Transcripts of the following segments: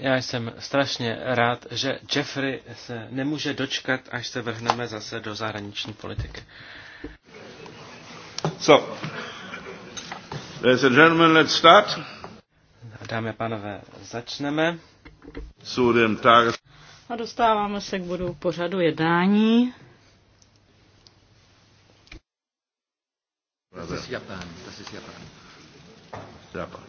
Já jsem strašně rád, že Jeffrey se nemůže dočkat, až se vrhneme zase do zahraniční politiky. So, ladies and gentlemen, let's start. Dámy a pánové, začneme. A dostáváme se k bodu pořadu jednání. Japan. Japan.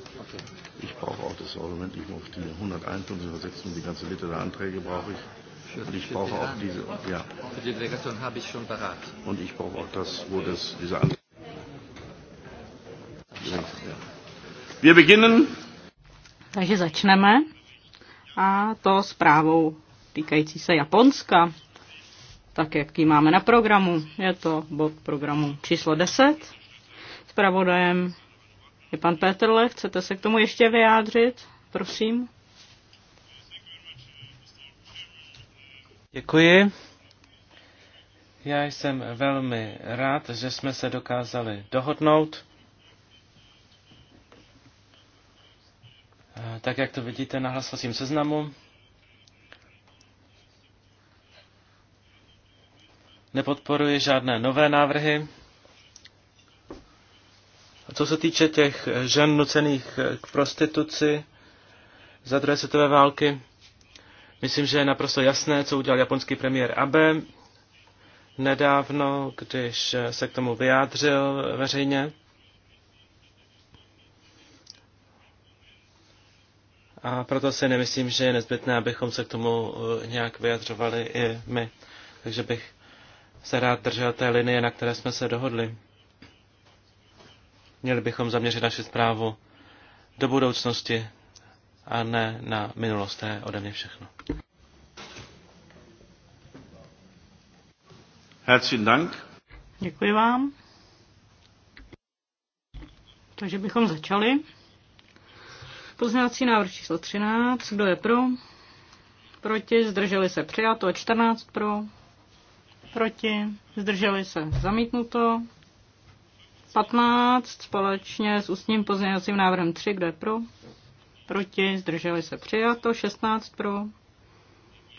Ich brauche auch das Argument, ich brauche die 101, 106 und die ganze Liste der Anträge brauche ich. und ich brauche auch diese, ja. Für die Delegation habe ich schon parat. Und ich brauche auch das, wo das, diese Anträge. Wir beginnen. Takže začneme. A to zprávou týkající se Japonska, tak jak ji máme na programu. Je to bod programu číslo 10. Zpravodajem je pan Petrle, chcete se k tomu ještě vyjádřit? Prosím. Děkuji. Já jsem velmi rád, že jsme se dokázali dohodnout. Tak, jak to vidíte na hlasovacím seznamu. Nepodporuji žádné nové návrhy. Co se týče těch eh, žen nucených eh, k prostituci za druhé světové války, myslím, že je naprosto jasné, co udělal japonský premiér Abe nedávno, když eh, se k tomu vyjádřil veřejně. A proto si nemyslím, že je nezbytné, abychom se k tomu nějak vyjadřovali i my. Takže bych se rád držel té linie, na které jsme se dohodli. Měli bychom zaměřit naši zprávu do budoucnosti a ne na minulost. To je ode mě všechno. Herzlichen Dank. Děkuji vám. Takže bychom začali. Poznávací návrh číslo 13. Kdo je pro? Proti? Zdrželi se přijato. 14 pro? Proti? Zdrželi se zamítnuto. 15 společně s ústním pozměňovacím návrhem 3, kdo je pro? Proti, zdrželi se přijato. 16 pro,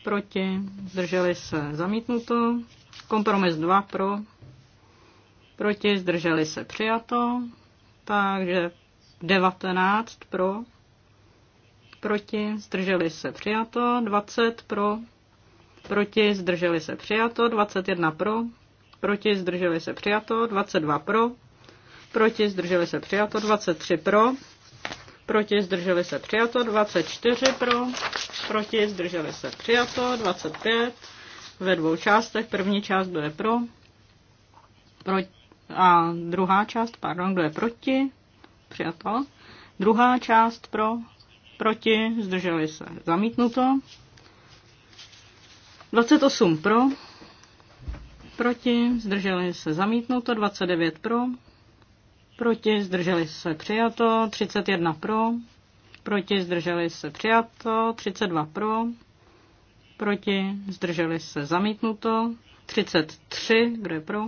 proti, zdrželi se zamítnuto. Kompromis 2 pro, proti, zdrželi se přijato. Takže 19 pro, proti, zdrželi se přijato. 20 pro, proti, zdrželi se přijato. 21 pro, proti, zdrželi se přijato. 22 pro, proti, zdrželi se přijato, 23 pro, proti, zdrželi se přijato, 24 pro, proti, zdrželi se přijato, 25 ve dvou částech, první část, kdo je pro, pro a druhá část, pardon, kdo je proti, přijato, druhá část pro, proti, zdrželi se zamítnuto, 28 pro, proti, zdrželi se zamítnuto, 29 pro, Proti zdrželi se přijato. 31 pro. Proti zdrželi se přijato. 32 pro. Proti zdrželi se zamítnuto. 33, kdo je pro?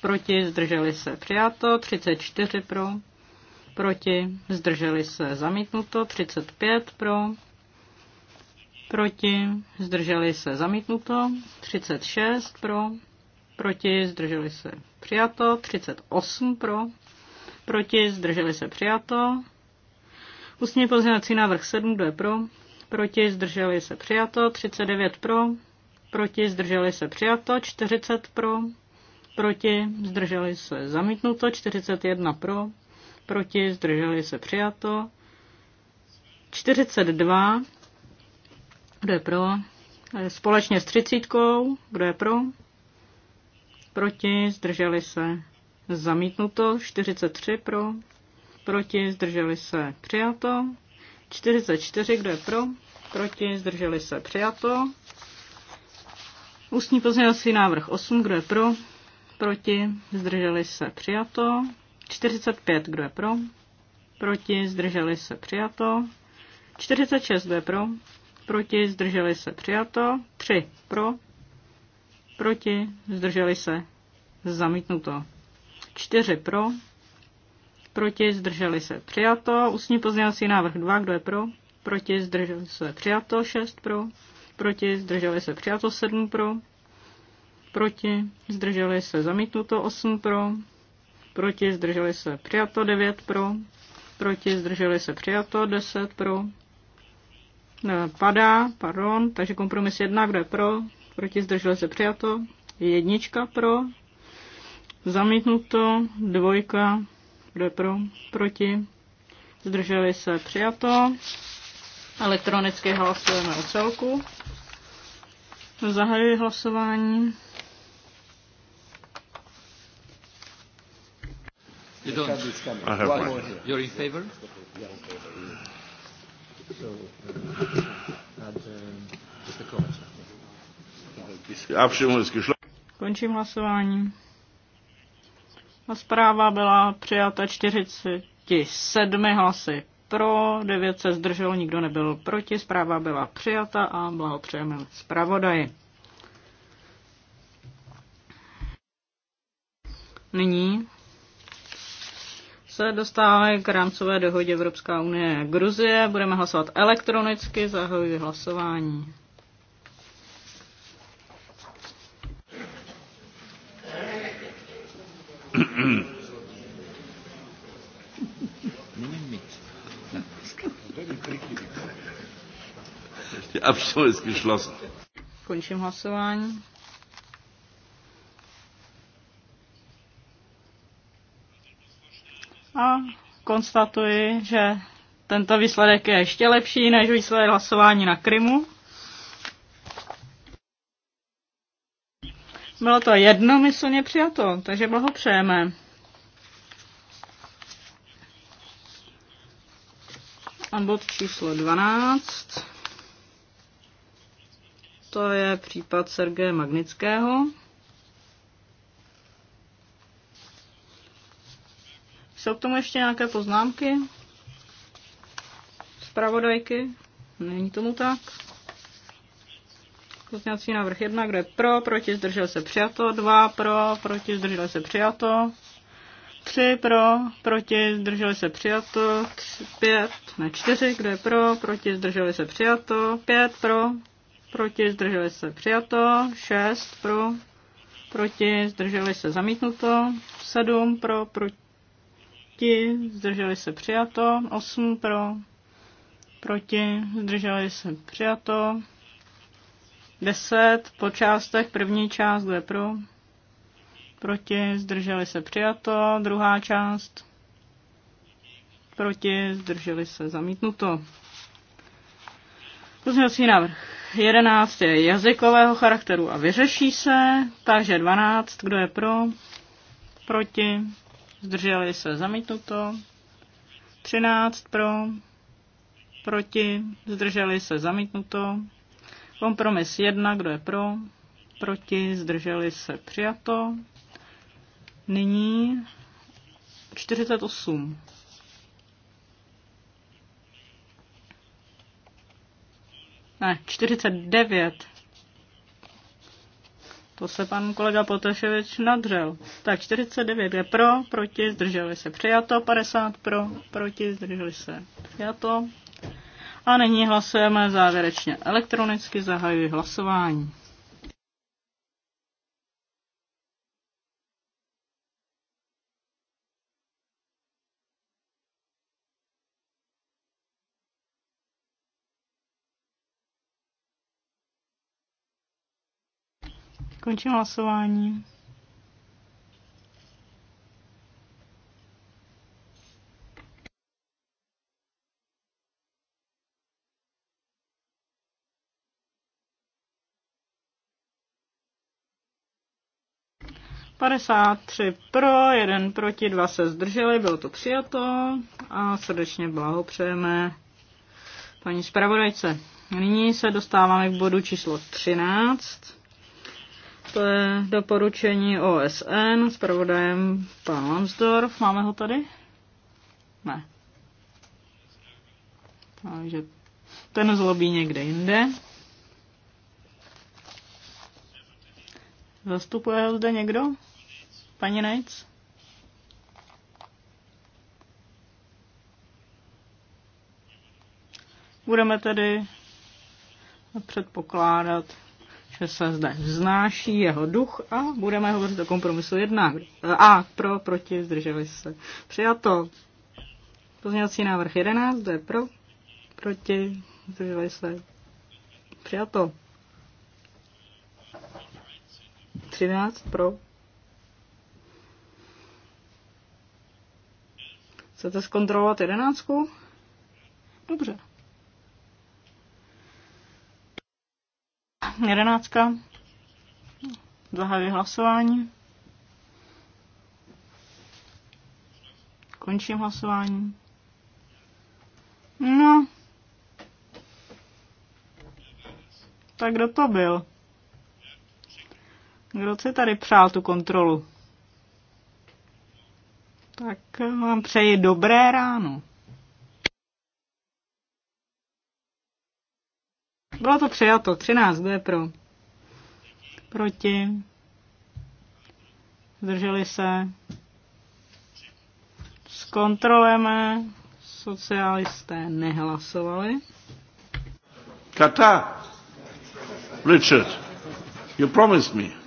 Proti zdrželi se přijato. 34 pro. Proti zdrželi se zamítnuto. 35 pro. Proti zdrželi se zamítnuto. 36 pro. Proti zdrželi se přijato. 38 pro proti, zdrželi se přijato. Ústní pozměňovací návrh 7, kdo je pro, proti, zdrželi se přijato, 39 pro, proti, zdrželi se přijato, 40 pro, proti, zdrželi se zamítnuto, 41 pro, proti, zdrželi se přijato, 42, kdo je pro, eh, společně s 30. kdo je pro, proti, zdrželi se Zamítnuto 43 pro, proti zdrželi se přijato. 44, kdo je pro, proti zdrželi se přijato. Ústní pozměňovací návrh 8, kdo je pro, proti zdrželi se přijato. 45, kdo je pro, proti zdrželi se přijato. 46, kdo je pro, proti zdrželi se přijato. 3 pro, proti zdrželi se zamítnuto. 4 pro, proti, zdrželi se přijato. Ústní pozměňovací návrh 2, kdo je pro, proti, zdrželi se přijato. 6 pro, proti, zdrželi se přijato. 7 pro, proti, zdrželi se zamítnuto. 8 pro, proti, zdrželi se přijato. 9 pro, proti, zdrželi se přijato. 10 pro, ne, padá, pardon, takže kompromis 1, kdo je pro, proti, zdrželi se přijato. Jednička pro, Zamítnuto. Dvojka. Kdo je pro? Proti. Zdrželi se. Přijato. Elektronicky hlasujeme o celku. Zahajuji hlasování. You don't. I have one. You're in favor? Uh, uh, Končím hlasování. Zpráva byla přijata 47 hlasy pro, 9 se zdrželo, nikdo nebyl proti, zpráva byla přijata a blahopřejeme zpravodaji. Nyní se dostáváme k rámcové dohodě Evropská unie Gruzie. Budeme hlasovat elektronicky, zahajuji hlasování. Mm. Die Abstimmung ist geschlossen. Končím hlasování. A konstatuji, že tento výsledek je ještě lepší než výsledek hlasování na Krymu. Bylo to jednomyslně přijato, takže blahopřejeme. A bod číslo 12. To je případ Sergeje Magnického. Jsou k tomu ještě nějaké poznámky? Zpravodajky? Není tomu tak? Pozměňovací návrh 1, kdo je pro, proti, zdržel se přijato. 2 pro, proti, zdržel se přijato. 3 pro, proti, zdržel se přijato, 5, ne 4, kdo je pro, proti, zdržel se přijato, 5 pro, proti, zdržel se přijato, 6 pro, proti, zdržel se zamítnuto, 7 pro, proti, zdržel se přijato, 8 pro, proti, zdržel se přijato, 10 po částech. První část, kdo je pro? Proti, zdrželi se přijato. Druhá část. Proti, zdrželi se zamítnuto. Pozměňovací návrh 11 je jazykového charakteru a vyřeší se, takže 12, kdo je pro, proti, zdrželi se zamítnuto, 13 pro, proti, zdrželi se zamítnuto, Kompromis 1, kdo je pro? Proti, zdrželi se, přijato. Nyní 48. Ne, 49. To se pan kolega Poteševič nadřel. Tak 49 je pro, proti, zdrželi se přijato, 50 pro, proti, zdrželi se přijato, a nyní hlasujeme závěrečně elektronicky, zahajuji hlasování. Končím hlasování. 53 pro, 1 proti, 2 se zdrželi, bylo to přijato a srdečně blahopřejeme paní zpravodajce. Nyní se dostáváme k bodu číslo 13. To je doporučení OSN s pravodajem pan Lansdorf. Máme ho tady? Ne. Takže ten zlobí někde jinde. Zastupuje ho zde někdo? Paní Nejc? Budeme tedy předpokládat, že se zde vznáší jeho duch a budeme hovořit o kompromisu 1. A pro, proti, zdrželi se. Přijato. Pozměňovací návrh 11, zde pro, proti, zdrželi se. Přijato. 13 pro, Chcete zkontrolovat jedenáctku? Dobře. Jedenáctka. Zahajuji hlasování. Končím hlasování. No. Tak kdo to byl? Kdo si tady přál tu kontrolu? Tak vám přeji dobré ráno. Bylo to přijato. 13. Kdo je pro? Proti? Zdrželi se? Zkontrolujeme. Socialisté nehlasovali. Kata, Richard, you promised me.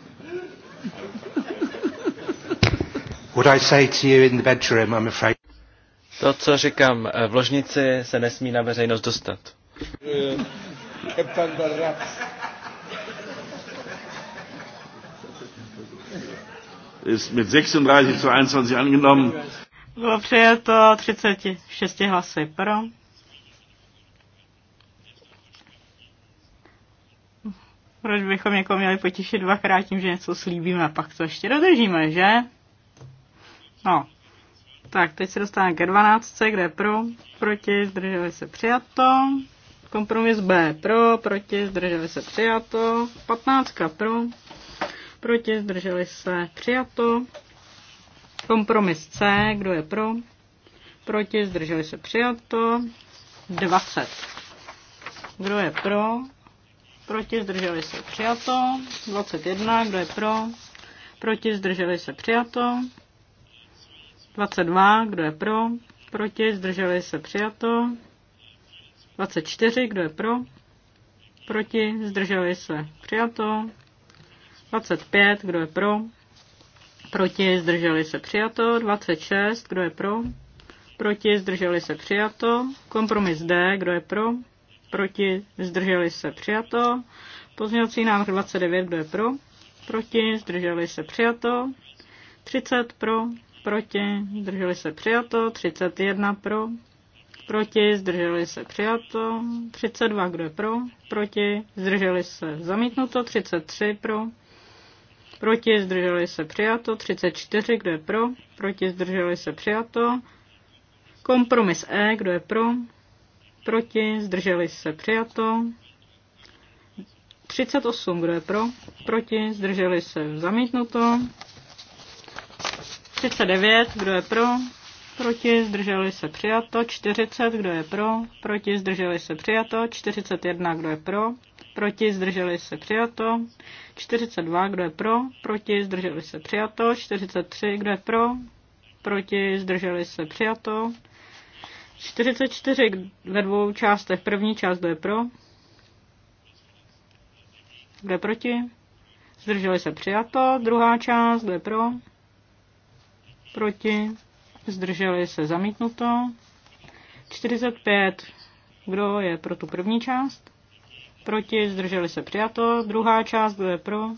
What I say to you in the bedroom, I'm afraid. To, co říkám eh, v ložnici, se nesmí na veřejnost dostat. Ist mit 36 zu 21 angenommen. Bylo přijato 36 hlasy pro. Proč bychom někoho měli potěšit dvakrát tím, že něco slíbíme a pak to ještě dodržíme, že? No, tak teď se dostáváme ke 12, kde je pro, proti, zdrželi se přijato. Kompromis B pro, proti, zdrželi se přijato. 15 pro, proti, zdrželi se přijato. Kompromis C, kdo je pro, proti, zdrželi se přijato. 20. Kdo je pro? Proti, zdrželi se přijato. 21. Kdo je pro? Proti, zdrželi se přijato. 22, kdo je pro? Proti, zdrželi se přijato. 24, kdo je pro? Proti, zdrželi se přijato. 25, kdo je pro? Proti, zdrželi se přijato. 26, kdo je pro? Proti, zdrželi se přijato. Kompromis D, kdo je pro? Proti, zdrželi se přijato. Pozměňovací návrh 29, kdo je pro? Proti, zdrželi se přijato. 30 pro, proti, zdrželi se přijato, 31 pro, proti, zdrželi se přijato, 32 kdo je pro, proti, zdrželi se zamítnuto, 33 pro, proti, zdrželi se přijato, 34 kdo je pro, proti, zdrželi se přijato, kompromis E, kdo je pro, proti, zdrželi se přijato, 38 kdo je pro, proti, zdrželi se zamítnuto, 39, kdo je pro, proti, zdrželi se přijato, 40, kdo je pro, proti, zdrželi se přijato, 41, kdo je pro, proti, zdrželi se přijato, 42, kdo je pro, proti, zdrželi se přijato, 43, kdo je pro, proti, zdrželi se přijato, 44 ve dvou částech, první část, kdo je pro, kdo je proti, zdrželi se přijato, druhá část, kdo je pro, proti, zdrželi se zamítnuto. 45, kdo je pro tu první část, proti, zdrželi se přijato, druhá část, kdo je pro,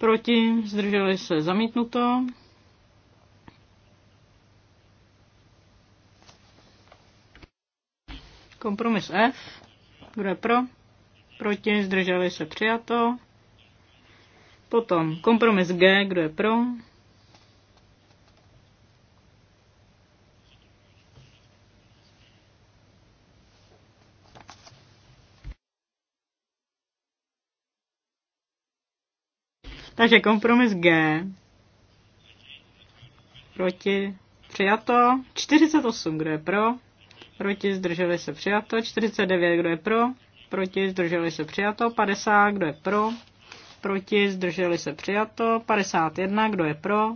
proti, zdrželi se zamítnuto. Kompromis F, kdo je pro, proti, zdrželi se přijato. Potom kompromis G, kdo je pro, Takže kompromis G. Proti přijato. 48, kdo je pro? Proti zdrželi se přijato. 49, kdo je pro? Proti zdrželi se přijato. 50, kdo je pro? Proti zdrželi se přijato. 51, kdo je pro?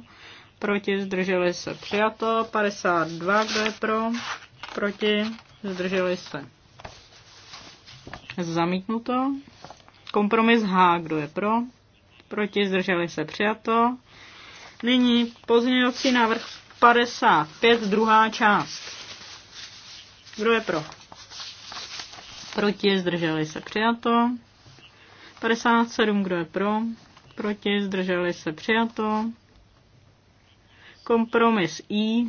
Proti zdrželi se přijato. 52, kdo je pro? Proti zdrželi se. Zamítnuto. Kompromis H, kdo je pro? proti, zdrželi se přijato. Nyní pozměňovací návrh 55, druhá část. Kdo je pro? Proti, zdrželi se přijato. 57, kdo je pro? Proti, zdrželi se přijato. Kompromis I,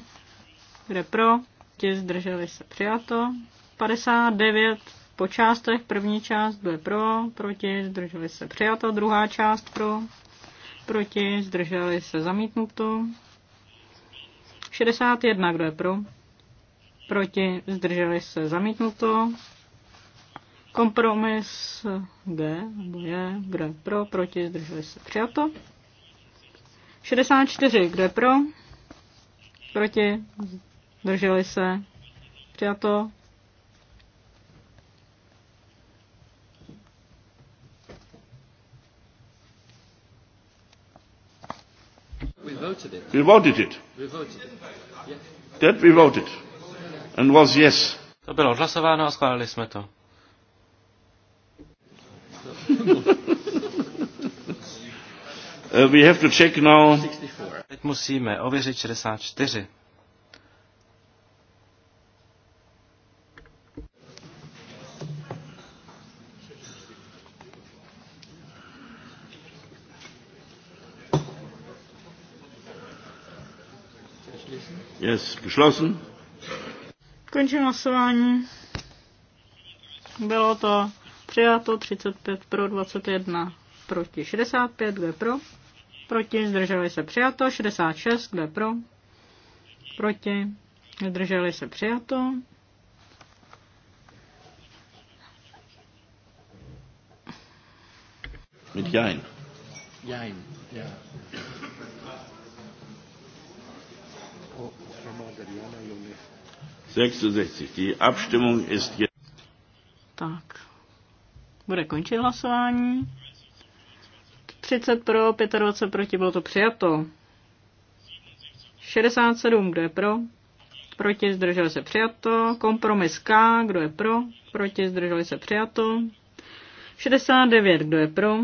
kde pro? Proti, zdrželi se přijato. 59, po částech. První část byl pro, proti, zdrželi se přijato. Druhá část pro, proti, zdrželi se zamítnuto. 61, kdo je pro? Proti, zdrželi se zamítnuto. Kompromis G, nebo je, kdo je pro, proti, zdrželi se přijato. 64, kdo je pro? Proti, zdrželi se přijato. voted it. We voted it. We voted it. Yeah. That we voted. And was yes. To bylo odhlasováno a schválili jsme to. uh, we have to check now. Teď musíme ověřit 64. Je geschlossen. Končím hlasování. Bylo to přijato 35 pro 21 proti 65, kde pro? Proti, zdrželi se přijato, 66, kde pro? Proti, zdrželi se přijato. Mit Jain. Jain, ja. 66. Die Abstimmung ist jetzt. Tak. Bude končit hlasování. 30 pro, 25 proti, bylo to přijato. 67, kdo je pro? Proti, zdrželi se přijato. Kompromis K, kdo je pro? Proti, zdrželi se přijato. 69, kdo je pro?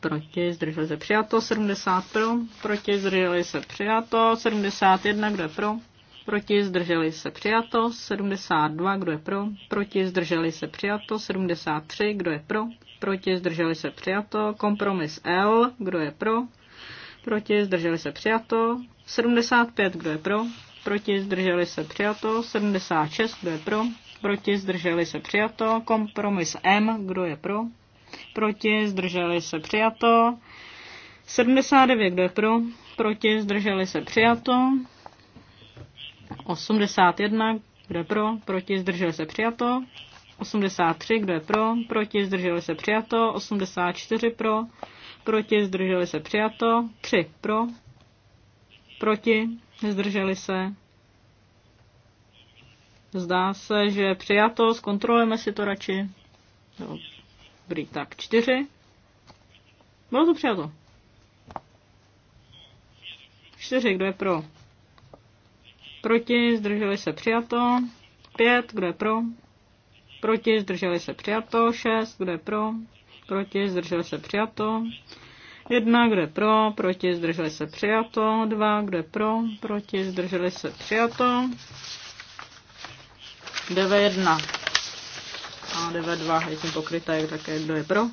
Proti, zdrželi se přijato. 70 pro, proti, zdrželi se přijato. 71, kdo je pro? proti, zdrželi se přijato, 72, kdo je pro, proti, zdrželi se přijato, 73, kdo je pro, proti, zdrželi se přijato, kompromis L, kdo je pro, proti, zdrželi se přijato, 75, kdo je pro, proti, zdrželi se přijato, 76, kdo je pro, proti, zdrželi se přijato, kompromis M, kdo je pro, proti, zdrželi se přijato, 79, kdo je pro, proti, zdrželi se přijato, 81, kdo je pro, proti, zdrželi se přijato. 83, kdo je pro, proti, zdrželi se přijato. 84 pro, proti, zdrželi se přijato. 3 pro, proti, zdrželi se. Zdá se, že přijato, zkontrolujeme si to radši. Dobrý, tak 4. Bylo to přijato. 4, kdo je pro? Proti, zdrželi se přijato. 5, kdo je pro? Proti, zdrželi se přijato. 6, kdo je pro? Proti, zdrželi se přijato. 1, kdo je pro? Proti, zdrželi se přijato. 2, kdo je pro? Proti, zdrželi se přijato. 9, 1 a 9, 2 je tím pokryté, také kdo je pro?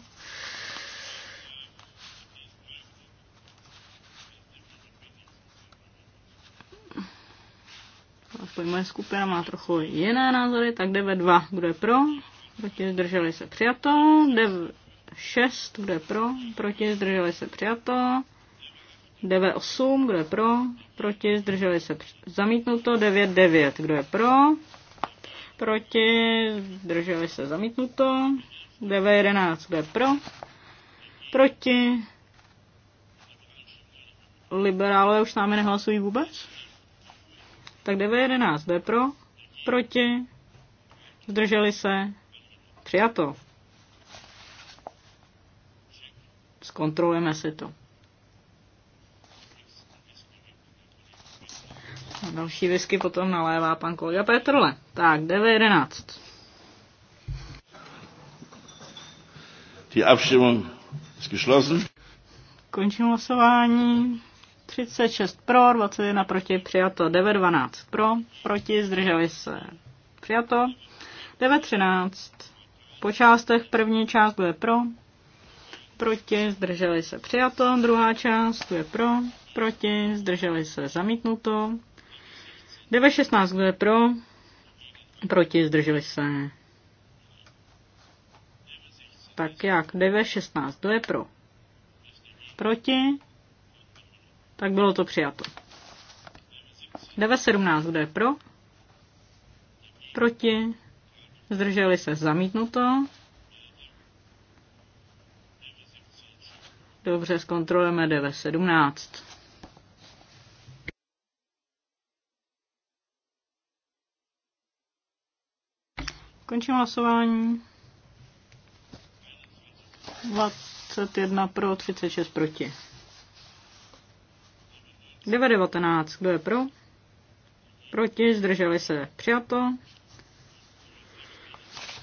i moje skupina má trochu jiné názory, tak jde ve dva, kdo je pro, proti zdrželi se přijato, jde v šest, kdo je pro, proti zdrželi se přijato, jde ve osm, kdo je pro, proti zdrželi se zamítnuto, devět, devět, kdo je pro, proti zdrželi se zamítnuto, jde ve jedenáct, kdo je pro, proti liberálové už s námi nehlasují vůbec. Tak 911 jde pro, proti, zdrželi se, přijato. Zkontrolujeme si to. A další visky potom nalévá pan kolega Petrle. Tak, 9.11. Die Abstimmung ist geschlossen. Končím hlasování. 36 pro, 21 proti, přijato. 9, 12 pro, proti, zdrželi se. Přijato. 9, 13. po částech první část bude pro, proti, zdrželi se. Přijato. Druhá část bude pro, proti, zdrželi se. Zamítnuto. 9, 16 bude pro, proti, zdrželi se. Tak jak? 9, 9.16 bude pro, proti, tak bylo to přijato. 917, kdo je pro? Proti? Zdrželi se zamítnuto. Dobře, zkontrolujeme 9.17. Končím hlasování. 21 pro, 36 proti. 919. Kdo je pro? Proti, zdrželi se, přijato.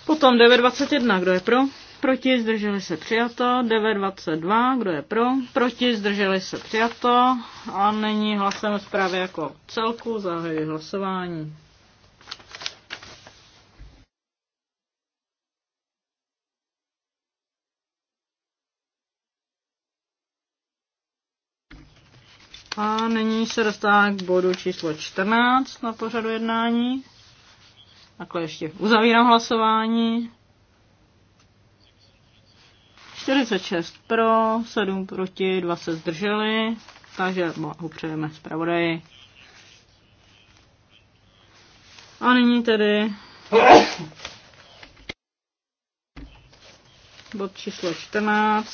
Potom 921. Kdo je pro? Proti, zdrželi se, přijato. 922. Kdo je pro? Proti, zdrželi se, přijato. A nyní hlasujeme zprávě jako celku. Zahajuji hlasování. A nyní se dostává k bodu číslo 14 na pořadu jednání. Takhle ještě uzavírám hlasování. 46 pro, 7 proti, 2 se zdrželi, takže blahopřejeme zpravodaji. A nyní tedy bod číslo 14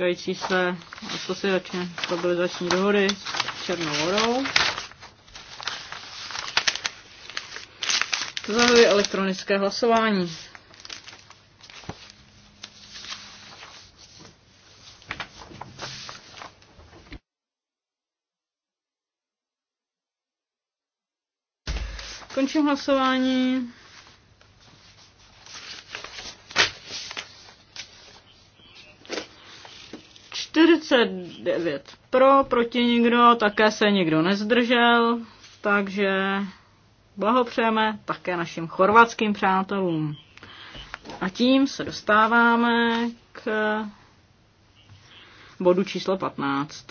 týkající se asociačně stabilizační dohody s Černou horou. Zahajuji elektronické hlasování. Končím hlasování. 49 pro, proti nikdo, také se nikdo nezdržel, takže blahopřejeme také našim chorvatským přátelům. A tím se dostáváme k bodu číslo 15.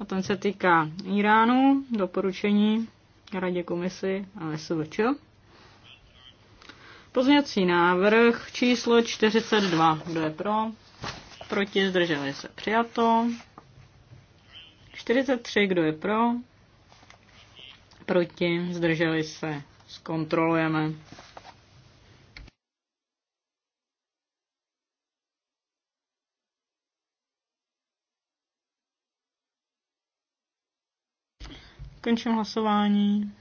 A ten se týká Iránu, doporučení Radě komisy a SVČ. Pozměňovací návrh číslo 42. Kdo je pro? Proti zdrželi se přijato. 43. Kdo je pro? Proti zdrželi se. Zkontrolujeme. Končím hlasování.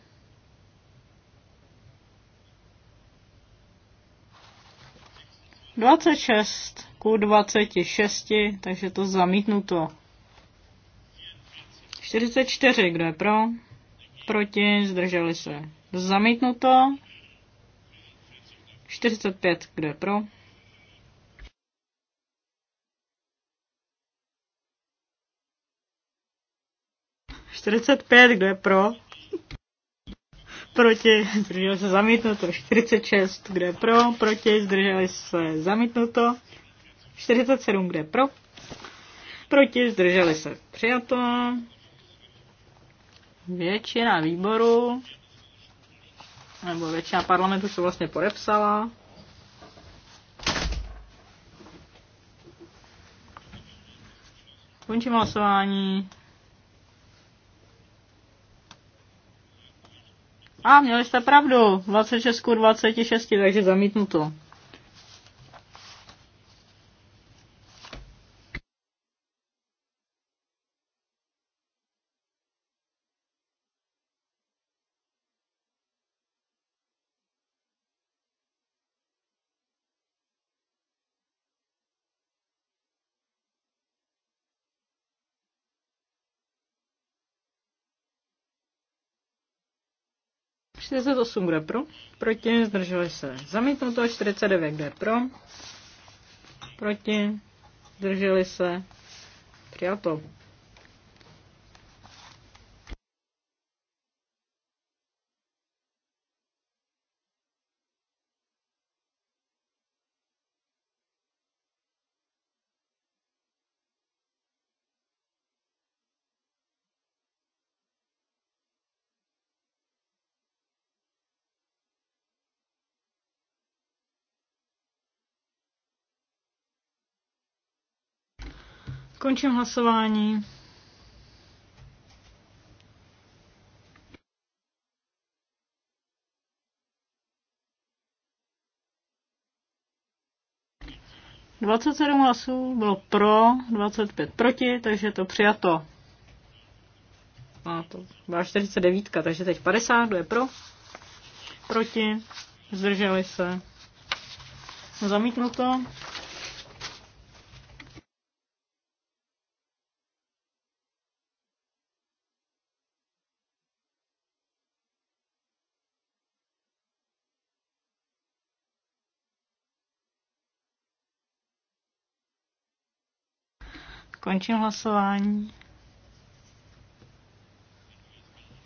26 ku 26, takže to zamítnuto. 44, kdo je pro? Proti, zdrželi se. Zamítnuto. 45, kdo je pro? Čtyřicet pět, kdo je pro? proti, zdrželi se zamítnuto, 46, kde pro, proti, zdrželi se zamítnuto, 47, kde pro, proti, zdrželi se přijato, většina výboru, nebo většina parlamentu se vlastně podepsala, Končím hlasování. A měli jste pravdu, 26 26, takže zamítnuto. 48 bude pro, proti, zdrželi se zamítnuto, 49 bude pro, proti, zdrželi se přijato. Končím hlasování. Dvacet sedm hlasů bylo pro, dvacet pět proti, takže to přijato. A to byla 49, takže teď 50, kdo je pro? Proti, zdrželi se. Zamítnuto. Končím hlasování.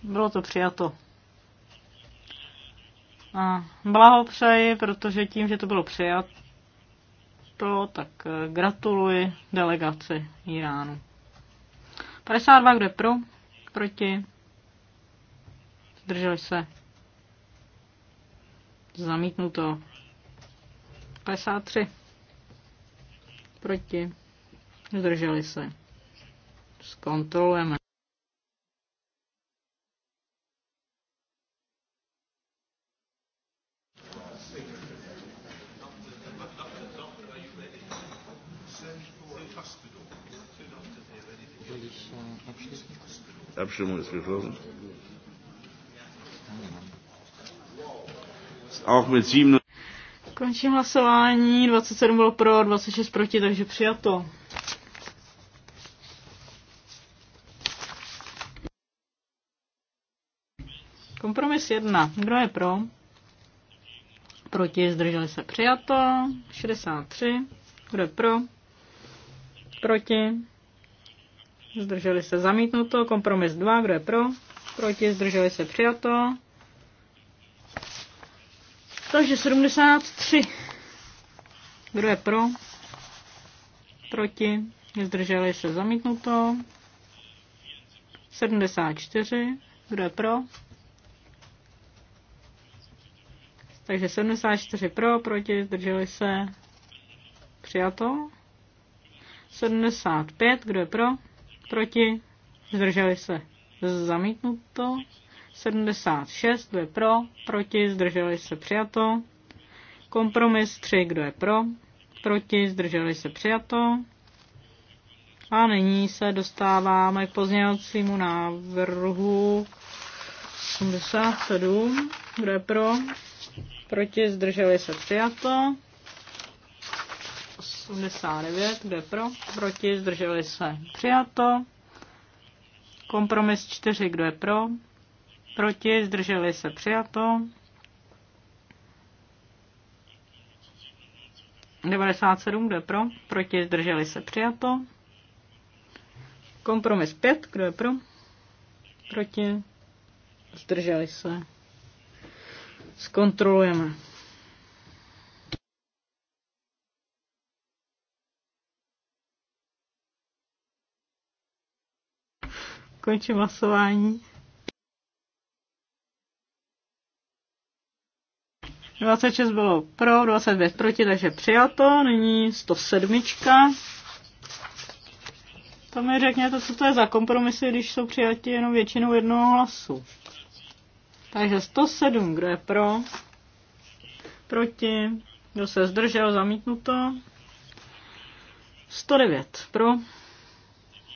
Bylo to přijato. A blahopřeji, protože tím, že to bylo přijato, tak eh, gratuluji delegaci Iránu. 52 kde pro, proti, zdrželi se. Zamítnuto. 53 proti. Zdrželi se. Zkontrolujeme. Abstimmung ist geschlossen. Auch mit 7. Končím hlasování. 27 bylo pro, 26 proti, takže přijato. Kompromis 1. Kdo je pro? Proti zdrželi se přijato. 63. Kdo je pro? Proti. Zdrželi se zamítnuto. Kompromis 2. Kdo je pro? Proti zdrželi se přijato. Takže 73. Kdo je pro? Proti. Zdrželi se zamítnuto. 74. Kdo je pro? Takže 74 pro, proti, zdrželi se, přijato. 75, kdo je pro, proti, zdrželi se, zamítnuto. 76, kdo je pro, proti, zdrželi se, přijato. Kompromis 3, kdo je pro, proti, zdrželi se, přijato. A nyní se dostáváme k pozměňovacímu návrhu 87, kdo je pro, proti, zdrželi se přijato. 89, kde pro, proti, zdrželi se přijato. Kompromis 4, kdo je pro, proti, zdrželi se přijato. 97, kdo je pro, proti, zdrželi se přijato. Kompromis 5, kdo je pro, proti, zdrželi se Zkontrolujeme. Končím hlasování. 26 bylo pro, 25 proti, takže přijato. Nyní 107. To mi řekněte, co to je za kompromisy, když jsou přijati jenom většinou jednoho hlasu. Takže 107, kdo je pro? Proti? Kdo se zdržel? Zamítnuto. 109 pro,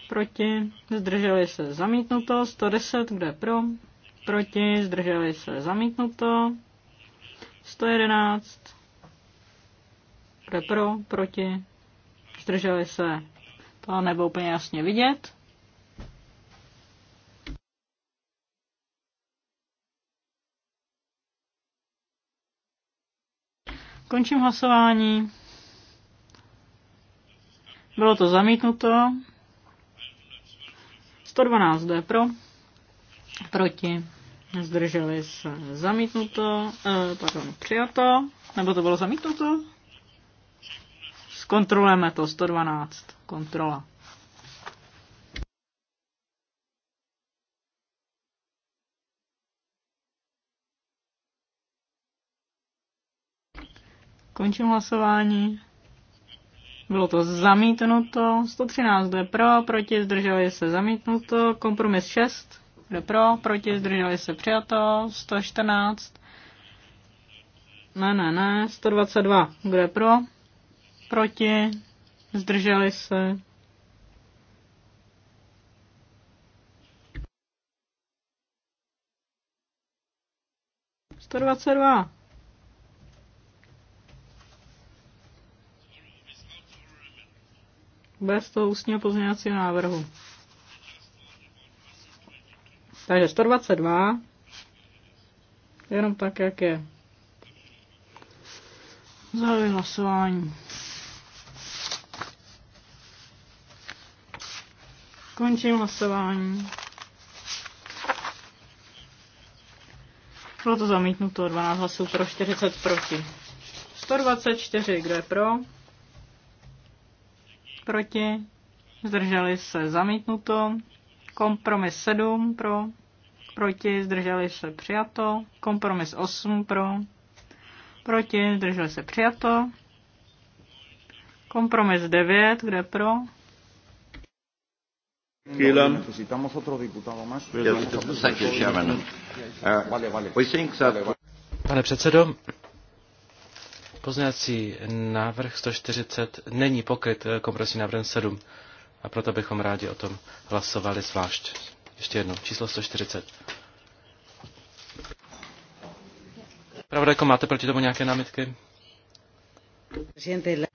proti, zdrželi se zamítnuto, 110, kdo je pro, proti, zdrželi se zamítnuto, 111, kdo je pro, proti, zdrželi se, to nebylo úplně jasně vidět, Končím hlasování. Bylo to zamítnuto. 112 D pro, proti, zdrželi se zamítnuto, eh, pardon, přijato, nebo to bylo zamítnuto? Zkontrolujeme to, 112, kontrola. Končím hlasování. Bylo to zamítnuto. 113 jde pro, proti, zdrželi se zamítnuto. Kompromis 6 jde pro, proti, zdrželi se přijato. 114. Ne, ne, ne. 122 kde pro, proti, zdrželi se. Sto bez toho ústního pozměňovacího návrhu. Takže 122, jenom tak, jak je. Zahajuji hlasování. Končím hlasování. Bylo to zamítnuto 12 hlasů pro 40 proti. 124, kdo je pro? proti, zdrželi se zamítnuto, kompromis 7 pro, proti, zdrželi se přijato, kompromis 8 pro, proti, zdrželi se přijato, kompromis 9, kde pro, uh, Pane předsedo, Pozměňovací návrh 140 není pokryt eh, kompromisní návrhem 7 a proto bychom rádi o tom hlasovali zvlášť. Ještě jednou, číslo 140. Pravodajko, máte proti tomu nějaké námitky?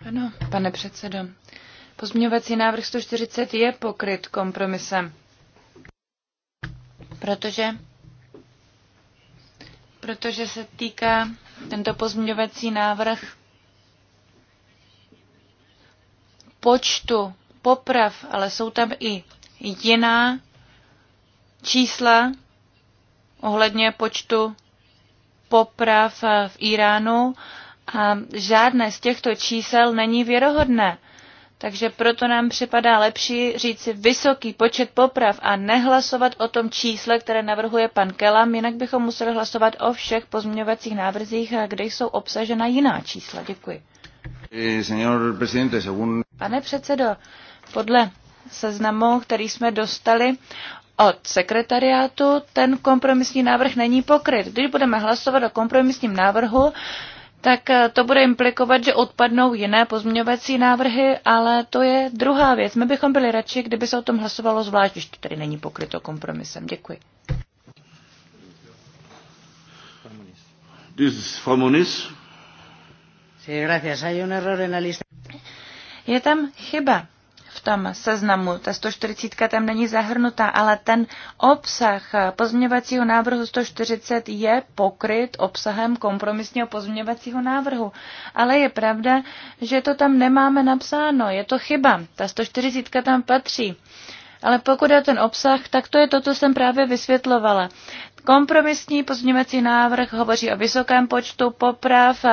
Ano, pane předsedo. Pozměňovací návrh 140 je pokryt kompromisem, protože protože se týká tento pozměňovací návrh počtu poprav, ale jsou tam i jiná čísla ohledně počtu poprav v Iránu a žádné z těchto čísel není věrohodné. Takže proto nám připadá lepší říct si vysoký počet poprav a nehlasovat o tom čísle, které navrhuje pan Kelam, jinak bychom museli hlasovat o všech pozměňovacích návrzích, kde jsou obsažena jiná čísla. Děkuji. Eh, Pane předsedo, podle seznamu, který jsme dostali od sekretariátu, ten kompromisní návrh není pokryt. Když budeme hlasovat o kompromisním návrhu, tak eh, to bude implikovat, že odpadnou jiné pozměňovací návrhy, ale to je druhá věc. My bychom byli radši, kdyby se o tom hlasovalo zvlášť, když to tady není pokryto kompromisem. Děkuji. Je tam chyba tom seznamu. Ta 140 tam není zahrnutá, ale ten obsah pozměňovacího návrhu 140 je pokryt obsahem kompromisního pozměňovacího návrhu. Ale je pravda, že to tam nemáme napsáno. Je to chyba. Ta 140 tam patří. Ale pokud je ten obsah, tak to je to, co jsem právě vysvětlovala. Kompromisní pozměňovací návrh hovoří o vysokém počtu poprav,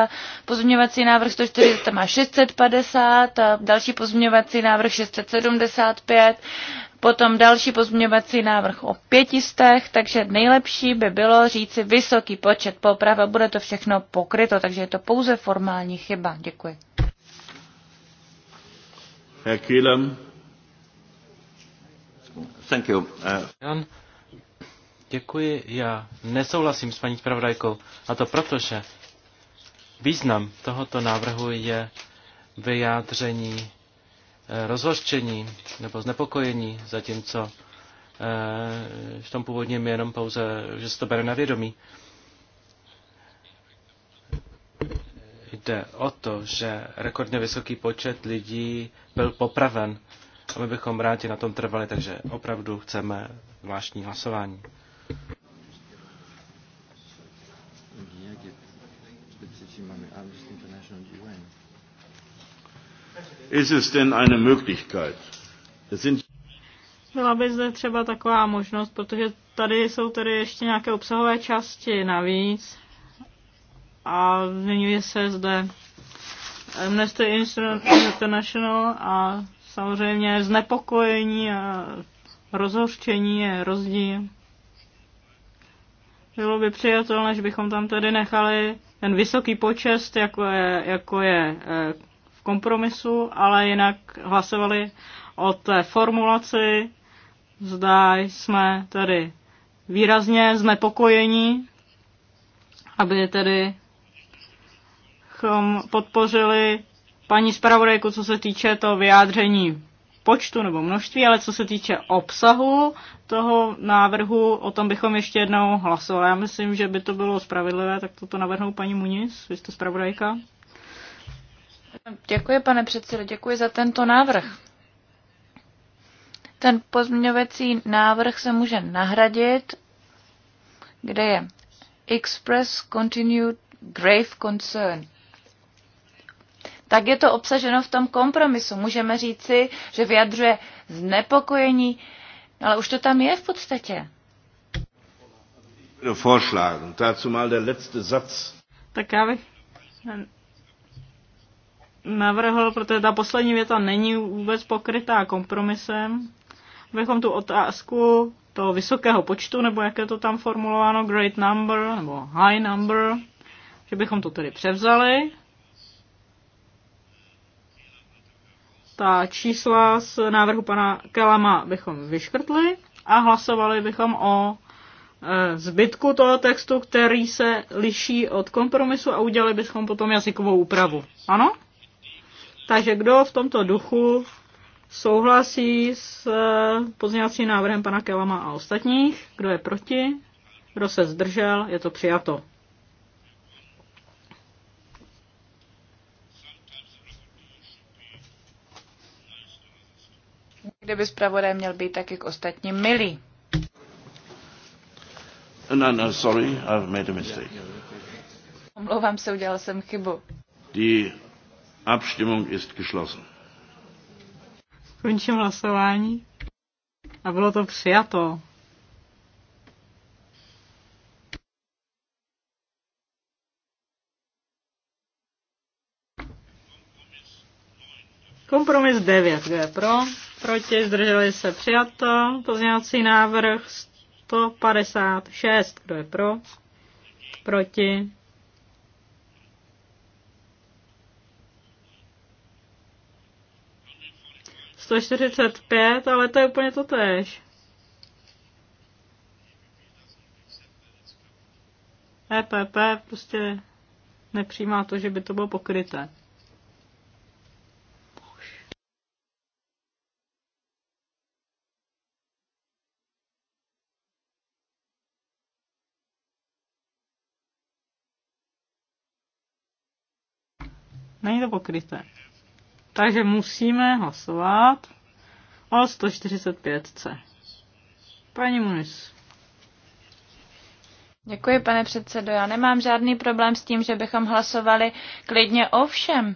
pozměňovací návrh 140 má 650, a další pozměňovací návrh 675, potom další pozměňovací návrh o pětistech, takže nejlepší by bylo říci vysoký počet poprav a bude to všechno pokryto, takže je to pouze formální chyba. Děkuji. Herr Kielem. Uh, děkuji. Já nesouhlasím s paní zpravodajkou. A to proto, že význam tohoto návrhu je vyjádření eh, rozhořčení nebo znepokojení, zatímco eh, v tom původním jenom pouze, že se to bere na vědomí. Jde o to, že rekordně vysoký počet lidí byl popraven a my bychom rádi na tom trvali, takže opravdu chceme zvláštní hlasování. byla by zde třeba taková možnost, protože tady jsou tady ještě nějaké obsahové části navíc a zmiňuje se zde Amnesty International a Samozřejmě znepokojení a rozhořčení je rozdíl. Bylo by přijatelné, že bychom tam tedy nechali ten vysoký počest, jako je, jako je e, v kompromisu, ale jinak hlasovali o té formulaci. Zdá jsme tedy výrazně znepokojení, aby tedy podpořili paní zpravodajku, co se týče toho vyjádření počtu nebo množství, ale co se týče obsahu toho návrhu, o tom bychom ještě jednou hlasovali. Já myslím, že by to bylo spravedlivé, tak toto navrhnou paní Muniz, vy jste zpravodajka. Děkuji, pane předsedo, děkuji za tento návrh. Ten pozměňovací návrh se může nahradit, kde je Express Continued Grave Concern tak je to obsaženo v tom kompromisu. Můžeme říci, že vyjadřuje znepokojení, ale už to tam je v podstatě. Tak já bych navrhl, protože ta poslední věta není vůbec pokrytá kompromisem, abychom tu otázku toho vysokého počtu, nebo jak je to tam formulováno, great number, nebo high number, že bychom to tedy převzali ta čísla z návrhu pana Kelama bychom vyškrtli a hlasovali bychom o e, zbytku toho textu, který se liší od kompromisu a udělali bychom potom jazykovou úpravu. Ano? Takže kdo v tomto duchu souhlasí s e, pozněvacím návrhem pana Kelama a ostatních? Kdo je proti? Kdo se zdržel? Je to přijato. kde by zpravodaj měl být taky k ostatním milý. No, no, no, sorry, I've made a mistake. Omlouvám se, udělal jsem chybu. Die Abstimmung ist geschlossen. Končím hlasování. A bylo to přijato. Kompromis 9, kdo je pro? proti, zdrželi se přijato. Pozměňovací návrh 156, kdo je pro, proti. Sto čtyřicet pět, ale to je úplně to tež. EPP prostě nepřijímá to, že by to bylo pokryté. Není to pokryté. Takže musíme hlasovat o 145C. Paní Munis. Děkuji, pane předsedo. Já nemám žádný problém s tím, že bychom hlasovali klidně o všem.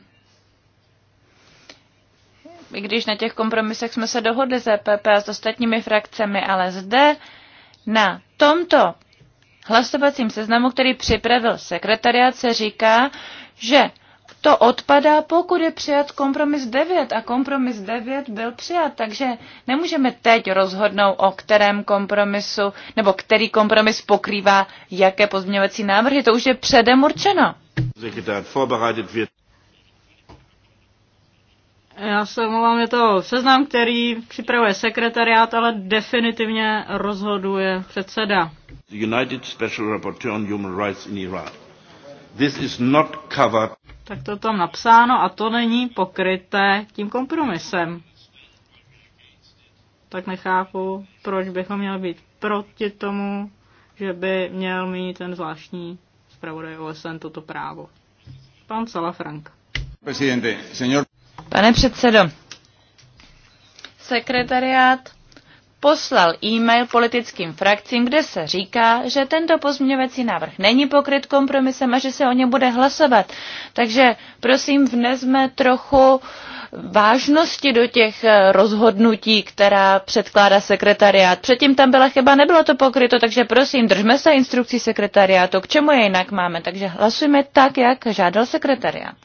I když na těch kompromisech jsme se dohodli s EPP a s ostatními frakcemi, ale zde na tomto hlasovacím seznamu, který připravil sekretariát, se říká, že to odpadá, pokud je přijat kompromis 9 a kompromis 9 byl přijat, takže nemůžeme teď rozhodnout, o kterém kompromisu nebo který kompromis pokrývá jaké pozměňovací návrhy, to už je předem určeno. Já se omlouvám, je to seznam, který připravuje sekretariát, ale definitivně rozhoduje předseda. United Special Rapporteur on Human Rights in Iran. This is not covered tak to tam napsáno a to není pokryté tím kompromisem. Tak nechápu, proč bychom měli být proti tomu, že by měl mít ten zvláštní zpravodaj OSN toto právo. Pan Salafrank. Pane předsedo, sekretariát poslal e-mail politickým frakcím, kde se říká, že tento pozměňovací návrh není pokryt kompromisem a že se o něm bude hlasovat. Takže prosím, vnezme trochu vážnosti do těch eh, rozhodnutí, která předkládá sekretariát. Předtím tam byla chyba, nebylo to pokryto, takže prosím, držme se instrukcí sekretariátu, k čemu je jinak máme. Takže hlasujme tak, jak žádal sekretariát.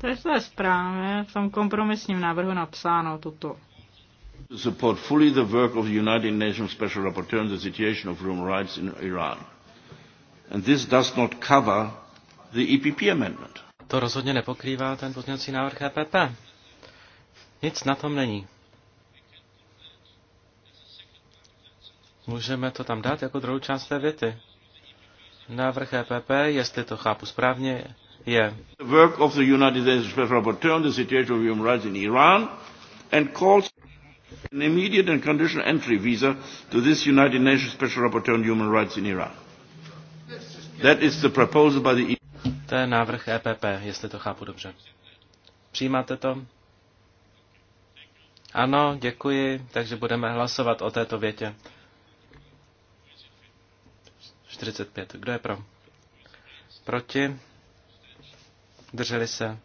To je v té zprávě, v tom kompromisním návrhu napsáno toto support fully the work of the United Nations Special Rapporteur on the situation of human rights in Iran. And this does not cover the EPP amendment. To rozhodně nepokrývá ten pozměňovací návrh EPP. Nic na tom není. Můžeme to tam dát jako druhou část té věty. Návrh EPP, jestli to chápu správně, je the work of the United Nations Special Rapporteur on the situation of human rights in Iran and calls An immediate and conditional entry visa to this United Nations Special Rapporteur on Human Rights in Iraq. That is the proposal by the... EU. To je návrh EPP, jestli to chápu dobře. Přijímáte to? Ano, děkuji, takže budeme hlasovat o této větě. 45. Kdo je pro? Proti? Drželi se?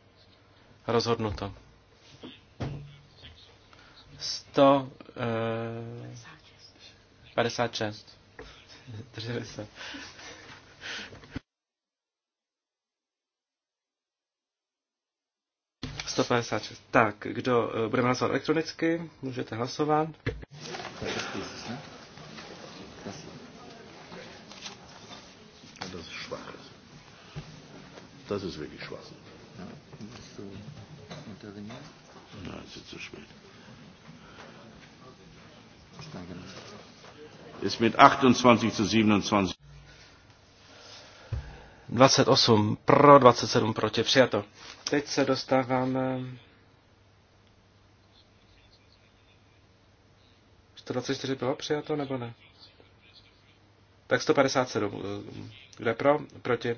Rozhodnuto. 156. Drželi se. Tak, kdo eh, budeme hlasovat elektronicky, můžete hlasovat. Das ist schwach. Das ist wirklich Nein, es ist zu spät. Ist mit 28 zu 27. 28 pro, 27 proti, přijato. Teď se dostáváme 124 bylo přijato nebo ne? Tak 157. Kde pro? Proti?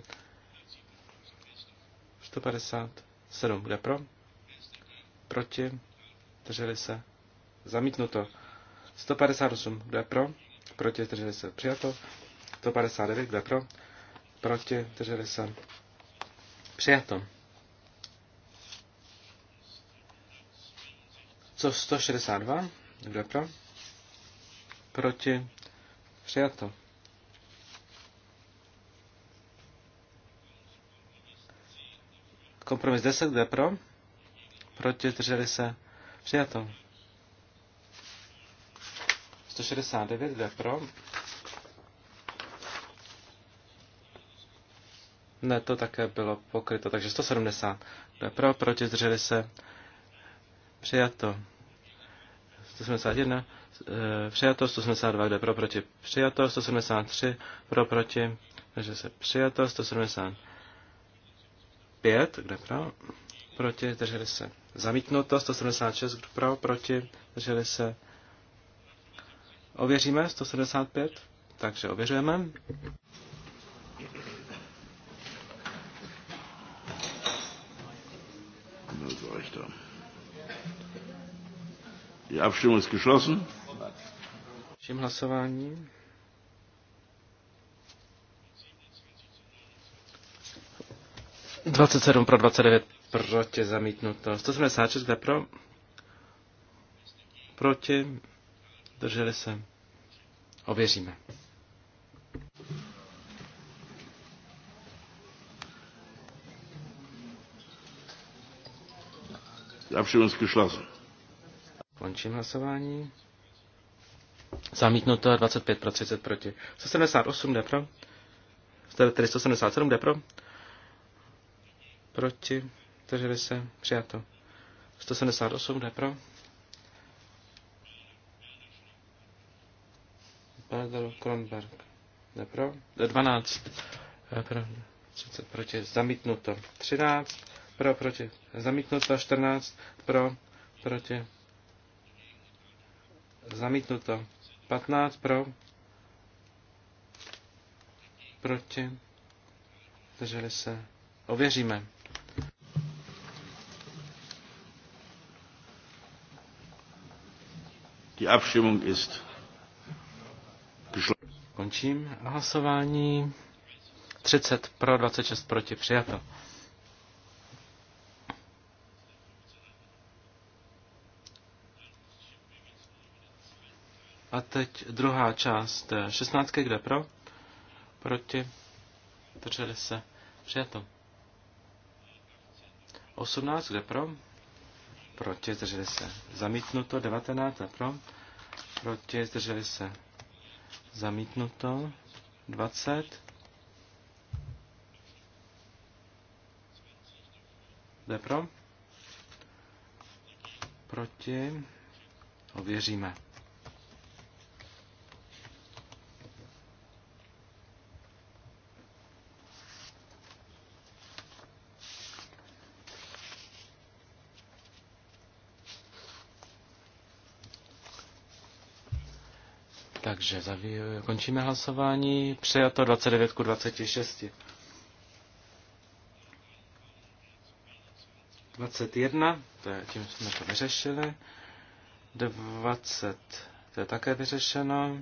157. Kde pro? Proti? Drželi se. Zamítnuto. 158, kdo je pro, proti, zdrželi se, přijato. 159, kdo je pro, proti, zdrželi se, přijato. Co 162, kdo je pro, proti, přijato. Kompromis 10, kdo je pro, proti, drželi se, přijato. 169, kde pro? Ne, to také bylo pokryto, takže 170. Kde pro, proti, zdrželi se. Přijato. 171, e, eh, přijato, 172, kde pro, proti, přijato, 173, pro, proti, takže se přijato, 175, kde pro, proti, zdrželi se. Zamítnuto, 176, kde pro, proti, zdrželi se Ověříme 175, takže ověřujeme. Die Abstimmung ist geschlossen. Všem hlasování. Dvacet sedm pro dvacet devět proti zamítnuto. Sto sedmdesát šest pro. Proti. Drželi se? Ověříme. Já ist geschlossen. Končím hlasování. Zamítnuto 25 pro 30 proti. 178 jde pro. Tedy 177 jde pro. Proti. Drželi se. Přijato. 178 jde pro. Bader Kronberg. Ne pro? 12. Pro, 30 proti. Zamítnuto. 13. Pro, proti. Zamítnuto. 14. Pro, proti. Zamítnuto. 15. Pro. Proti. Drželi se. Ověříme. Die Abstimmung ist Končím hlasování. 30 pro, 26 proti, přijato. A teď druhá část 16, eh, kde pro, proti, drželi se, přijato. 18, kde pro, proti, drželi se, zamítnuto, 19, pro, proti, drželi se, Zamítnuto. 20. Jde pro? Proti. Ověříme. Takže zaví, končíme hlasování. Přijato 29 ku 26. 21, to je, tím jsme to vyřešili. 20, to je také vyřešeno.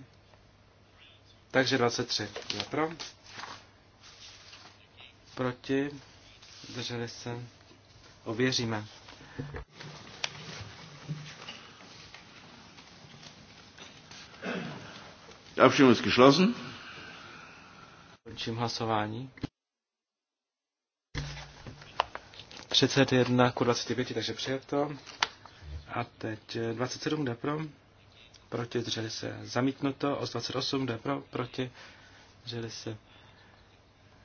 Takže 23 je pro. Proti. Drželi se. Ověříme. Die Abstimmung ist geschlossen. Končím hlasování. 31 ku 25, takže přijato. A teď 27 eh, jde pro, proti drželi se zamítnuto, os 28 jde pro, proti drželi se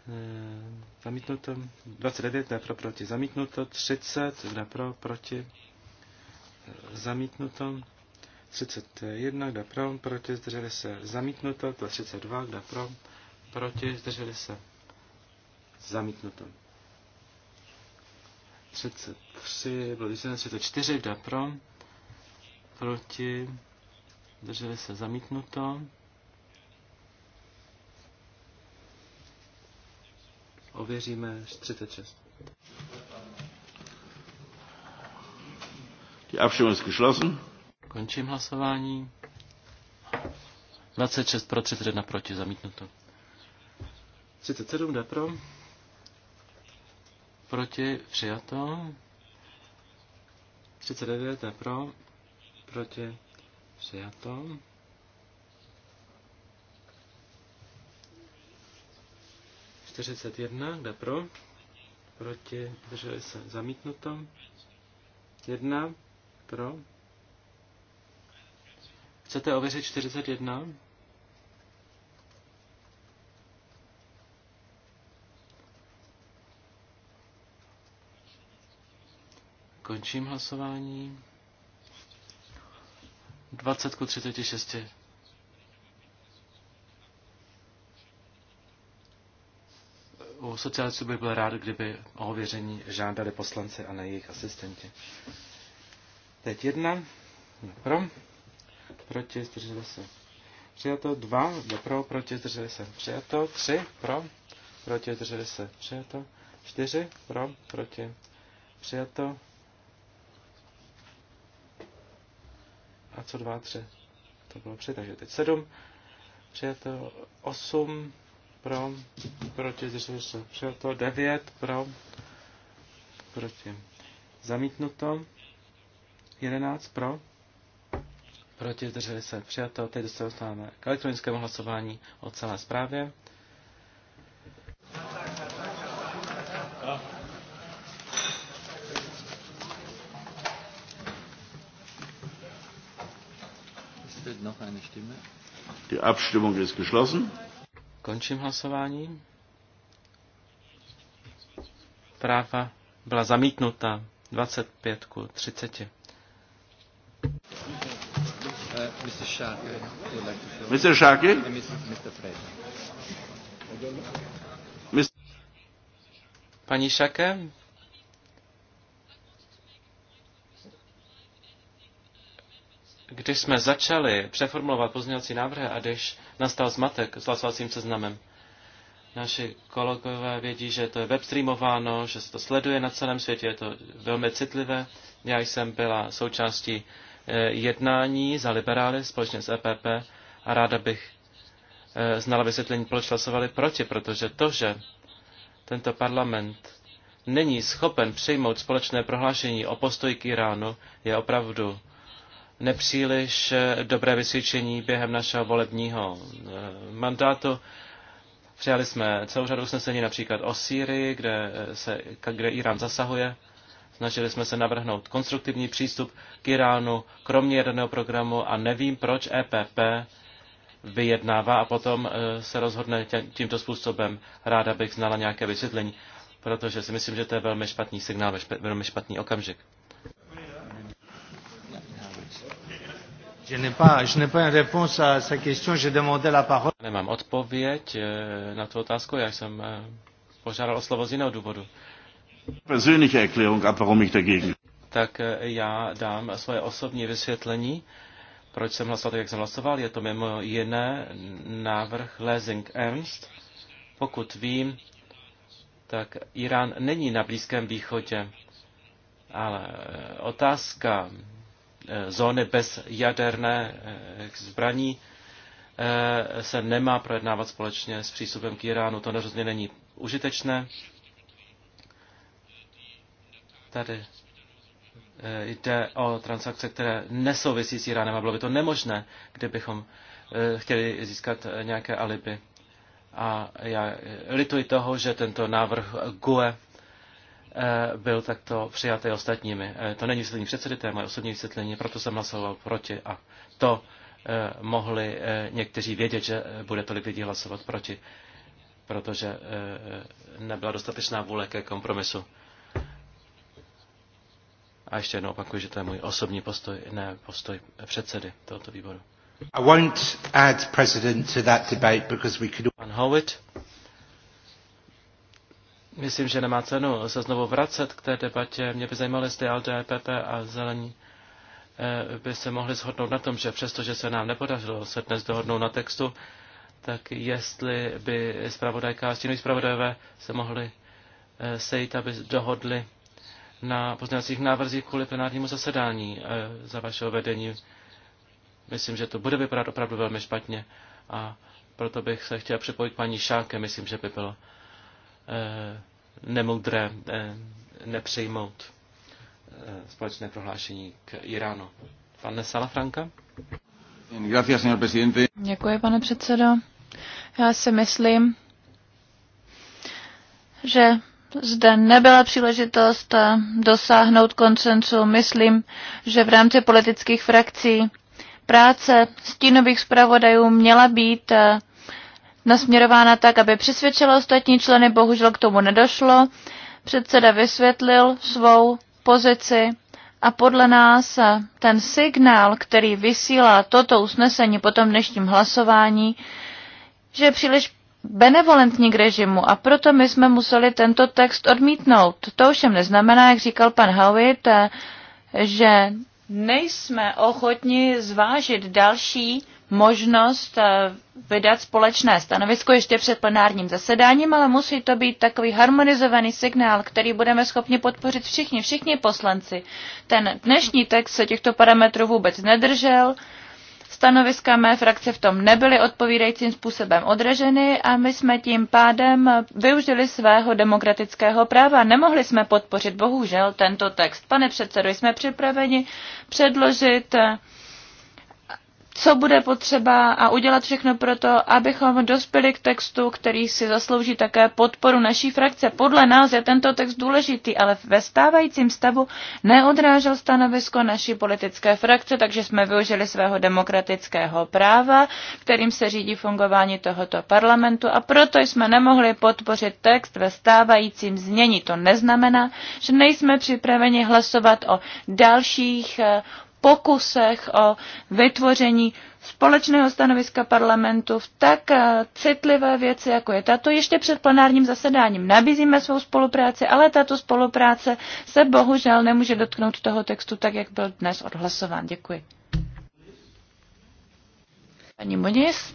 eh, zamítnuto, 29 jde pro, proti zamítnuto, 30 jde pro, proti eh, zamítnuto, 31, kde pro, proti, zdrželi se, zamítnuto, 32, kde pro, proti, zdrželi se, zamítnuto. 33, bylo 34, kde pro, proti, zdrželi se, zamítnuto. Ověříme 36. Die Abstimmung ist geschlossen. Končím hlasování. 26 pro, 31 proti, zamítnuto. 37 jde pro. Proti, přijato. 39 jde pro. Proti, přijato. Čtyřicet jedna, kde pro, proti, drželi se zamítnuto, jedna, pro, Chcete ověřit 41? Končím hlasování. 20 ku 36. U sociálců bych byl rád, kdyby o ověření žádali poslanci a ne jejich asistenti. Teď jedna. Pro proti, zdrželi se. Přijato 2, do pro, proti, zdrželi se. Přijato 3, pro, proti, zdrželi se. Přijato 4, pro, proti, přijato. A co 2, 3? To bylo 3, takže teď 7. Přijato 8, pro, proti, zdrželi se. Přijato 9, pro, proti. Zamítnuto. 11 pro proti, zdrželi se, přijato. Teď se dostáváme k elektronickému hlasování o celé zprávě. Die Abstimmung ist geschlossen. Končím hlasování. Práva byla zamítnuta 25 ku 30. Mr. would like to Mr. Mr. Paní Šake? Když jsme začali přeformulovat pozměňovací návrhy a když nastal zmatek s hlasovacím seznamem, naši kolegové vědí, že to je webstreamováno, že se to sleduje na celém světě, je to velmi citlivé. Já jsem byla součástí Eh, jednání za liberály společně s EPP a ráda bych eh, znala vysvětlení, proč hlasovali proti, protože to, že tento parlament není schopen přijmout společné prohlášení o postoji k Iránu, je opravdu nepříliš eh, dobré vysvědčení během našeho volebního mandátu. Přijali jsme celou řadu usnesení například o Sýrii, kde, se, kde Irán zasahuje Snažili jsme se navrhnout konstruktivní přístup k Iránu, kromě jaderného programu a nevím, proč EPP vyjednává a potom e, se rozhodne tímto způsobem. Ráda bych znala nějaké vysvětlení, protože si myslím, že to je velmi špatný signál, velmi špatný okamžik. Nemám odpověď e, na tu otázku, já jsem e, požádal o slovo z jiného důvodu. Persönliche Erklärung ab, warum ich dagegen. Tak eh, já dám svoje osobní vysvětlení, proč jsem hlasoval tak, jak jsem hlasoval. Je to mimo jiné návrh Lesing Ernst. Pokud vím, tak Irán není na Blízkém východě, ale eh, otázka eh, zóny bez jaderné zbraní se nemá projednávat společně s přístupem k Iránu. To nerozhodně není užitečné. Tady eh, jde o transakce, které nesouvisí s Iránem a bylo by to nemožné, kdybychom eh, chtěli získat eh, nějaké alibi. A já lituji toho, že tento návrh GUE byl takto přijatý ostatními. To není vysvětlení předsedy, to je moje osobní vysvětlení, proto jsem hlasoval proti a to mohli někteří vědět, že bude tolik lidí hlasovat proti, protože nebyla dostatečná vůle ke kompromisu. A ještě jednou opakuju, že to je můj osobní postoj, ne postoj předsedy tohoto výboru. I won't add president to that debate because we could... Pan Howitt. Myslím, že nemá cenu se znovu vracet k té debatě. Mě by zajímalo, jestli ALDE, a Zelení eh, by se mohli shodnout na tom, že přestože se nám nepodařilo se dnes dohodnout na textu, tak jestli by zpravodajka a stínoví zpravodajové se mohli eh, sejít, aby dohodli na pozměňovacích návrzích kvůli plenárnímu zasedání eh, za vašeho vedení. Myslím, že to bude vypadat opravdu velmi špatně a proto bych se chtěl připojit paní Šáke. Myslím, že by bylo eh, nemoudré eh, nepřejmout společné prohlášení k Iránu. Pane Salafranka? Děkuji, pane předsedo. Já si myslím, že zde nebyla příležitost eh, dosáhnout koncensu. Myslím, že v rámci politických frakcí práce stínových zpravodajů měla být eh, nasměrována tak, aby přesvědčila ostatní členy. Bohužel k tomu nedošlo. Předseda vysvětlil svou pozici a podle nás eh, ten signál, který vysílá toto usnesení po tom dnešním hlasování, že je příliš benevolentní k režimu a proto my jsme museli tento text odmítnout. To ovšem neznamená, jak říkal pan Howitt, že nejsme ochotni zvážit další možnost eh, vydat společné stanovisko ještě před plenárním zasedáním, ale musí to být takový harmonizovaný signál, který budeme schopni podpořit všichni, všichni poslanci. Ten dnešní text se těchto parametrů vůbec nedržel Stanoviska mé frakce v tom nebyly odpovídajícím způsobem odraženy a my jsme tím pádem využili svého demokratického práva. Nemohli jsme podpořit bohužel tento text. Pane předsedo, jsme připraveni předložit co bude potřeba a udělat všechno pro to, abychom dospěli k textu, který si zaslouží také podporu naší frakce. Podle nás je tento text důležitý, ale ve stávajícím stavu neodrážel stanovisko naší politické frakce, takže jsme využili svého demokratického práva, kterým se řídí fungování tohoto parlamentu a proto jsme nemohli podpořit text ve stávajícím znění. To neznamená, že nejsme připraveni hlasovat o dalších eh, pokusech o vytvoření společného stanoviska parlamentu v tak eh, citlivé věci, jako je tato, ještě před plenárním zasedáním. Nabízíme svou spolupráci, ale tato spolupráce se bohužel nemůže dotknout toho textu tak, jak byl dnes odhlasován. Děkuji. Paní Moniz.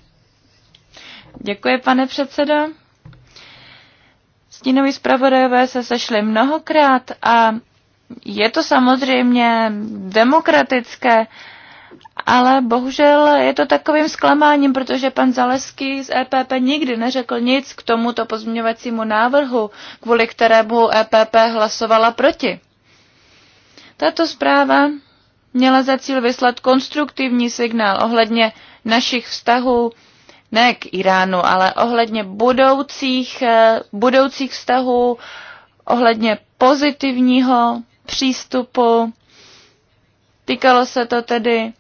Děkuji, pane předsedo. Stínoví zpravodajové se sešli mnohokrát a je to samozřejmě demokratické, ale bohužel je to takovým zklamáním, protože pan Zaleský z EPP nikdy neřekl nic k tomuto pozměňovacímu návrhu, kvůli kterému EPP hlasovala proti. Tato zpráva měla za cíl vyslat konstruktivní signál ohledně našich vztahů ne k Iránu, ale ohledně budoucích, eh, budoucích vztahů, ohledně pozitivního přístupu. Týkalo se to tedy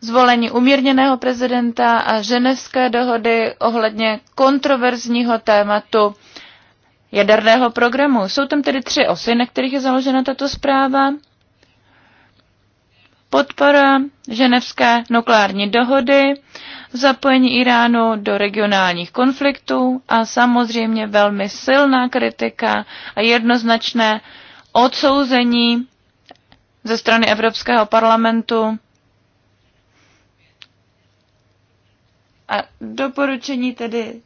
zvolení umírněného prezidenta a ženevské dohody ohledně kontroverzního tématu jaderného programu. Jsou tam tedy tři osy, na kterých je založena tato zpráva. Podpora ženevské nukleární dohody, zapojení Iránu do regionálních konfliktů a samozřejmě velmi silná kritika a jednoznačné odsouzení ze strany Evropského parlamentu a doporučení tedy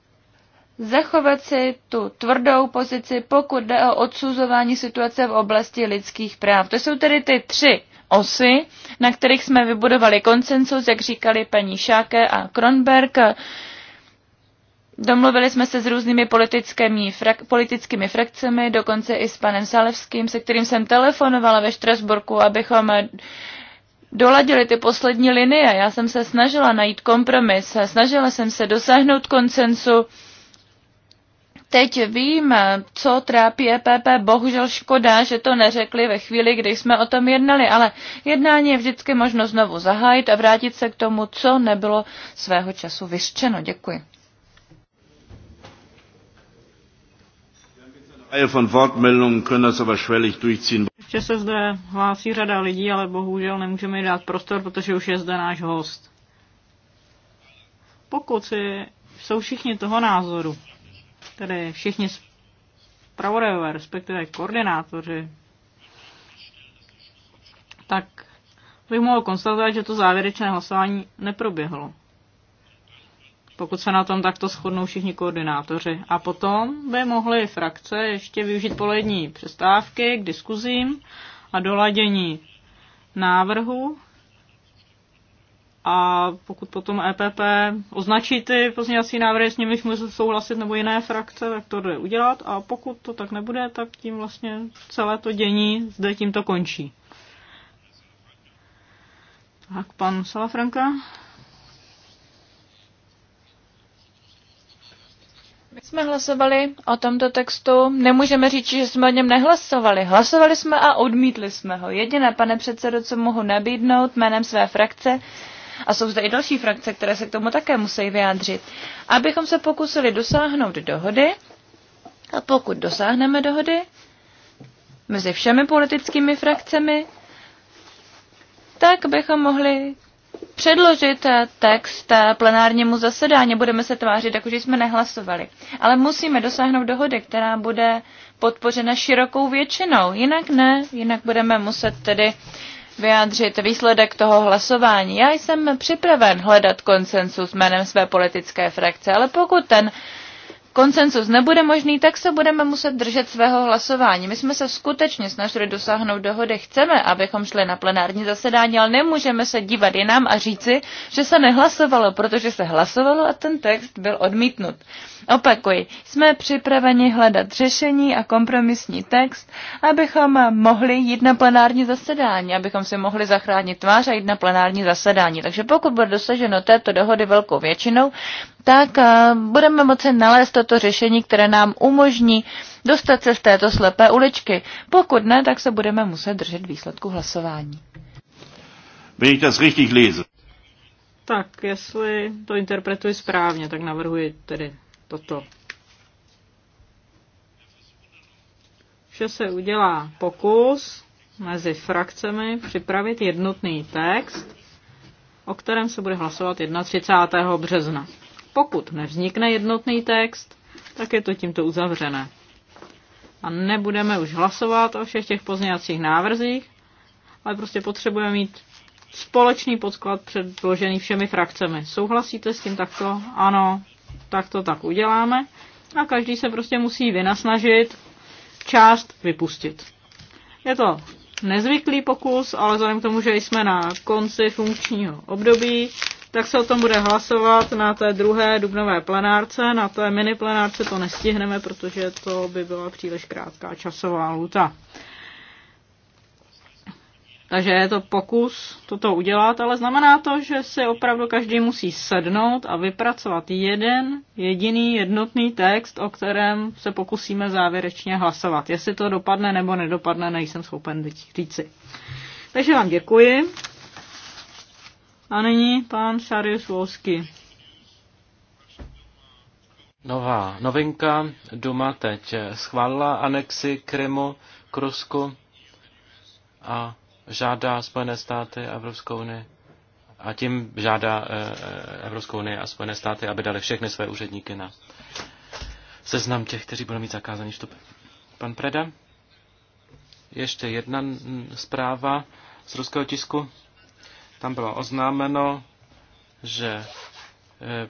zachovat si tu tvrdou pozici, pokud jde o odsuzování situace v oblasti lidských práv. To jsou tedy ty tři osy, na kterých jsme vybudovali konsensus, jak říkali paní Šáke a Kronberg. Domluvili jsme se s různými politickými, frak, politickými frakcemi, dokonce i s panem Salevským, se kterým jsem telefonovala ve Štrasburku, abychom eh, doladili ty poslední linie. Já jsem se snažila najít kompromis, snažila jsem se dosáhnout koncensu Teď vím, co trápí EPP. Bohužel škoda, že to neřekli ve chvíli, kdy jsme o tom jednali, ale jednání je vždycky možno znovu zahájit a vrátit se k tomu, co nebylo svého času vyřčeno. Děkuji. Ještě se zde hlásí řada lidí, ale bohužel nemůžeme jí dát prostor, protože už je zde náš host. Pokud si, jsou všichni toho názoru, tedy všichni zpravodajové, respektive koordinátoři, tak bych mohl konstatovat, že to závěrečné hlasování neproběhlo pokud se na tom takto shodnou všichni koordinátoři. A potom by mohly frakce ještě využít polední přestávky k diskuzím a doladění návrhu. A pokud potom EPP označí ty pozměňovací návrhy, s nimiž můžu souhlasit nebo jiné frakce, tak to jde udělat. A pokud to tak nebude, tak tím vlastně celé to dění zde tímto končí. Tak pan Salafranka. My jsme hlasovali o tomto textu, nemůžeme říct, že jsme o něm nehlasovali. Hlasovali jsme a odmítli jsme ho. Jediné, pane předsedo, co mohu nabídnout jménem své frakce, a jsou zde i další frakce, které se k tomu také musí vyjádřit, abychom se pokusili dosáhnout dohody, a pokud dosáhneme dohody mezi všemi politickými frakcemi, tak bychom mohli předložit eh, text eh, plenárnímu zasedání. Budeme se tvářit, jako jsme nehlasovali. Ale musíme dosáhnout dohody, která bude podpořena širokou většinou. Jinak ne, jinak budeme muset tedy vyjádřit výsledek toho hlasování. Já jsem připraven hledat konsensus jménem své politické frakce, ale pokud ten konsensus nebude možný, tak se budeme muset držet svého hlasování. My jsme se skutečně snažili dosáhnout dohody. Chceme, abychom šli na plenární zasedání, ale nemůžeme se dívat jinam a říci, že se nehlasovalo, protože se hlasovalo a ten text byl odmítnut. Opakuji, jsme připraveni hledat řešení a kompromisní text, abychom mohli jít na plenární zasedání, abychom si mohli zachránit tvář a jít na plenární zasedání. Takže pokud bude dosaženo této dohody velkou většinou, tak eh, budeme moci nalézt toto řešení, které nám umožní dostat se z této slepé uličky. Pokud ne, tak se budeme muset držet výsledku hlasování. Wenn ich das richtig lese. Tak, jestli to interpretuji správně, tak navrhuji tedy toto. Vše se udělá pokus mezi frakcemi připravit jednotný text, o kterém se bude hlasovat 31. března. Pokud nevznikne jednotný text, tak je to tímto uzavřené. A nebudeme už hlasovat o všech těch pozměňovacích návrzích, ale prostě potřebujeme mít společný podklad předložený všemi frakcemi. Souhlasíte s tím takto? Ano, tak to tak uděláme. A každý se prostě musí vynasnažit část vypustit. Je to nezvyklý pokus, ale vzhledem k tomu, že jsme na konci funkčního období, tak se o tom bude hlasovat na té druhé dubnové plenárce. Na té mini plenárce to nestihneme, protože to by byla příliš krátká časová luta. Takže je to pokus toto udělat, ale znamená to, že si opravdu každý musí sednout a vypracovat jeden jediný jednotný text, o kterém se pokusíme závěrečně hlasovat. Jestli to dopadne nebo nedopadne, nejsem schopen říci. Takže vám děkuji. A nyní pan Šarius Volsky. Nová novinka. Duma teď schválila anexi Krymu k Rusku a žádá Spojené státy a Evropskou unii. A tím žádá eh, eh, Evropskou unii a Spojené státy, aby dali všechny své úředníky na seznam těch, kteří budou mít zakázaný vstup. Pan Preda? Ještě jedna zpráva z ruského tisku. Tam bylo oznámeno, že e,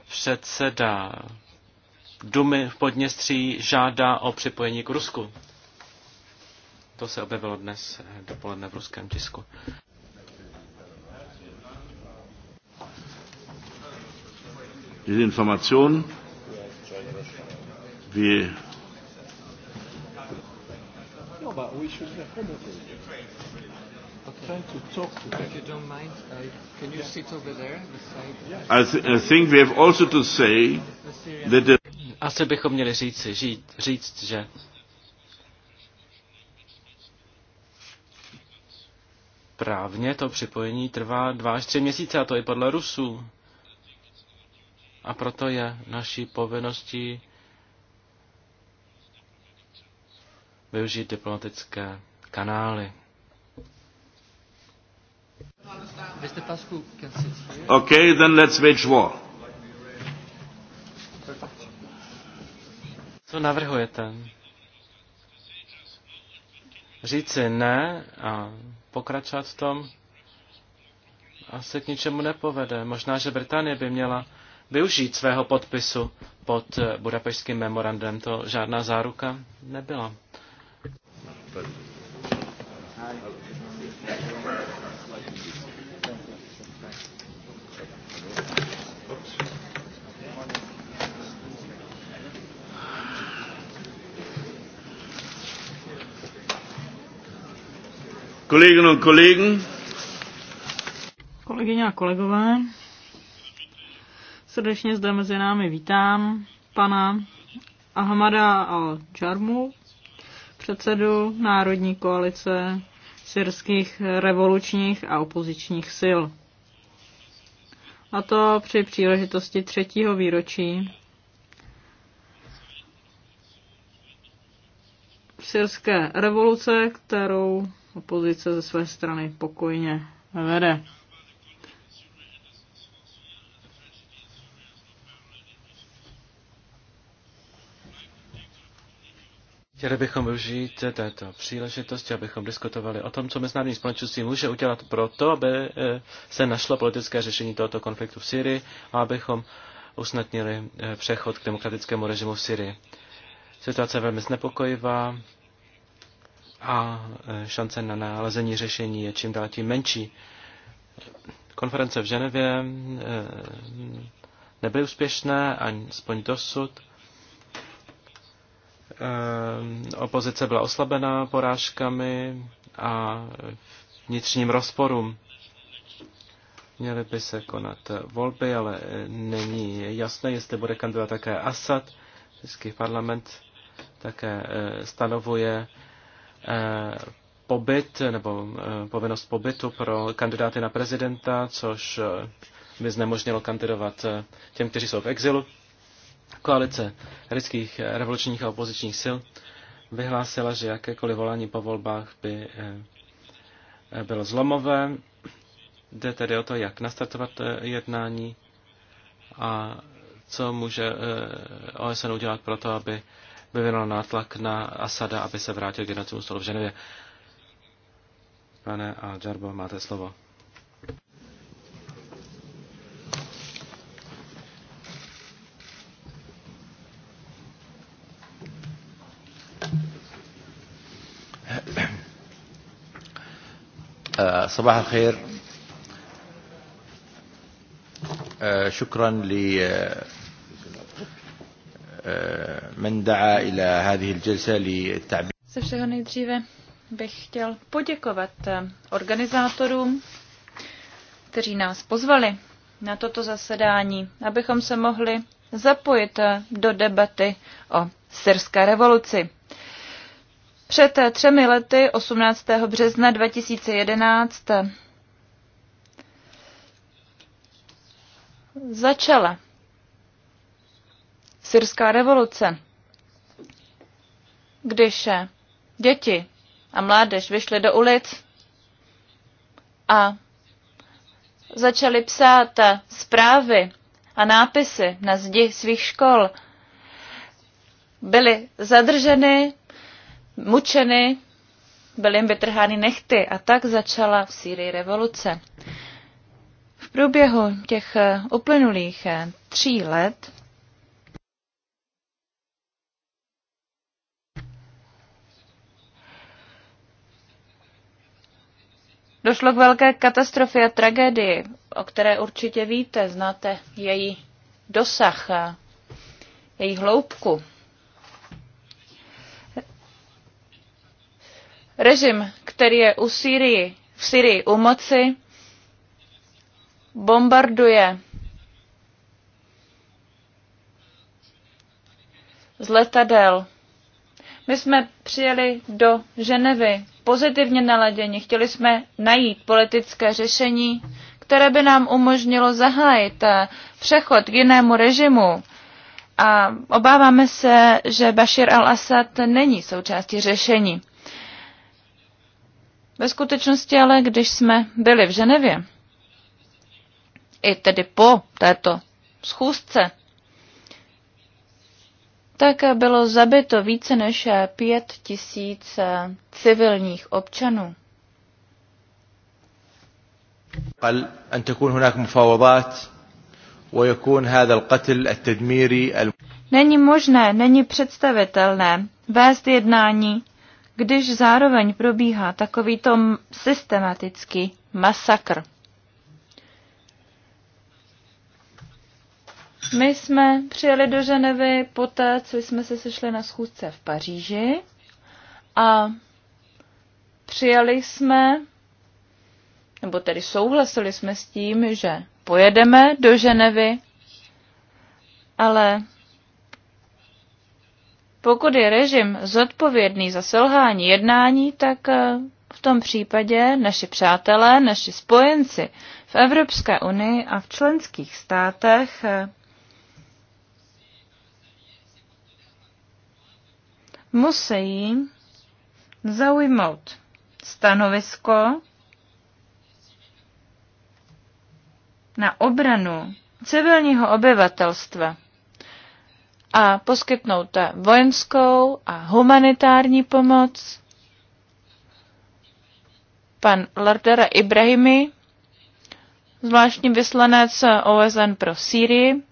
předseda Dumy v Podněstří žádá o připojení k Rusku. To se objevilo dnes e, dopoledne v ruském tisku. Diese Information, wie No, but asi bychom měli říct, říct, říct že právně to připojení trvá dva až tři měsíce, a to i podle Rusů. A proto je naší povinností využít diplomatické kanály. Mr. Pascu can sit here. Okay, then let's wage war. Co navrhujete? Říci ne a pokračovat v tom asi k ničemu nepovede. Možná, že Británie by měla využít svého podpisu pod eh, budapešským memorandem. To žádná záruka nebyla. But Kolleginnen und Kollegen. Kolegyně a kolegové, srdečně zde mezi námi vítám pana Ahmada al-Jarmu, předsedu Národní koalice syrských revolučních a opozičních sil. A to při příležitosti třetího výročí syrské revoluce, kterou opozice ze své strany pokojně vede. Chtěli bychom využít této příležitosti, abychom diskutovali o tom, co mezinárodní společenství může udělat pro to, aby eh, se našlo politické řešení tohoto konfliktu v Syrii a abychom usnadnili eh, přechod k demokratickému režimu v Syrii. Situace je velmi znepokojivá, a e, šance na nalezení řešení je čím dál tím menší. Konference v Ženevě e, nebyly úspěšné, spoň dosud. E, opozice byla oslabená porážkami a vnitřním rozporům. Měly by se konat volby, ale není jasné, jestli bude kandidovat také Assad. Český parlament také stanovuje Eh, pobyt nebo eh, povinnost pobytu pro kandidáty na prezidenta, což eh, by znemožnilo kandidovat těm, kteří jsou v exilu. Koalice ryských revolučních a opozičních sil vyhlásila, že jakékoliv volání po volbách by bylo zlomové. Jde tedy o to, jak nastartovat jednání a co může OSN udělat pro to, aby vyvinul nátlak na Asada, aby se vrátil k jednacímu stolu v Ženevě. Pane a jarbo máte slovo. Eh, صباح الخير eh, شكرا من دعا إلى هذه للتعبير všeho nejdříve bych chtěl poděkovat eh, organizátorům, kteří nás pozvali na toto zasedání, abychom se mohli zapojit eh, do debaty o syrské revoluci. Před eh, třemi lety, 18. března 2011, začala syrská revoluce když děti a mládež vyšly do ulic a začali psát zprávy a nápisy na zdi svých škol, byly zadrženy, mučeny, byly jim vytrhány nechty a tak začala v Sýrii revoluce. V průběhu těch uplynulých tří let Došlo k velké katastrofě a tragédii, o které určitě víte, znáte její dosah, a její hloubku. Režim, který je u Syrii, v Syrii u moci, bombarduje z letadel. My jsme přijeli do Ženevy pozitivně naladěni. Chtěli jsme najít politické řešení, které by nám umožnilo zahájit eh, přechod k jinému režimu. A obáváme se, že Bashir al-Assad není součástí řešení. Ve skutečnosti ale, když jsme byli v Ženevě, i tedy po této schůzce tak bylo zabito více než pět tisíc civilních občanů. قال أن تكون هناك مفاوضات ويكون هذا القتل التدميري Není možné, není představitelné vést jednání, když zároveň probíhá takovýto systematický masakr. My jsme přijeli do Ženevy poté, co jsme se sešli na schůzce v Paříži a přijeli jsme, nebo tedy souhlasili jsme s tím, že pojedeme do Ženevy, ale pokud je režim zodpovědný za selhání jednání, tak eh, v tom případě naši přátelé, naši spojenci v Evropské unii a v členských státech eh, musí zaujmout stanovisko na obranu civilního obyvatelstva a poskytnout vojenskou a humanitární pomoc. Pan Lardara Ibrahimi, zvláštní vyslanec OSN pro Sýrii,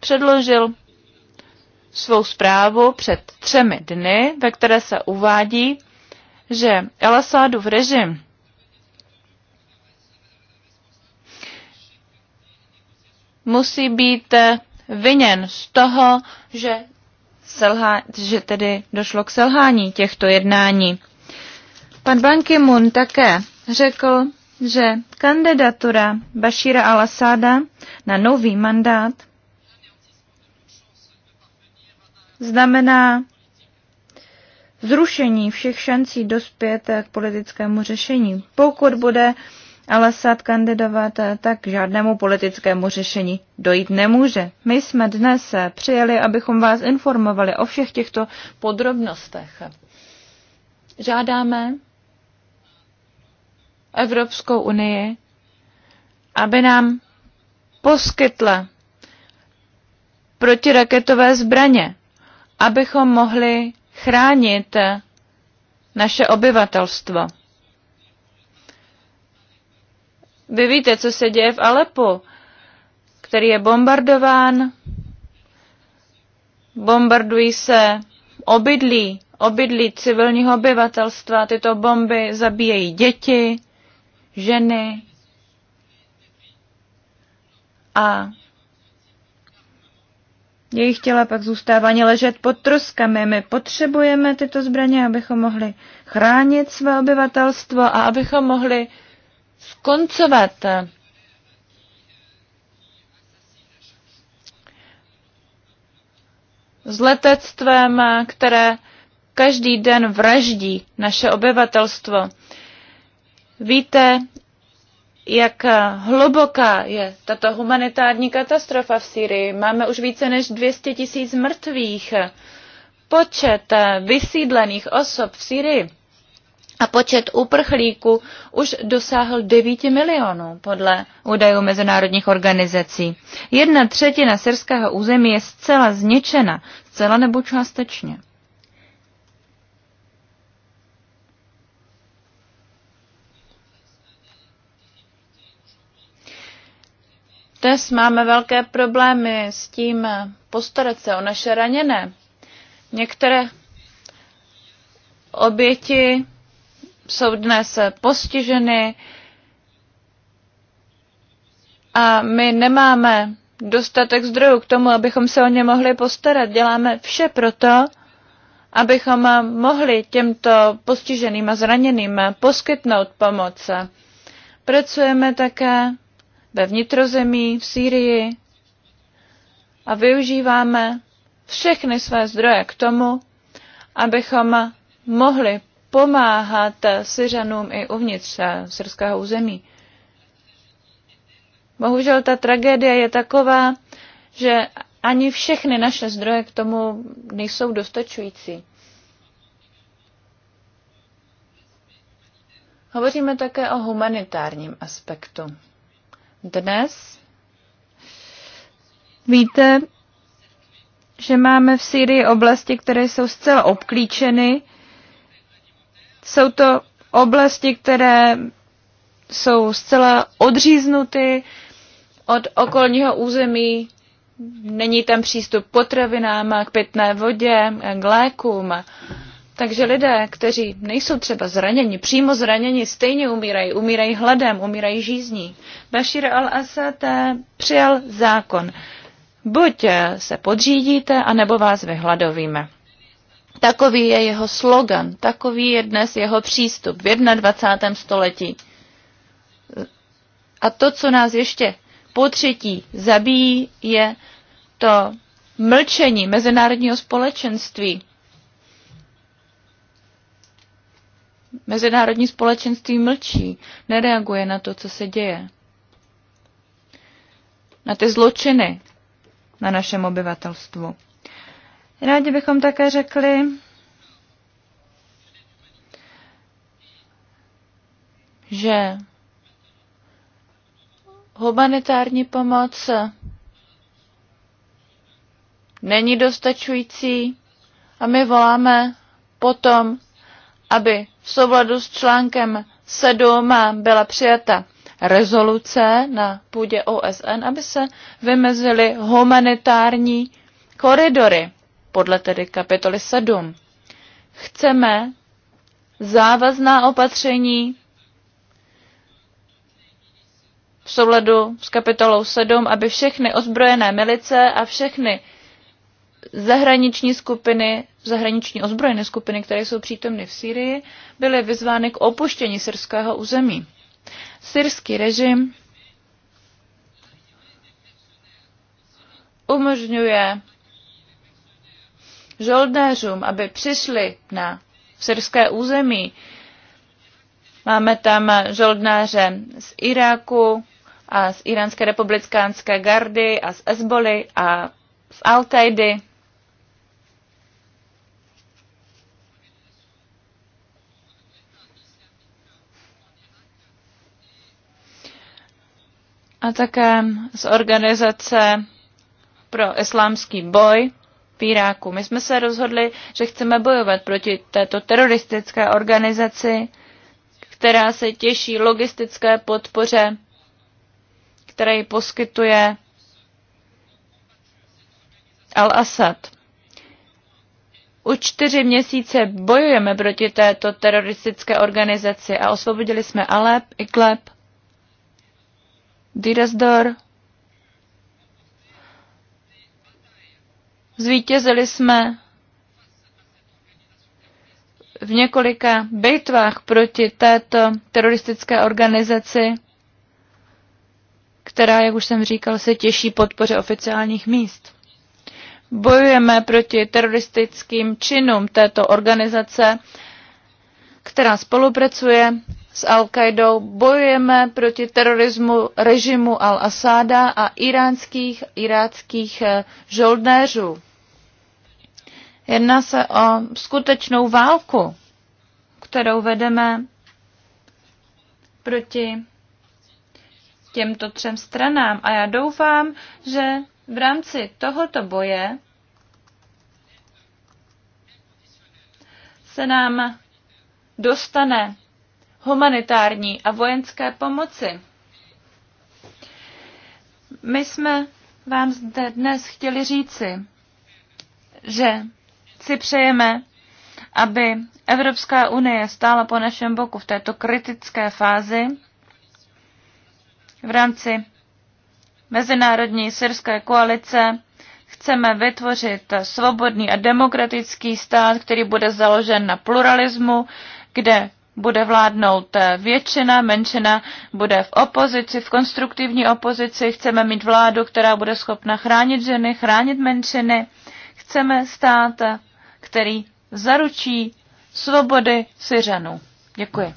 předložil svou zprávu před třemi dny, ve které se uvádí, že El v režim musí být viněn z toho, že, selhá, že tedy došlo k selhání těchto jednání. Pan Ban Ki-moon také řekl, že kandidatura Bashira al-Asada na nový mandát znamená zrušení všech šancí dospět k politickému řešení. Pokud bude Al-Assad kandidovat, tak žádnému politickému řešení dojít nemůže. My jsme dnes přijeli, abychom vás informovali o všech těchto podrobnostech. Žádáme Evropskou unii, aby nám poskytla protiraketové zbraně abychom mohli chránit naše obyvatelstvo. Vy víte, co se děje v Alepu, který je bombardován, bombardují se obydlí, obydlí civilního obyvatelstva, tyto bomby zabíjejí děti, ženy a jejich těla pak zůstávají ležet pod troskami. My potřebujeme tyto zbraně, abychom mohli chránit své obyvatelstvo a abychom mohli skoncovat s letectvem, které každý den vraždí naše obyvatelstvo. Víte, jak hluboká je tato humanitární katastrofa v Syrii. Máme už více než 200 tisíc mrtvých. Počet vysídlených osob v Syrii a počet uprchlíků už dosáhl 9 milionů podle údajů mezinárodních organizací. Jedna třetina syrského území je zcela zničena, zcela nebo částečně. Dnes máme velké problémy s tím postarat se o naše raněné. Některé oběti jsou dnes postiženy a my nemáme dostatek zdrojů k tomu, abychom se o ně mohli postarat. Děláme vše proto, abychom mohli těmto postiženým a zraněným poskytnout pomoc. Pracujeme také ve vnitrozemí, v Sýrii a využíváme všechny své zdroje k tomu, abychom mohli pomáhat Syřanům i uvnitř eh, syrského území. Bohužel ta tragédie je taková, že ani všechny naše zdroje k tomu nejsou dostačující. Hovoříme také o humanitárním aspektu dnes. Víte, že máme v Syrii oblasti, které jsou zcela obklíčeny. Jsou to oblasti, které jsou zcela odříznuty od okolního území. Není tam přístup k potravinám, k pitné vodě, k lékům. Takže lidé, kteří nejsou třeba zraněni, přímo zraněni, stejně umírají. Umírají hladem, umírají žízní. Bashir al-Assad eh, přijal zákon. Buď eh, se podřídíte, anebo vás vyhladovíme. Takový je jeho slogan, takový je dnes jeho přístup v 21. století. A to, co nás ještě po třetí zabíjí, je to mlčení mezinárodního společenství. Mezinárodní společenství mlčí, nereaguje na to, co se děje. Na ty zločiny na našem obyvatelstvu. Rádi bychom také řekli, že humanitární pomoc není dostačující a my voláme potom, aby v souladu s článkem 7 byla přijata rezoluce na půdě OSN, aby se vymezily humanitární koridory podle tedy kapitoly 7. Chceme závazná opatření v souladu s kapitolou 7, aby všechny ozbrojené milice a všechny zahraniční skupiny, zahraniční ozbrojené skupiny, které jsou přítomny v Syrii, byly vyzvány k opuštění syrského území. Syrský režim umožňuje žoldnéřům, aby přišli na syrské území. Máme tam žoldnáře z Iráku a z Iránské republikánské gardy a z Esboli a z Altajdy. a také z organizace pro islámský boj v Iráku. My jsme se rozhodli, že chceme bojovat proti této teroristické organizaci, která se těší logistické podpoře, které ji poskytuje Al-Assad. Už čtyři měsíce bojujeme proti této teroristické organizaci a osvobodili jsme Alep, Iklep Díraz Zvítězili jsme v několika bitvách proti této teroristické organizaci, která, jak už jsem říkal, se těší podpoře oficiálních míst. Bojujeme proti teroristickým činům této organizace, která spolupracuje s Al-Qaidou, bojujeme proti terorismu režimu Al-Asáda a iránských, iráckých eh, žoldnéřů. Jedná se o skutečnou válku, kterou vedeme proti těmto třem stranám. A já doufám, že v rámci tohoto boje se nám dostane humanitární a vojenské pomoci. My jsme vám zde dnes chtěli říci, že si přejeme, aby Evropská unie stála po našem boku v této kritické fázi v rámci Mezinárodní syrské koalice chceme vytvořit svobodný a demokratický stát, který bude založen na pluralismu, kde bude vládnout eh, většina, menšina bude v opozici, v konstruktivní opozici. Chceme mít vládu, která bude schopna chránit ženy, chránit menšiny. Chceme stát, eh, který zaručí svobody Syřanů. Děkuji.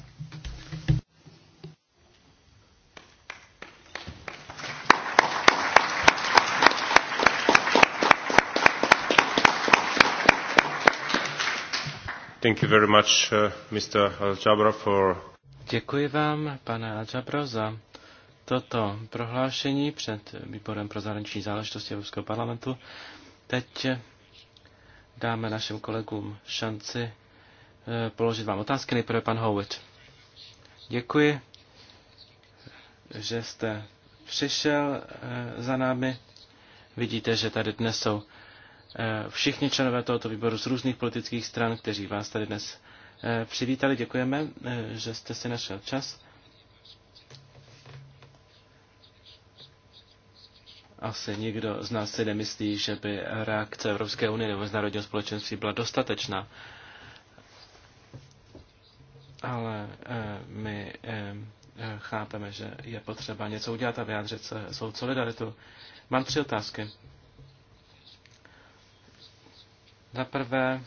Uh, Děkuji vám, pane al jabro za toto prohlášení před výborem pro zahraniční záležitosti Evropského parlamentu. Teď dáme našim kolegům šanci eh, položit vám otázky. Nejprve pan Howitt. Děkuji, že jste přišel eh, za námi. Vidíte, že tady dnes jsou Eh, všichni členové tohoto výboru z různých politických stran, kteří vás tady dnes eh, přivítali. Děkujeme, eh, že jste si našel čas. Asi nikdo z nás si nemyslí, že by reakce Evropské unie nebo mezinárodního společenství byla dostatečná. Ale my chápeme, že je potřeba něco udělat a vyjádřit svou solidaritu. Mám tři otázky. Za prvé,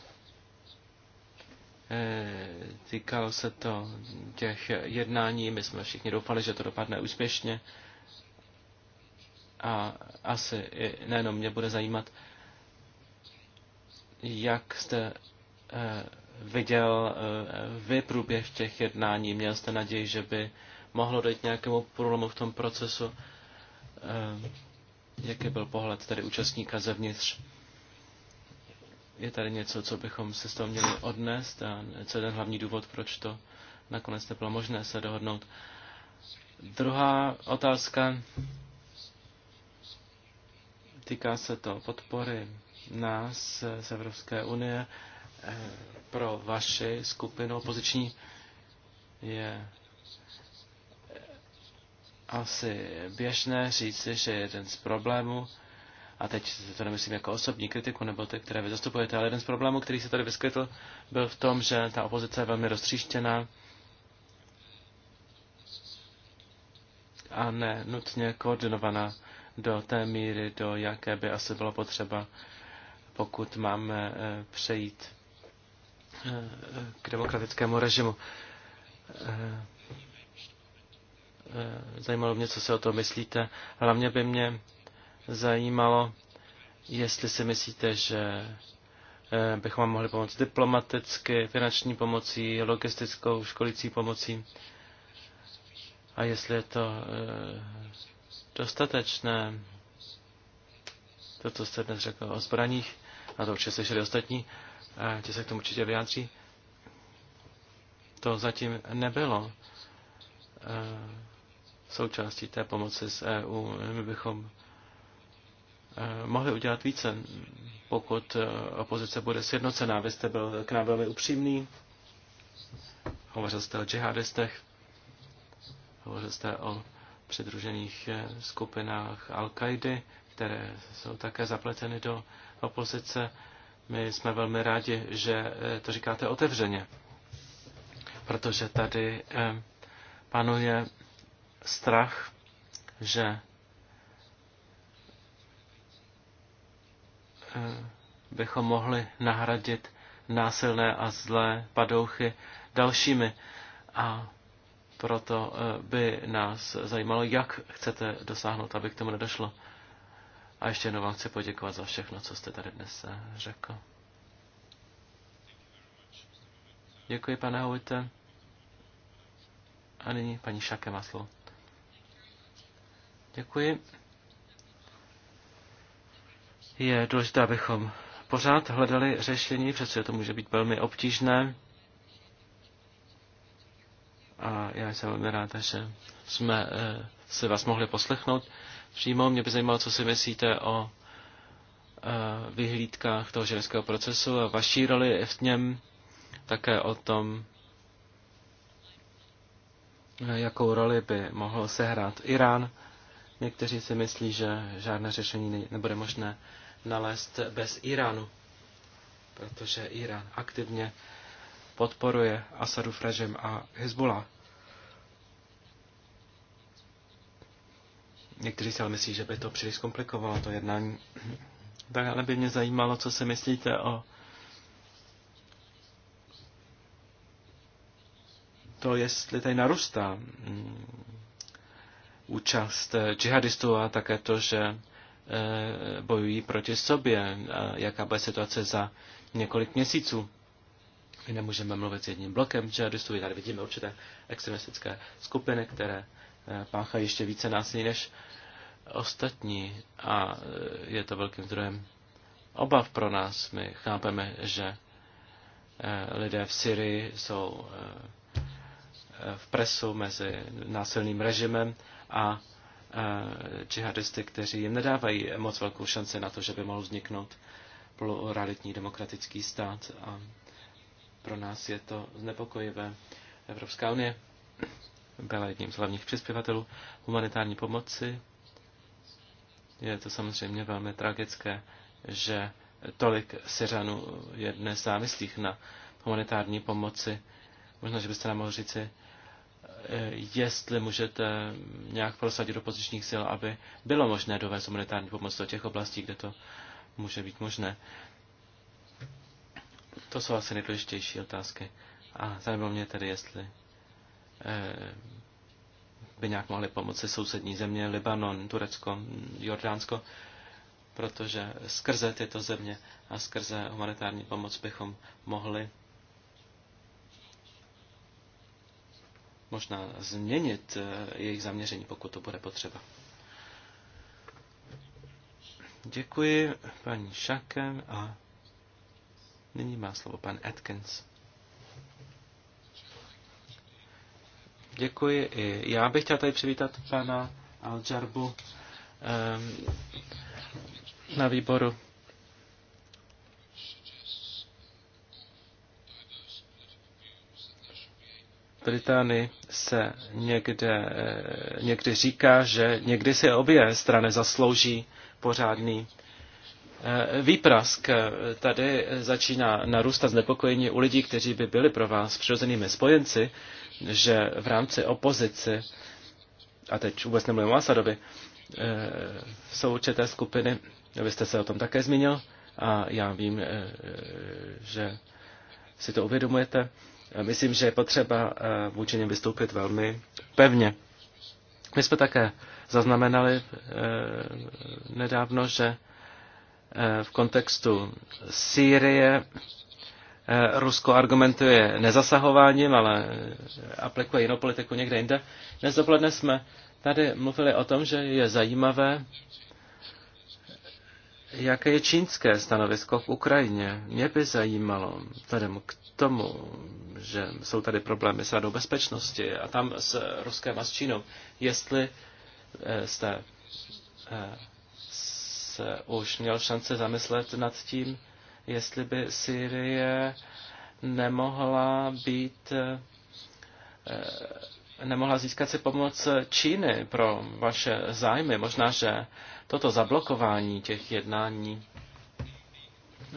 eh, týkalo se to těch jednání, my jsme všichni doufali, že to dopadne úspěšně a asi i nejenom mě bude zajímat, jak jste eh, viděl eh, vy průběh těch jednání, měl jste naději, že by mohlo dojít nějakému průlomu v tom procesu, jaký byl pohled tedy účastníka zevnitř je tady něco, co bychom si z toho měli odnést a co je ten hlavní důvod, proč to nakonec nebylo možné se dohodnout. Druhá otázka týká se to podpory nás z Evropské unie pro vaši skupinu opoziční je asi běžné říci, že jeden z problémů a teď to nemyslím jako osobní kritiku nebo ty, které vy zastupujete, ale jeden z problémů, který se tady vyskytl, byl v tom, že ta opozice je velmi roztříštěná a ne nutně koordinovaná do té míry, do jaké by asi bylo potřeba, pokud máme eh, přejít eh, k demokratickému režimu. Eh, zajímalo mě, co si o to myslíte. Hlavně by mě zajímalo, jestli si myslíte, že eh, bychom vám mohli pomoct diplomaticky, finanční pomocí, logistickou, školící pomocí a jestli je to eh, dostatečné, to, co jste dnes řekl o zbraních, a to určitě slyšeli ostatní, a ti se k tomu určitě vyjádří, to zatím nebylo eh, součástí té pomoci z EU. My bychom Eh, mohli udělat více, pokud eh, opozice bude sjednocená. Vy jste byl k nám velmi upřímný, hovořil jste o džihadistech, hovořil jste o přidružených eh, skupinách Al-Kaidy, které jsou také zapleteny do opozice. My jsme velmi rádi, že to říkáte otevřeně, protože tady panuje strach, že Eh, bychom mohli nahradit násilné a zlé padouchy dalšími. A proto eh, by nás zajímalo, jak chcete dosáhnout, aby k tomu nedošlo. A ještě jednou vám chci poděkovat za všechno, co jste tady dnes eh, řekl. Děkuji, pane Hovite. A nyní paní Šake má slovo. Děkuji je důležité, abychom pořád hledali řešení, přece to může být velmi obtížné. A já jsem velmi rád, že jsme eh, se vás mohli poslechnout. Přímo mě by zajímalo, co si myslíte o eh, vyhlídkách toho ženského procesu a vaší roli v něm, také o tom, eh, jakou roli by mohl sehrát Irán. Někteří si myslí, že žádné řešení nebude možné nalézt bez Iránu, protože Irán aktivně podporuje Asadu režim a Hezbollah. Někteří si ale myslí, že by to příliš komplikovalo, to jednání. Tak ale by mě zajímalo, co si myslíte o to, jestli tady narůstá mm, účast džihadistů a také to, že Eh, bojují proti sobě jaká bude situace za několik měsíců. My nemůžeme mluvit s jedním blokem džihadistů, tady vidíme určité extremistické skupiny, které eh, páchají ještě více násilí než ostatní a eh, je to velkým zdrojem obav pro nás. My chápeme, že lidé v Syrii jsou v presu mezi násilným režimem a džihadisty, kteří jim nedávají moc velkou šanci na to, že by mohl vzniknout pluralitní demokratický stát. A pro nás je to znepokojivé. Evropská unie byla jedním z hlavních přispěvatelů humanitární pomoci. Je to samozřejmě velmi tragické, že tolik Syřanů je dnes závislých na humanitární pomoci. Možná, že byste nám mohli říci, jestli můžete nějak prosadit do pozičních sil, aby bylo možné dovést humanitární pomoc do těch oblastí, kde to může být možné. To jsou asi nejdůležitější otázky. A zajímalo mě tedy, jestli eh, by nějak mohly pomoci sousední země, Libanon, Turecko, Jordánsko, protože skrze tyto země a skrze humanitární pomoc bychom mohli možná změnit eh, jejich zaměření, pokud to bude potřeba. Děkuji paní Šakem a nyní má slovo pan Atkins. Děkuji. Já bych chtěl tady přivítat pana Aljarbu ehm, na výboru Británii se někde, eh, někdy říká, že někdy si obě strany zaslouží pořádný eh, výprask. Tady začíná narůstat znepokojení u lidí, kteří by byli pro vás přirozenými spojenci, že v rámci opozici, a teď vůbec nemluvím o Asadovi, eh, jsou určité skupiny, vy jste se o tom také zmínil, a já vím, že si to uvědomujete, Eh, myslím, že je potřeba eh, vůči něm vystoupit velmi pevně. My jsme také zaznamenali eh, nedávno, že v kontextu Sýrie Rusko argumentuje nezasahováním, ale aplikuje jinou politiku někde jinde. Dnes dopoledne jsme tady mluvili o tom, že je zajímavé, jaké je čínské stanovisko k Ukrajině. Mě by zajímalo, vzhledem k tomu, že jsou tady problémy s radou bezpečnosti a tam s Ruskem a s Čínou, jestli eh, jste eh, se už měl šance zamyslet nad tím, jestli by Syrie nemohla být eh, nemohla získat si pomoc Číny pro vaše zájmy. Možná, že toto zablokování těch jednání eh,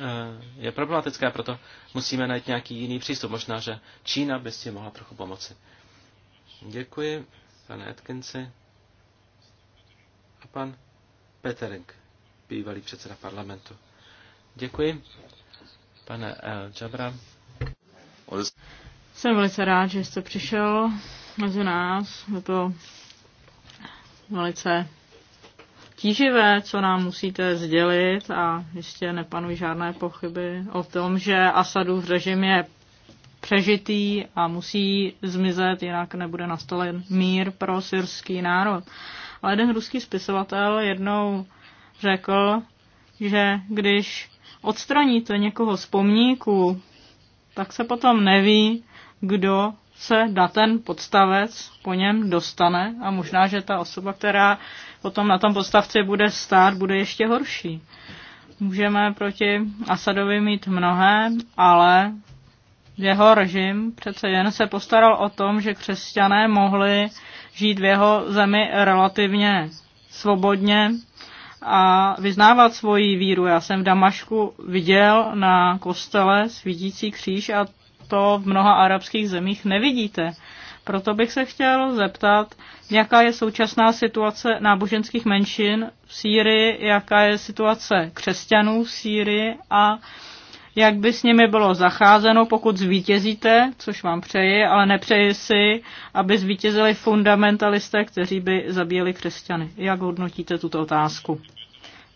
je problematické, proto musíme najít nějaký jiný přístup. Možná, že Čína by si mohla trochu pomoci. Děkuji, pane Atkinsi. A pan Petering, bývalý předseda parlamentu. Děkuji, pane El Jabra. Jsem velice rád, že jste přišel mezi nás. Je to velice tíživé, co nám musíte sdělit a jistě nepanují žádné pochyby o tom, že Asadův režim je přežitý a musí zmizet, jinak nebude nastolen mír pro syrský národ. Ale jeden ruský spisovatel jednou řekl, že když odstraníte někoho z pomníku, tak se potom neví, kdo se na ten podstavec po něm dostane a možná, že ta osoba, která potom na tom podstavci bude stát, bude ještě horší. Můžeme proti Asadovi mít mnohé, ale jeho režim přece jen se postaral o tom, že křesťané mohli žít v jeho zemi relativně svobodně a vyznávat svoji víru. Já jsem v Damašku viděl na kostele svítící kříž a to v mnoha arabských zemích nevidíte. Proto bych se chtěl zeptat, jaká je současná situace náboženských menšin v Sýrii, jaká je situace křesťanů v Sýrii a jak by s nimi bylo zacházeno, pokud zvítězíte, což vám přeji, ale nepřeji si, aby zvítězili fundamentalisté, kteří by zabíjeli křesťany. Jak hodnotíte tuto otázku?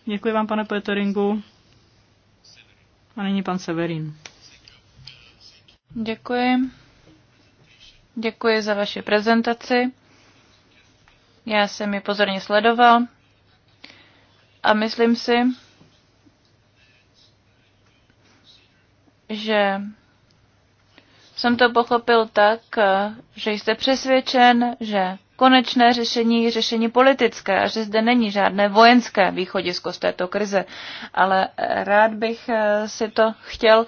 Děkuji vám, pane Peteringu. A nyní pan Severin. Děkuji. Děkuji za vaši prezentaci. Já jsem ji pozorně sledoval a myslím si, že jsem to pochopil tak, že jste přesvědčen, že konečné řešení je řešení politické a že zde není žádné vojenské východisko z této krize. Ale rád bych si to chtěl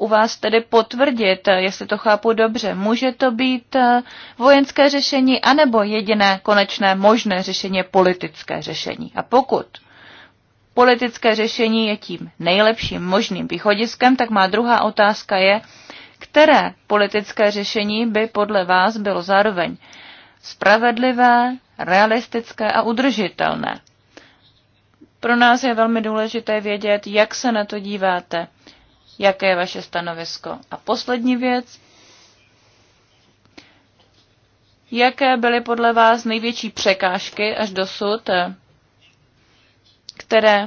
u vás tedy potvrdit, jestli to chápu dobře. Může to být eh, vojenské řešení, anebo jediné konečné možné řešení je politické řešení. A pokud politické řešení je tím nejlepším možným východiskem, tak má druhá otázka je, které politické řešení by podle vás bylo zároveň spravedlivé, realistické a udržitelné. Pro nás je velmi důležité vědět, jak se na to díváte, jaké je vaše stanovisko. A poslední věc. Jaké byly podle vás největší překážky až dosud, eh, které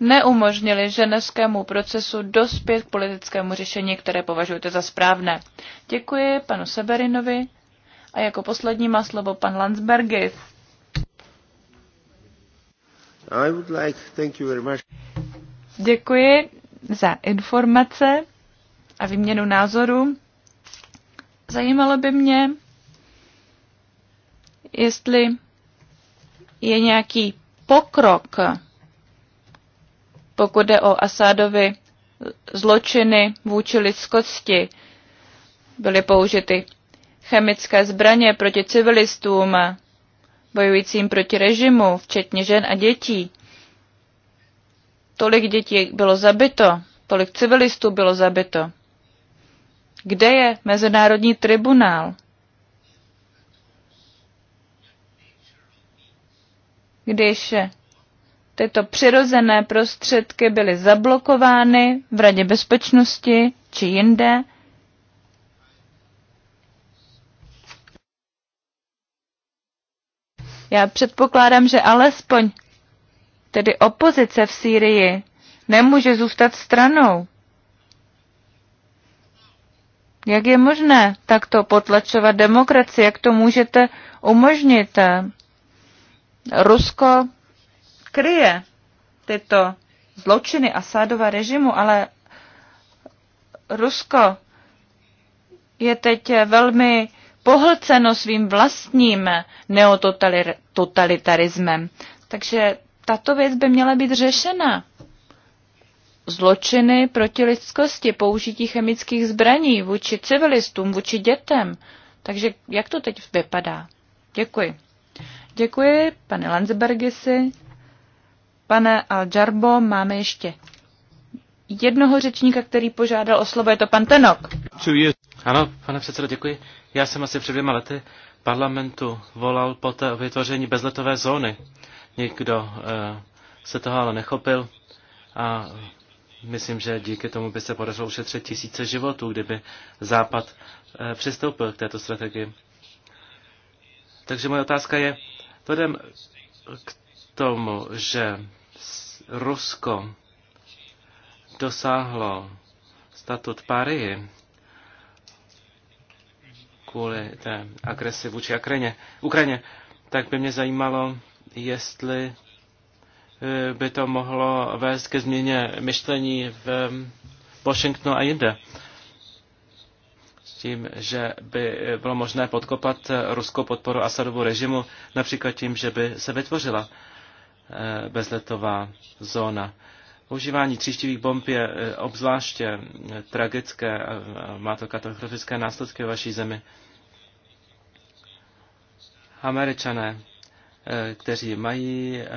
neumožnili ženevskému procesu dospět k politickému řešení, které považujete za správné. Děkuji panu Seberinovi a jako poslední má slovo pan Landsbergis. Děkuji za informace a výměnu názoru. Zajímalo by mě, jestli je nějaký pokrok, pokud jde o Asádovi zločiny vůči lidskosti. Byly použity chemické zbraně proti civilistům, bojujícím proti režimu, včetně žen a dětí. Tolik dětí bylo zabito, tolik civilistů bylo zabito. Kde je Mezinárodní tribunál? Když tyto přirozené prostředky byly zablokovány v Radě bezpečnosti či jinde, Já předpokládám, že alespoň tedy opozice v Sýrii nemůže zůstat stranou. Jak je možné takto potlačovat demokracii? Jak to můžete umožnit? Rusko kryje tyto zločiny Asádova režimu, ale Rusko je teď velmi pohlceno svým vlastním neototalitarismem. Takže tato věc by měla být řešena. Zločiny proti lidskosti, použití chemických zbraní vůči civilistům, vůči dětem. Takže jak to teď vypadá? Děkuji. Děkuji, pane Landsbergisi. Pane Aljarbo, máme ještě jednoho řečníka, který požádal o slovo, je to pan Tenok. Ano, pane předsedo, děkuji. Já jsem asi před dvěma lety parlamentu volal po té vytvoření bezletové zóny. Nikdo uh, se toho ale nechopil a myslím, že díky tomu by se podařilo ušetřit tisíce životů, kdyby Západ uh, přistoupil k této strategii. Takže moje otázka je, vzhledem k tomu, že Rusko dosáhlo statut Parii, kvůli té agresi vůči Ukrajině, Ukrajině, tak by mě zajímalo, jestli eh, by to mohlo vést ke změně myšlení v eh, Washingtonu a jinde. S tím, že by eh, bylo možné podkopat ruskou podporu Asadovu režimu, například tím, že by se vytvořila bezletová zóna. Používání tříštivých bomb je obzvláště tragické a má to katastrofické následky v vaší zemi. Američané, eh, kteří mají eh,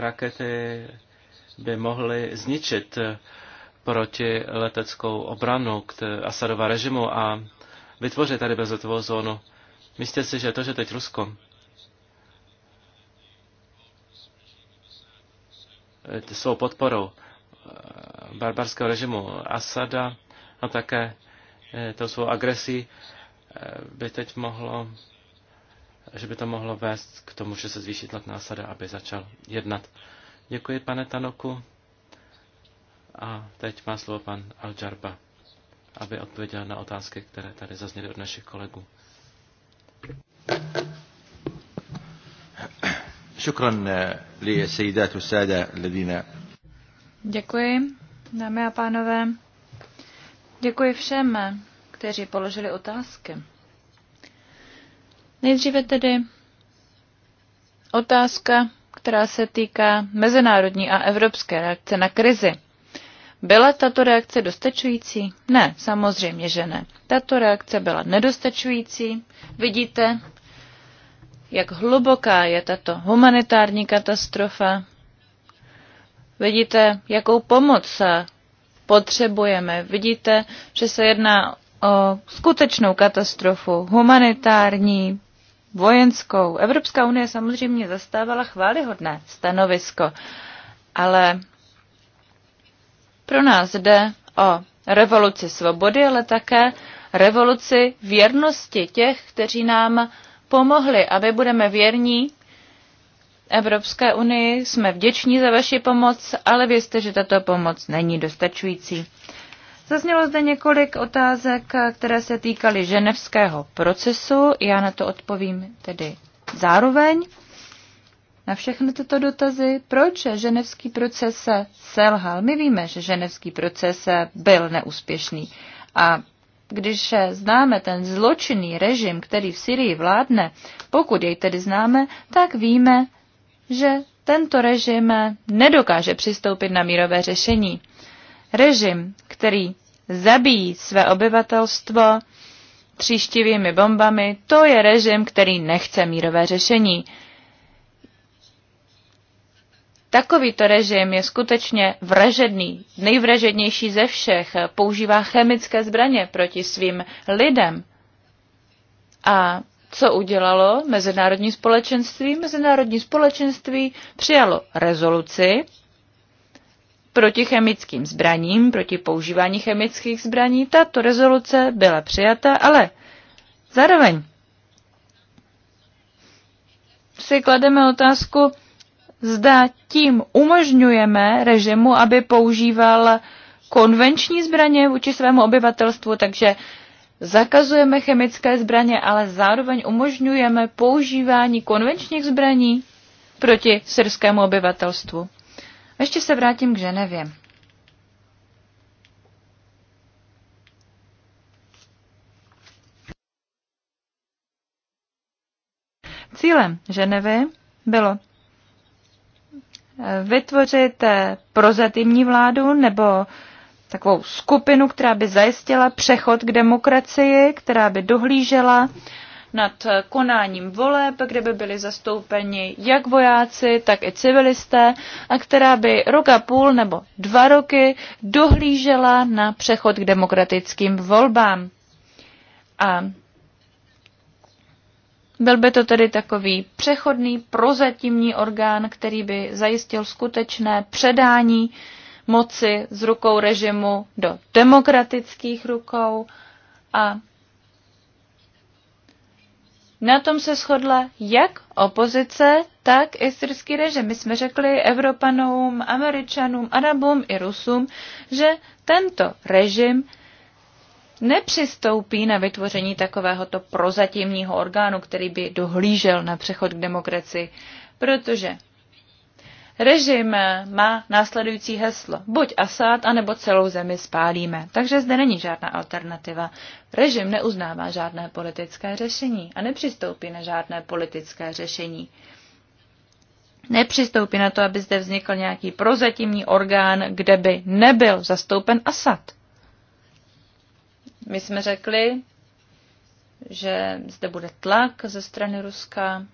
rakety, by mohli zničit eh, proti leteckou obranu k Asadova režimu a vytvořit tady bezletovou zónu. Myslíte si, že to, že teď Rusko svou podporou barbarského režimu Asada a také tou svou agresí by teď mohlo že by to mohlo vést k tomu, že se zvýší tlak na Asada, aby začal jednat. Děkuji, pane Tanoku. A teď má slovo pan Aljarba, aby odpověděl na otázky, které tady zazněly od našich kolegů. Eh, Děkuji, dámy a pánové. Děkuji všem, kteří položili otázky. Nejdříve tedy otázka, která se týká mezinárodní a evropské reakce na krizi. Byla tato reakce dostačující? Ne, samozřejmě, že ne. Tato reakce byla nedostačující. Vidíte, jak hluboká je tato humanitární katastrofa. Vidíte, jakou pomoc potřebujeme. Vidíte, že se jedná o skutečnou katastrofu humanitární, vojenskou. Evropská unie samozřejmě zastávala chválihodné stanovisko, ale pro nás jde o revoluci svobody, ale také revoluci věrnosti těch, kteří nám pomohli, aby budeme věrní Evropské unii. Jsme vděční za vaši pomoc, ale vězte, že tato pomoc není dostačující. Zaznělo zde několik otázek, které se týkaly ženevského procesu. Já na to odpovím tedy zároveň. Na všechny tyto dotazy, proč ženevský proces se selhal? My víme, že ženevský proces byl neúspěšný. A když známe ten zločinný režim, který v Syrii vládne, pokud jej tedy známe, tak víme, že tento režim nedokáže přistoupit na mírové řešení. Režim, který zabíjí své obyvatelstvo tříštivými bombami, to je režim, který nechce mírové řešení. Takovýto režim je skutečně vražedný, nejvražednější ze všech, používá chemické zbraně proti svým lidem. A co udělalo mezinárodní společenství? Mezinárodní společenství přijalo rezoluci, proti chemickým zbraním, proti používání chemických zbraní. Tato rezoluce byla přijata, ale zároveň si klademe otázku, zda tím umožňujeme režimu, aby používal konvenční zbraně vůči svému obyvatelstvu, takže zakazujeme chemické zbraně, ale zároveň umožňujeme používání konvenčních zbraní proti syrskému obyvatelstvu. Ještě se vrátím k Ženevě. Cílem Ženevy bylo eh, vytvořit eh, prozatímní vládu nebo takovou skupinu, která by zajistila přechod k demokracii, která by dohlížela nad konáním voleb, kde by byli zastoupeni jak vojáci, tak i civilisté a která by rok a půl nebo dva roky dohlížela na přechod k demokratickým volbám. A byl by to tedy takový přechodný prozatímní orgán, který by zajistil skutečné předání moci z rukou režimu do demokratických rukou a na tom se shodla jak opozice, tak i syrský režim. My jsme řekli Evropanům, Američanům, Arabům i Rusům, že tento režim nepřistoupí na vytvoření takovéhoto prozatímního orgánu, který by dohlížel na přechod k demokracii, protože Režim má následující heslo. Buď Asad, anebo celou zemi spálíme. Takže zde není žádná alternativa. Režim neuznává žádné politické řešení a nepřistoupí na žádné politické řešení. Nepřistoupí na to, aby zde vznikl nějaký prozatímní orgán, kde by nebyl zastoupen Asad. My jsme řekli, že zde bude tlak ze strany Ruska,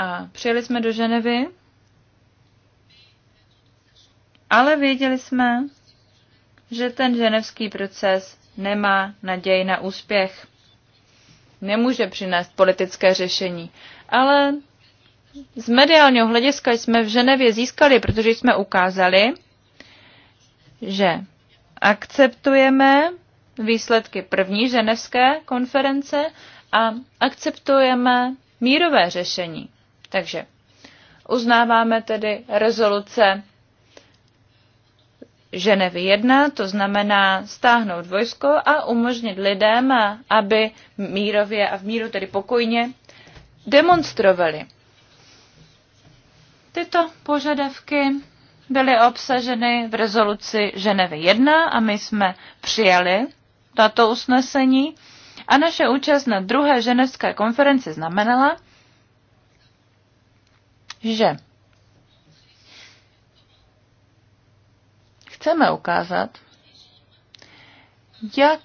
a přijeli jsme do Ženevy, ale věděli jsme, že ten ženevský proces nemá naději na úspěch. Nemůže přinést politické řešení. Ale z mediálního hlediska jsme v Ženevě získali, protože jsme ukázali, že akceptujeme výsledky první ženevské konference a akceptujeme mírové řešení. Takže uznáváme tedy rezoluce Ženevy 1, to znamená stáhnout vojsko a umožnit lidem, aby mírově a v míru tedy pokojně demonstrovali. Tyto požadavky byly obsaženy v rezoluci Ženevy 1 a my jsme přijali tato usnesení a naše účast na druhé ženevské konferenci znamenala, že chceme ukázat, jak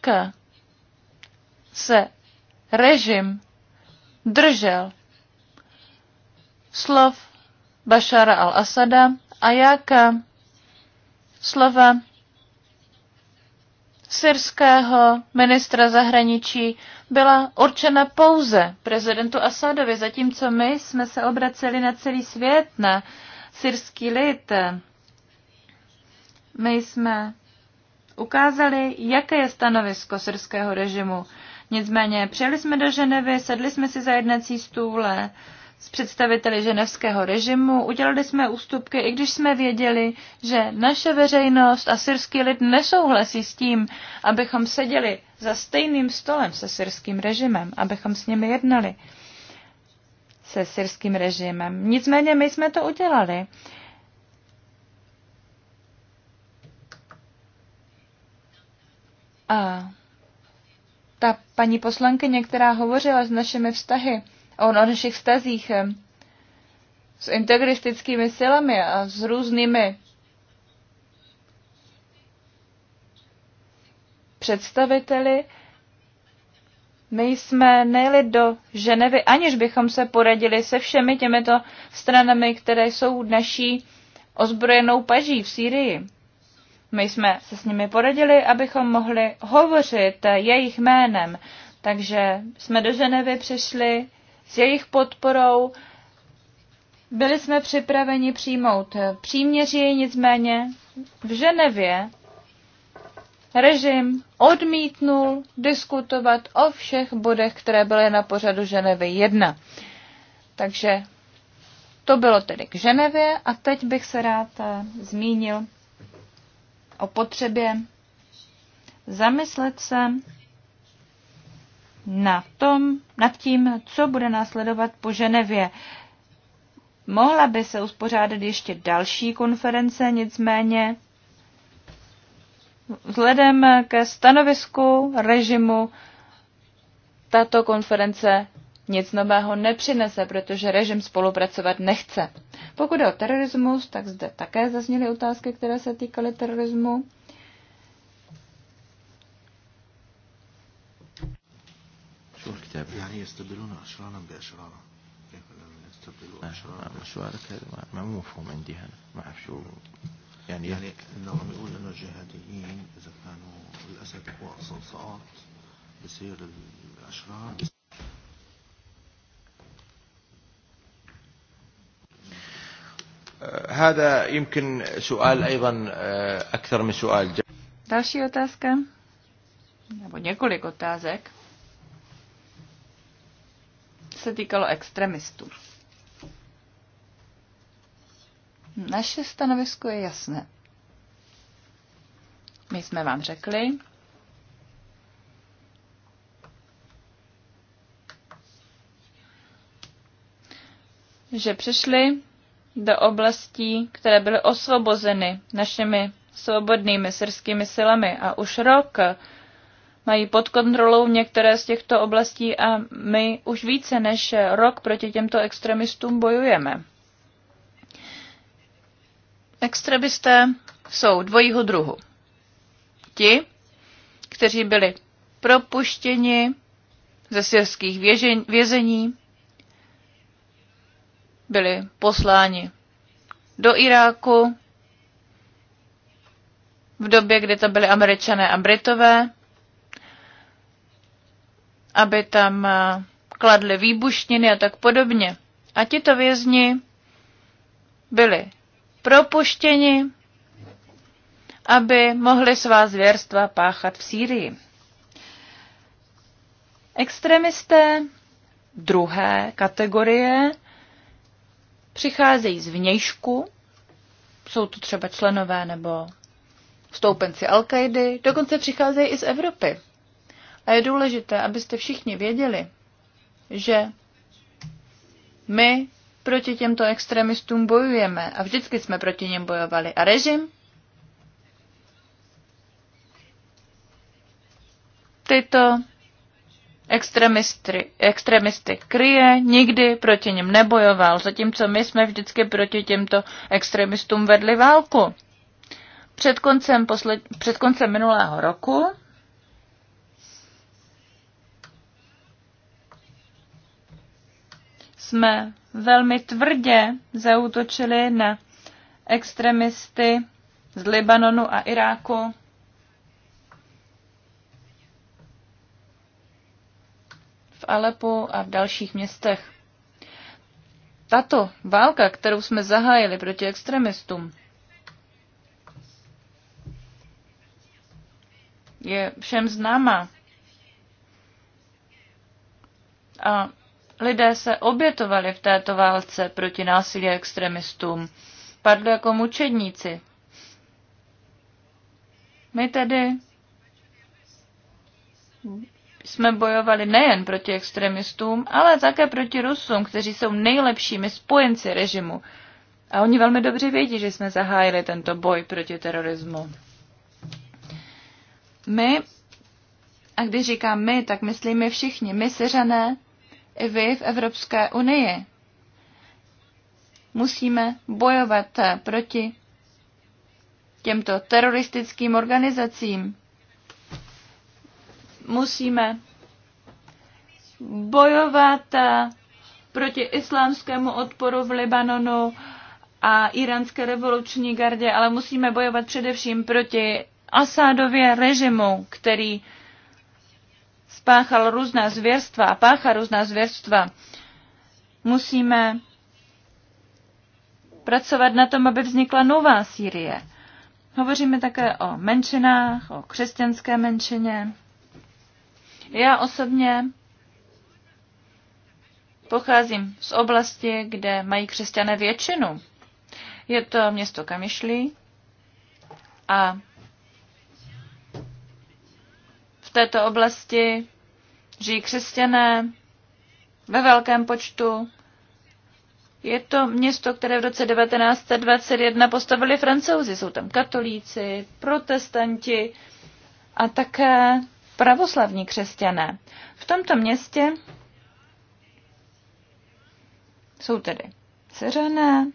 se režim držel slov Bašara al-Asada a jak slova syrského ministra zahraničí byla určena pouze prezidentu Asadovi, zatímco my jsme se obraceli na celý svět, na syrský lid. My jsme ukázali, jaké je stanovisko syrského režimu. Nicméně přijeli jsme do Ženevy, sedli jsme si za jednací stůle, s představiteli ženevského režimu, udělali jsme ústupky, i když jsme věděli, že naše veřejnost a syrský lid nesouhlasí s tím, abychom seděli za stejným stolem se syrským režimem, abychom s nimi jednali se syrským režimem. Nicméně my jsme to udělali. A ta paní poslankyně, která hovořila s našimi vztahy o našich vztazích eh, s integristickými silami a s různými představiteli, my jsme nejeli do Ženevy, aniž bychom se poradili se všemi těmito stranami, které jsou naší ozbrojenou paží v Sýrii. My jsme se s nimi poradili, abychom mohli hovořit jejich jménem. Takže jsme do Ženevy přišli s jejich podporou. Byli jsme připraveni přijmout příměří, nicméně v Ženevě režim odmítnul diskutovat o všech bodech, které byly na pořadu Ženevy 1. Takže to bylo tedy k Ženevě a teď bych se rád eh, zmínil o potřebě zamyslet se na tom, nad tím, co bude následovat po Ženevě. Mohla by se uspořádat ještě další konference, nicméně vzhledem ke stanovisku režimu tato konference nic nového nepřinese, protože režim spolupracovat nechce. Pokud je o terorismus, tak zde také zazněly otázky, které se týkaly terorismu. والكتابة يعني يستبدلون أشرارا بأشرارا يستبدلوا أشرارا مشوارك هذا ما مو مفهوم عندي هنا ما أعرف شو يعني يعني انه عم يقول انه الجهاديين اذا كانوا الاسد هو اصلا سقاط بصير الاشرار هذا يمكن سؤال ايضا اكثر من سؤال Další otázka, nebo několik otázek se týkalo extremistů. Naše stanovisko je jasné. My jsme vám řekli, že přišli do oblastí, které byly osvobozeny našimi svobodnými syrskými silami a už rok mají pod kontrolou některé z těchto oblastí a my už více než rok proti těmto extremistům bojujeme. Extremisté jsou dvojího druhu. Ti, kteří byli propuštěni ze syrských vězení, byli posláni do Iráku v době, kdy to byli američané a britové aby tam eh, kladli výbušniny a tak podobně. A tito vězni byli propuštěni, aby mohli svá zvěrstva páchat v Sýrii. Extremisté druhé kategorie přicházejí z vnějšku, jsou to třeba členové nebo stoupenci al dokonce přicházejí i z Evropy. A je důležité, abyste všichni věděli, že my proti těmto extremistům bojujeme a vždycky jsme proti něm bojovali. A režim? Tyto extremisty, extremisty kryje, nikdy proti něm nebojoval, zatímco my jsme vždycky proti těmto extremistům vedli válku. Před koncem, posled, před koncem minulého roku jsme velmi tvrdě zautočili na extremisty z Libanonu a Iráku. V Alepu a v dalších městech. Tato válka, kterou jsme zahájili proti extremistům, je všem známá. A Lidé se obětovali v této válce proti násilí extremistům. Padli jako mučedníci. My tedy jsme bojovali nejen proti extremistům, ale také proti Rusům, kteří jsou nejlepšími spojenci režimu. A oni velmi dobře vědí, že jsme zahájili tento boj proti terorismu. My, a když říkám my, tak myslím my všichni, my seřané, i vy v Evropské unii. Musíme bojovat proti těmto teroristickým organizacím. Musíme bojovat proti islámskému odporu v Libanonu a iránské revoluční gardě, ale musíme bojovat především proti Asádově režimu, který spáchal různá zvěrstva a páchá různá zvěrstva. Musíme pracovat na tom, aby vznikla nová Sýrie. Hovoříme také o menšinách, o křesťanské menšině. Já osobně pocházím z oblasti, kde mají křesťané většinu. Je to město Kamišlí a této oblasti žijí křesťané ve velkém počtu. Je to město, které v roce 1921 postavili francouzi. Jsou tam katolíci, protestanti a také pravoslavní křesťané. V tomto městě jsou tedy seřané,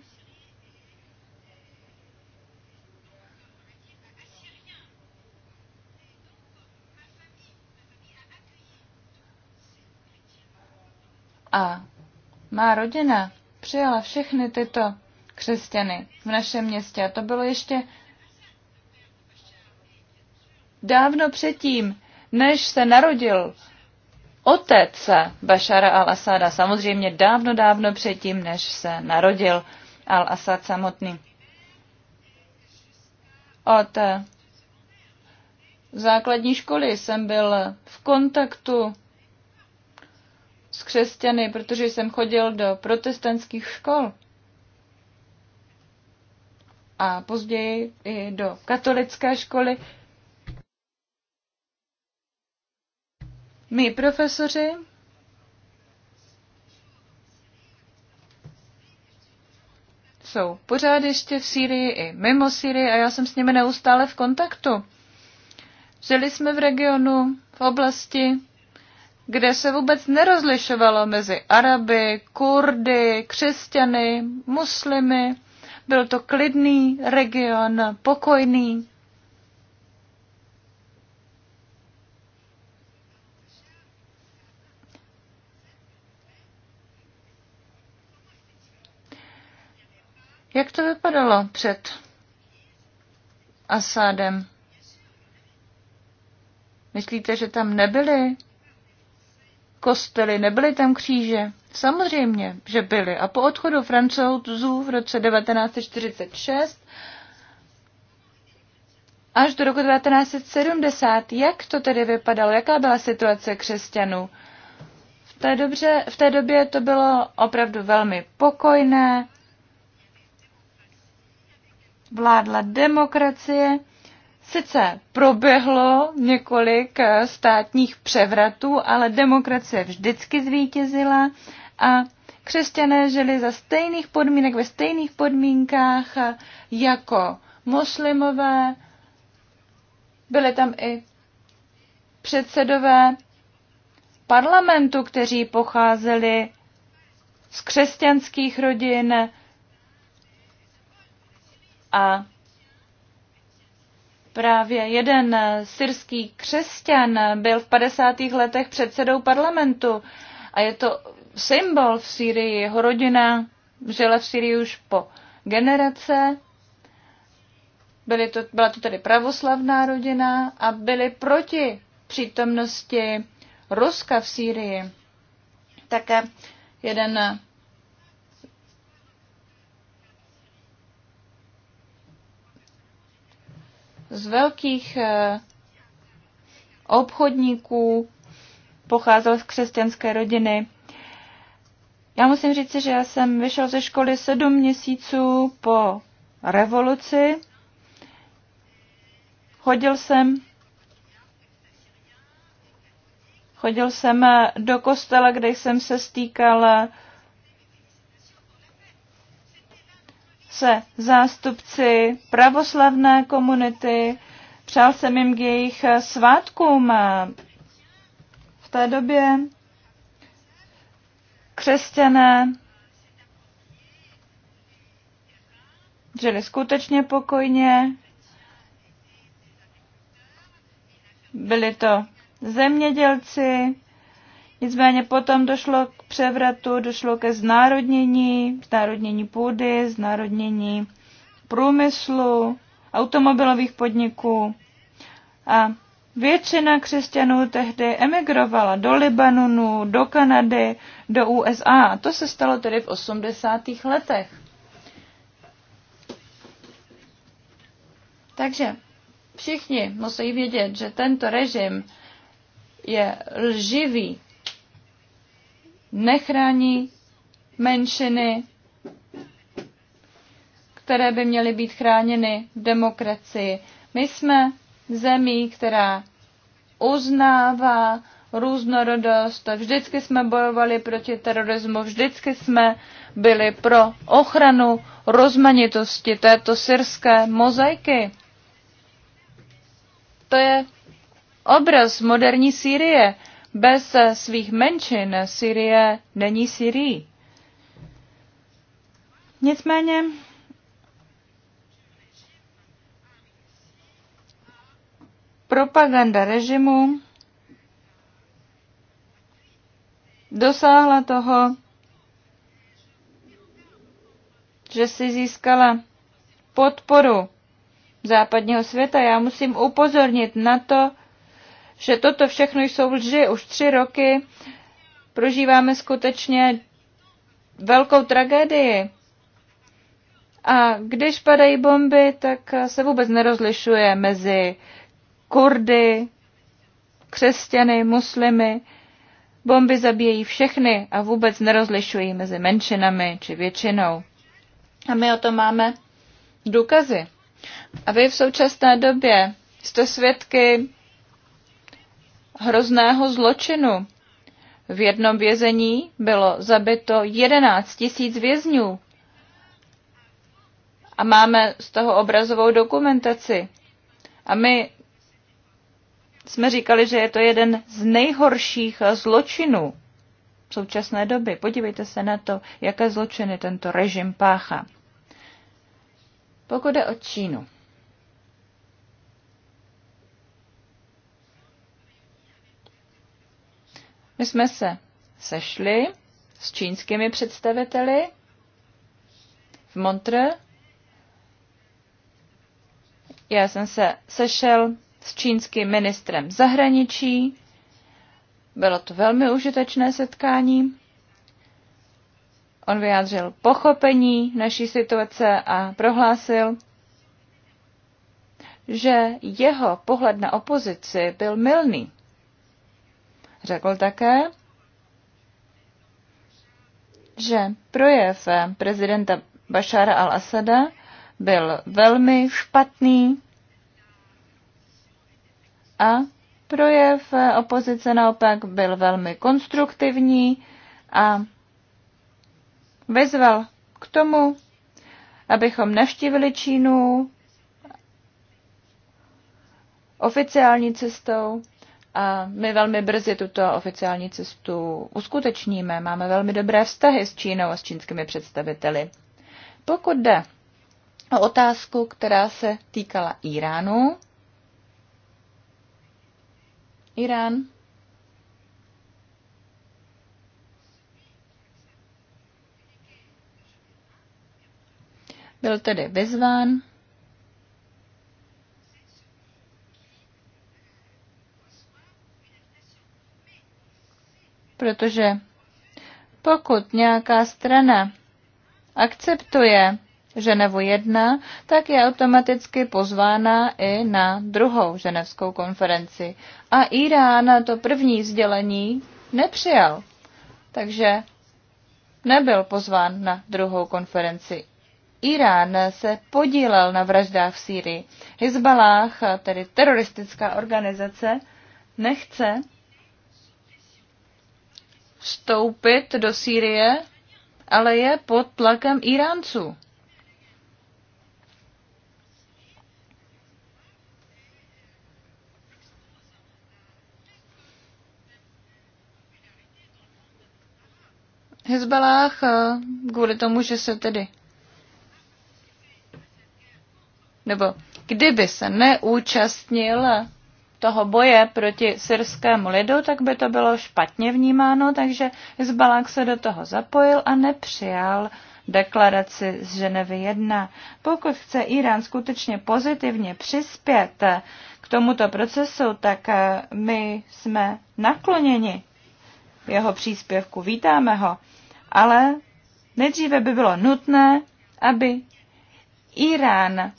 A má rodina přijala všechny tyto křesťany v našem městě. A to bylo ještě dávno předtím, než se narodil otec Bašara al-Asada, samozřejmě dávno, dávno předtím, než se narodil al-Asad samotný. Od základní školy jsem byl v kontaktu s křesťany, protože jsem chodil do protestantských škol a později i do katolické školy. My profesoři jsou pořád ještě v Sýrii i mimo Sýrii a já jsem s nimi neustále v kontaktu. Žili jsme v regionu, v oblasti, kde se vůbec nerozlišovalo mezi Araby, Kurdy, křesťany, muslimy. Byl to klidný region, pokojný. Jak to vypadalo před Asádem? Myslíte, že tam nebyly kostely, nebyly tam kříže? Samozřejmě, že byly. A po odchodu francouzů v roce 1946 až do roku 1970, jak to tedy vypadalo, jaká byla situace křesťanů? V té, dobře, v té době to bylo opravdu velmi pokojné, vládla demokracie Sice proběhlo několik eh, státních převratů, ale demokracie vždycky zvítězila a křesťané žili za stejných podmínek, ve stejných podmínkách eh, jako muslimové. Byly tam i předsedové parlamentu, kteří pocházeli z křesťanských rodin a Právě jeden eh, syrský křesťan byl v 50. letech předsedou parlamentu a je to symbol v Sýrii. Jeho rodina žila v Sýrii už po generace. Byly to, byla to tedy pravoslavná rodina a byli proti přítomnosti Ruska v Sýrii. Také jeden z velkých eh, obchodníků, pocházel z křesťanské rodiny. Já musím říct, že já jsem vyšel ze školy sedm měsíců po revoluci. Chodil jsem Chodil jsem eh, do kostela, kde jsem se stýkal eh, se zástupci pravoslavné komunity, přál jsem jim k jejich svátkům. V té době křesťané žili skutečně pokojně, byli to zemědělci, Nicméně potom došlo k převratu, došlo ke znárodnění, znárodnění půdy, znárodnění průmyslu, automobilových podniků. A většina křesťanů tehdy emigrovala do Libanonu, do Kanady, do USA. A to se stalo tedy v 80. letech. Takže všichni musí vědět, že tento režim je lživý nechrání menšiny, které by měly být chráněny v demokracii. My jsme zemí, která uznává různorodost. Vždycky jsme bojovali proti terorismu, vždycky jsme byli pro ochranu rozmanitosti této syrské mozaiky. To je obraz moderní Sýrie. Bez svých menšin Syrie není Syrií. Nicméně propaganda režimu dosáhla toho, že si získala podporu západního světa. Já musím upozornit na to, že toto všechno jsou lži. Už tři roky prožíváme skutečně velkou tragédii. A když padají bomby, tak se vůbec nerozlišuje mezi Kurdy, křesťany, muslimy. Bomby zabíjejí všechny a vůbec nerozlišují mezi menšinami či většinou. A my o tom máme důkazy. A vy v současné době jste svědky hrozného zločinu. V jednom vězení bylo zabito 11 tisíc vězňů. A máme z toho obrazovou dokumentaci. A my jsme říkali, že je to jeden z nejhorších zločinů v současné doby. Podívejte se na to, jaké zločiny tento režim páchá. Pokud je o Čínu. My jsme se sešli s čínskými představiteli v Montre. Já jsem se sešel s čínským ministrem zahraničí. Bylo to velmi užitečné setkání. On vyjádřil pochopení naší situace a prohlásil, že jeho pohled na opozici byl milný. Řekl také, že projev prezidenta Bašara al-Asada byl velmi špatný a projev opozice naopak byl velmi konstruktivní a vyzval k tomu, abychom navštívili Čínu oficiální cestou a my velmi brzy tuto oficiální cestu uskutečníme. Máme velmi dobré vztahy s Čínou a s čínskými představiteli. Pokud jde o otázku, která se týkala Iránu, Irán byl tedy vyzván protože pokud nějaká strana akceptuje Ženevu 1, tak je automaticky pozvána i na druhou ženevskou konferenci. A Irán to první sdělení nepřijal, takže nebyl pozván na druhou konferenci. Irán se podílel na vraždách v Sýrii. Hezbalách, tedy teroristická organizace, nechce, vstoupit do Sýrie, ale je pod tlakem Iránců. Hezbalách eh, kvůli tomu, že se tedy nebo kdyby se neúčastnil toho boje proti syrskému lidu, tak by to bylo špatně vnímáno, takže zbalák se do toho zapojil a nepřijal deklaraci z Ženevy 1. Pokud chce Irán skutečně pozitivně přispět k tomuto procesu, tak eh, my jsme nakloněni jeho příspěvku, vítáme ho, ale nejdříve by bylo nutné, aby Irán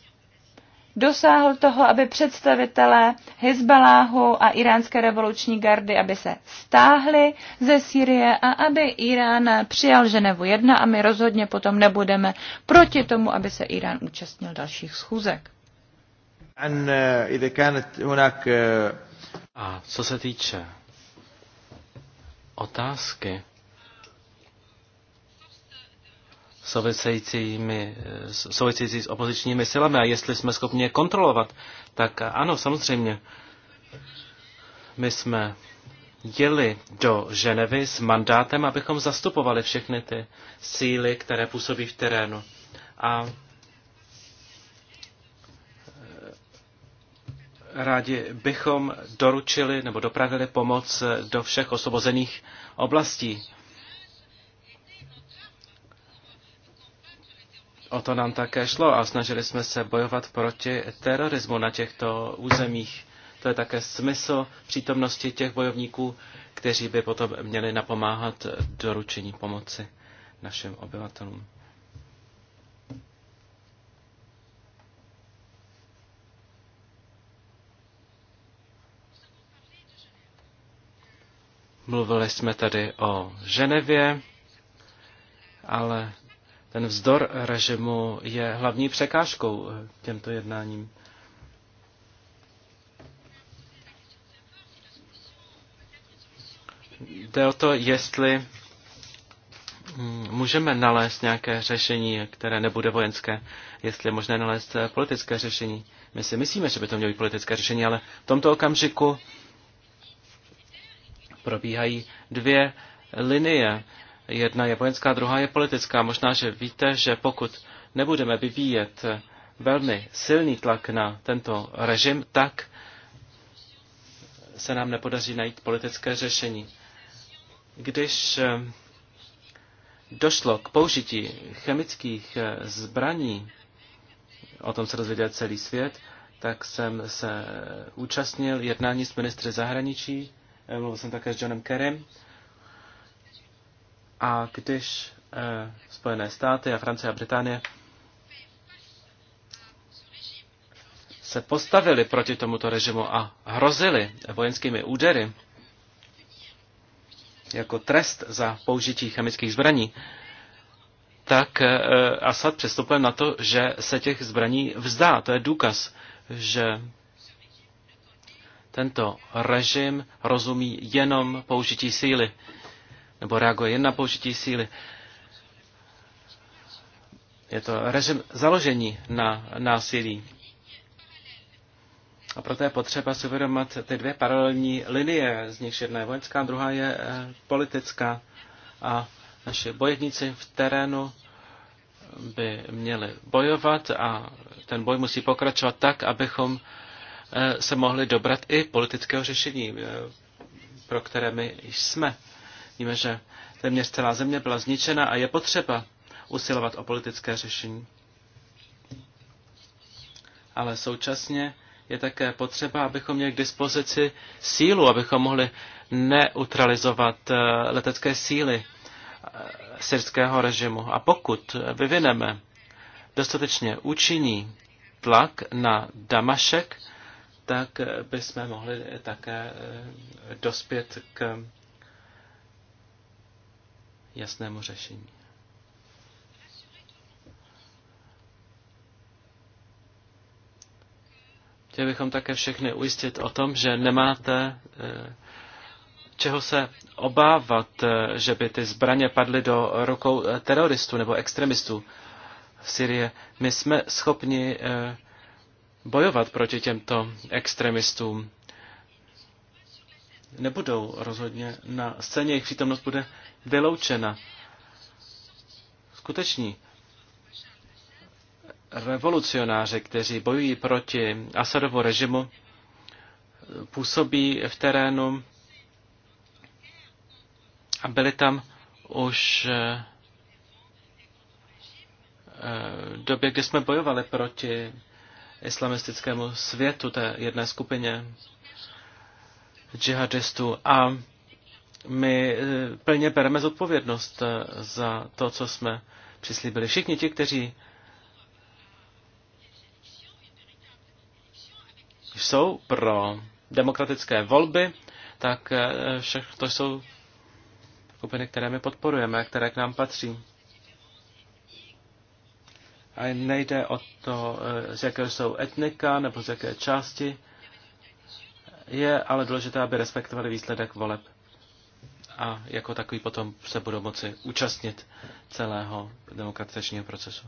dosáhl toho, aby představitelé Hezbaláhu a iránské revoluční gardy, aby se stáhli ze Sýrie a aby Irán přijal Ženevu 1 a my rozhodně potom nebudeme proti tomu, aby se Irán účastnil dalších schůzek. Uh, uh, a co se týče otázky, souvisejícími, související s opozičními silami a jestli jsme schopni je kontrolovat, tak ano, samozřejmě. My jsme jeli do Ženevy s mandátem, abychom zastupovali všechny ty síly, které působí v terénu. A e, rádi bychom doručili nebo dopravili pomoc do všech osvobozených oblastí. O to nám také šlo a snažili jsme se bojovat proti terorismu na těchto územích. To je také smysl přítomnosti těch bojovníků, kteří by potom měli napomáhat doručení pomoci našim obyvatelům. Mluvili jsme tady o Ženevě, ale ten vzdor režimu je hlavní překážkou eh, těmto jednáním. Jde o to, jestli mm, můžeme nalézt nějaké řešení, které nebude vojenské, jestli je možné nalézt eh, politické řešení. My si myslíme, že by to mělo být politické řešení, ale v tomto okamžiku probíhají dvě linie Jedna je vojenská, druhá je politická. Možná, že víte, že pokud nebudeme vyvíjet velmi silný tlak na tento režim, tak se nám nepodaří najít politické řešení. Když eh, došlo k použití chemických eh, zbraní, o tom se dozvěděl celý svět, tak jsem se účastnil jednání s ministry zahraničí, eh, mluvil jsem také s Johnem Kerem a když eh, Spojené státy a Francie a Británie se postavili proti tomuto režimu a hrozili vojenskými údery jako trest za použití chemických zbraní, tak eh, Assad přistupuje na to, že se těch zbraní vzdá. To je důkaz, že tento režim rozumí jenom použití síly nebo reaguje jen na použití síly. Je to režim založení na násilí. A proto je potřeba si uvědomit ty dvě paralelní linie, z nichž jedna je vojenská, druhá je eh, politická. A naši bojovníci v terénu by měli bojovat a ten boj musí pokračovat tak, abychom eh, se mohli dobrat i politického řešení, eh, pro které my jsme. Víme, že téměř celá země byla zničena a je potřeba usilovat o politické řešení. Ale současně je také potřeba, abychom měli k dispozici sílu, abychom mohli neutralizovat eh, letecké síly eh, syrského režimu. A pokud vyvineme dostatečně účinný tlak na Damašek, tak bychom mohli také eh, dospět k jasnému řešení. Chtěli bychom také všechny ujistit o tom, že nemáte eh, čeho se obávat, eh, že by ty zbraně padly do rukou eh, teroristů nebo extremistů v Syrii. My jsme schopni bojovat proti těmto extremistům nebudou rozhodně na scéně, jejich přítomnost bude vyloučena. Skuteční revolucionáři, kteří bojují proti Asadovu režimu, působí v terénu a byli tam už eh, eh, v době, kdy jsme bojovali proti islamistickému světu, té jedné skupině džihadistů. A my eh, plně bereme zodpovědnost eh, za to, co jsme přislíbili. Všichni ti, kteří jsou pro demokratické volby, tak eh, všechno to jsou skupiny, které my podporujeme, které k nám patří. A nejde o to, z jakého jsou etnika nebo z jaké části je ale důležité, aby respektovali výsledek voleb a jako takový potom se budou moci účastnit celého demokratičního procesu.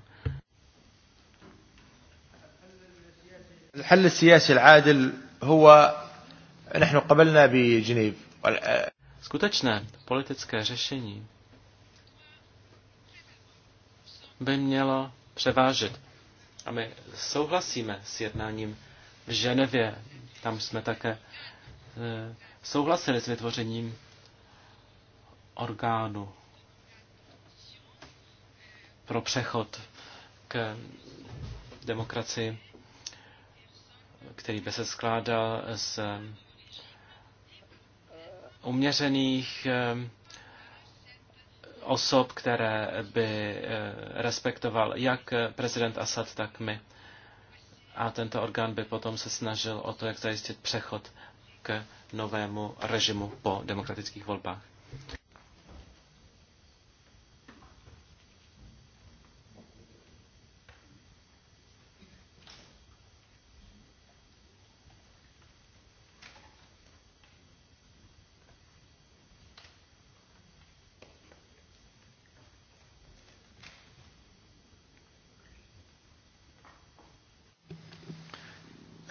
الحل السياسي العادل هو نحن قبلنا بجنيف Skutečné politické řešení by mělo převážit. A my souhlasíme s jednáním v Ženevě. Tam jsme také Eh, souhlasili s vytvořením orgánu pro přechod k demokracii, který by se skládal z uměřených eh, osob, které by eh, respektoval jak prezident Assad, tak my. A tento orgán by potom se snažil o to, jak zajistit přechod k novému režimu po demokratických volbách.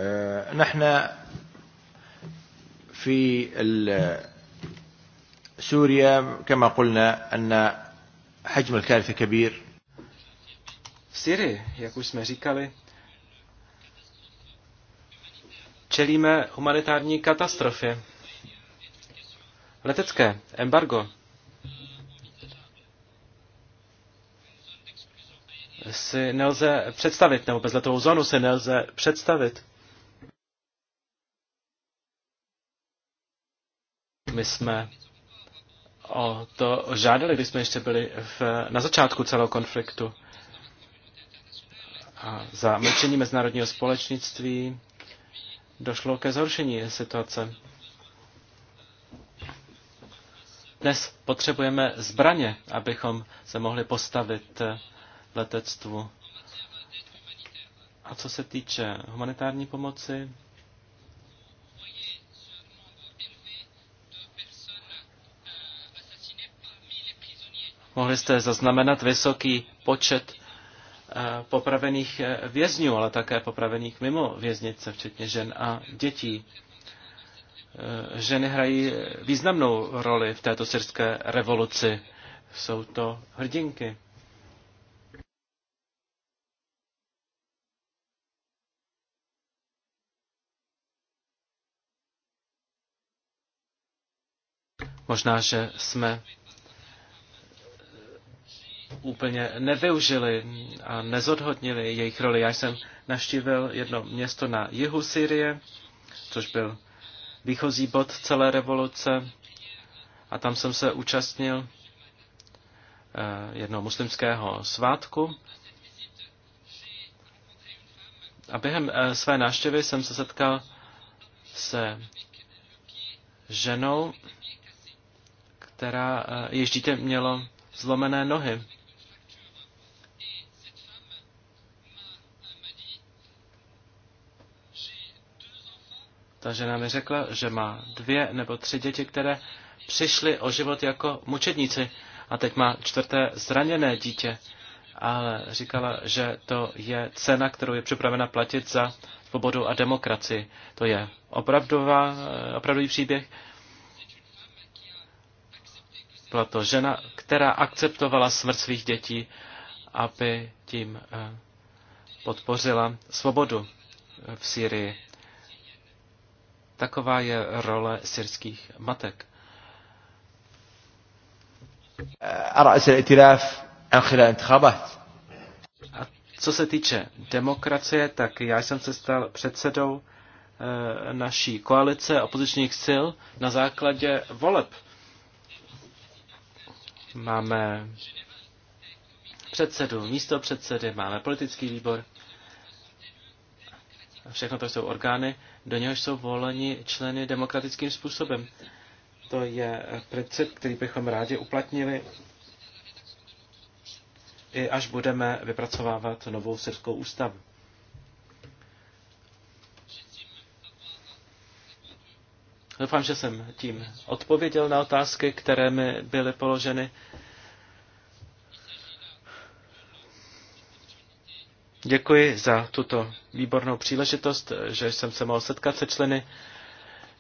Eh, نحن في سوريا كما قلنا أن حجم الكارثة كبير v Syrii, jak už jsme říkali, čelíme humanitární katastrofě. Letecké embargo si nelze představit, nebo letovou zónu si nelze představit. My jsme o to žádali, když jsme ještě byli v, na začátku celého konfliktu. A za mlčení mezinárodního společnictví došlo ke zhoršení situace. Dnes potřebujeme zbraně, abychom se mohli postavit letectvu. A co se týče humanitární pomoci, Mohli jste zaznamenat vysoký počet eh, popravených eh, vězňů, ale také popravených mimo věznice, včetně žen a dětí. Eh, ženy hrají významnou roli v této syrské revoluci. Jsou to hrdinky. Možná, že jsme úplně nevyužili a nezodhodnili jejich roli. Já jsem naštívil jedno město na jihu Syrie, což byl výchozí bod celé revoluce a tam jsem se účastnil eh, jednoho muslimského svátku. A během eh, své návštěvy jsem se setkal se ženou, která eh, jež dítě mělo zlomené nohy. Ta žena mi řekla, že má dvě nebo tři děti, které přišly o život jako mučedníci a teď má čtvrté zraněné dítě. Ale říkala, že to je cena, kterou je připravena platit za svobodu a demokracii. To je opravdová, opravdový příběh. Byla to žena, která akceptovala smrt svých dětí, aby tím eh, podpořila svobodu v Syrii. Taková je role syrských matek. A co se týče demokracie, tak já jsem se stal předsedou eh, naší koalice opozičních sil na základě voleb. Máme předsedu, místo předsedy, máme politický výbor všechno to jsou orgány, do něhož jsou voleni členy demokratickým způsobem. To je princip, který bychom rádi uplatnili, i až budeme vypracovávat novou srbskou ústavu. Doufám, že jsem tím odpověděl na otázky, které mi byly položeny. Děkuji za tuto výbornou příležitost, že jsem se mohl setkat se členy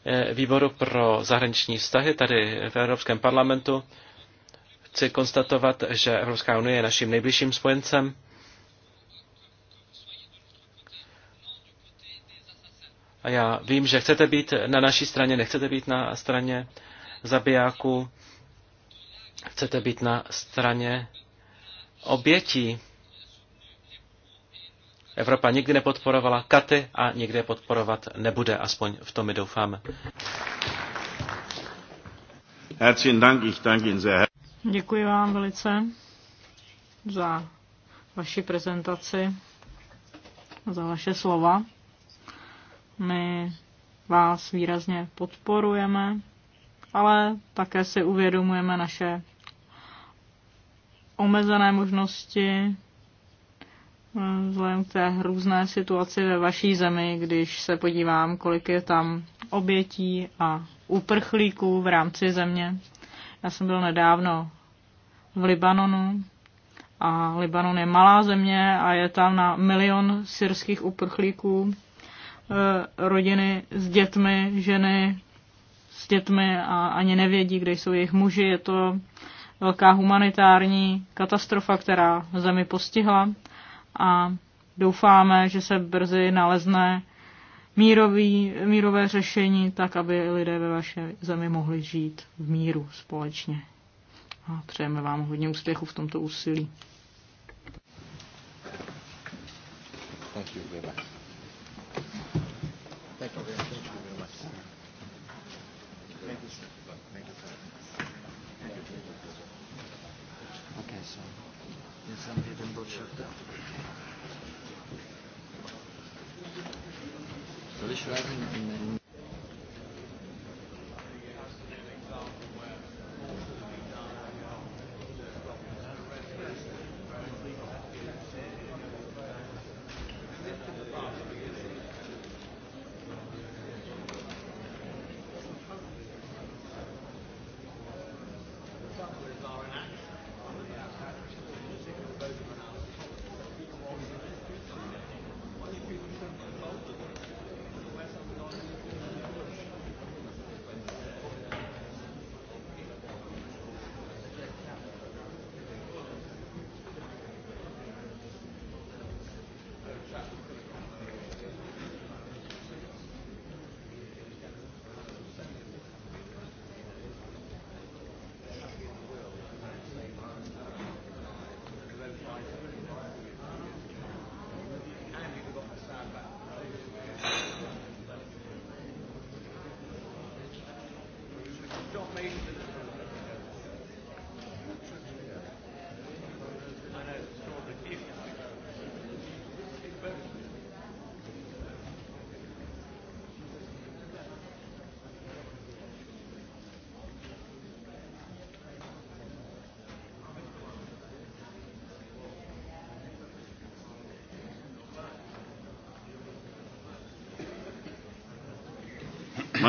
eh, výboru pro zahraniční vztahy tady v Evropském parlamentu. Chci konstatovat, že Evropská unie je naším nejbližším spojencem. A já vím, že chcete být na naší straně, nechcete být na straně zabijáků, chcete být na straně obětí. Evropa nikdy nepodporovala katy a nikdy je podporovat nebude, aspoň v tom my doufáme. Děkuji vám velice za vaši prezentaci, za vaše slova. My vás výrazně podporujeme, ale také si uvědomujeme naše omezené možnosti vzhledem k té hrůzné situaci ve vaší zemi, když se podívám, kolik je tam obětí a uprchlíků v rámci země. Já jsem byl nedávno v Libanonu a Libanon je malá země a je tam na milion syrských uprchlíků, e, rodiny s dětmi, ženy s dětmi a ani nevědí, kde jsou jejich muži. Je to velká humanitární katastrofa, která zemi postihla a doufáme, že se brzy nalezne mírový, mírové řešení, tak aby lidé ve vaší zemi mohli žít v míru společně. A přejeme vám hodně úspěchu v tomto úsilí. Thank you very much. Thank you very much. Thank you very much. Thank you, sir. Thank you, sir. Thank you. Okay, so there's Soll ich schreiben?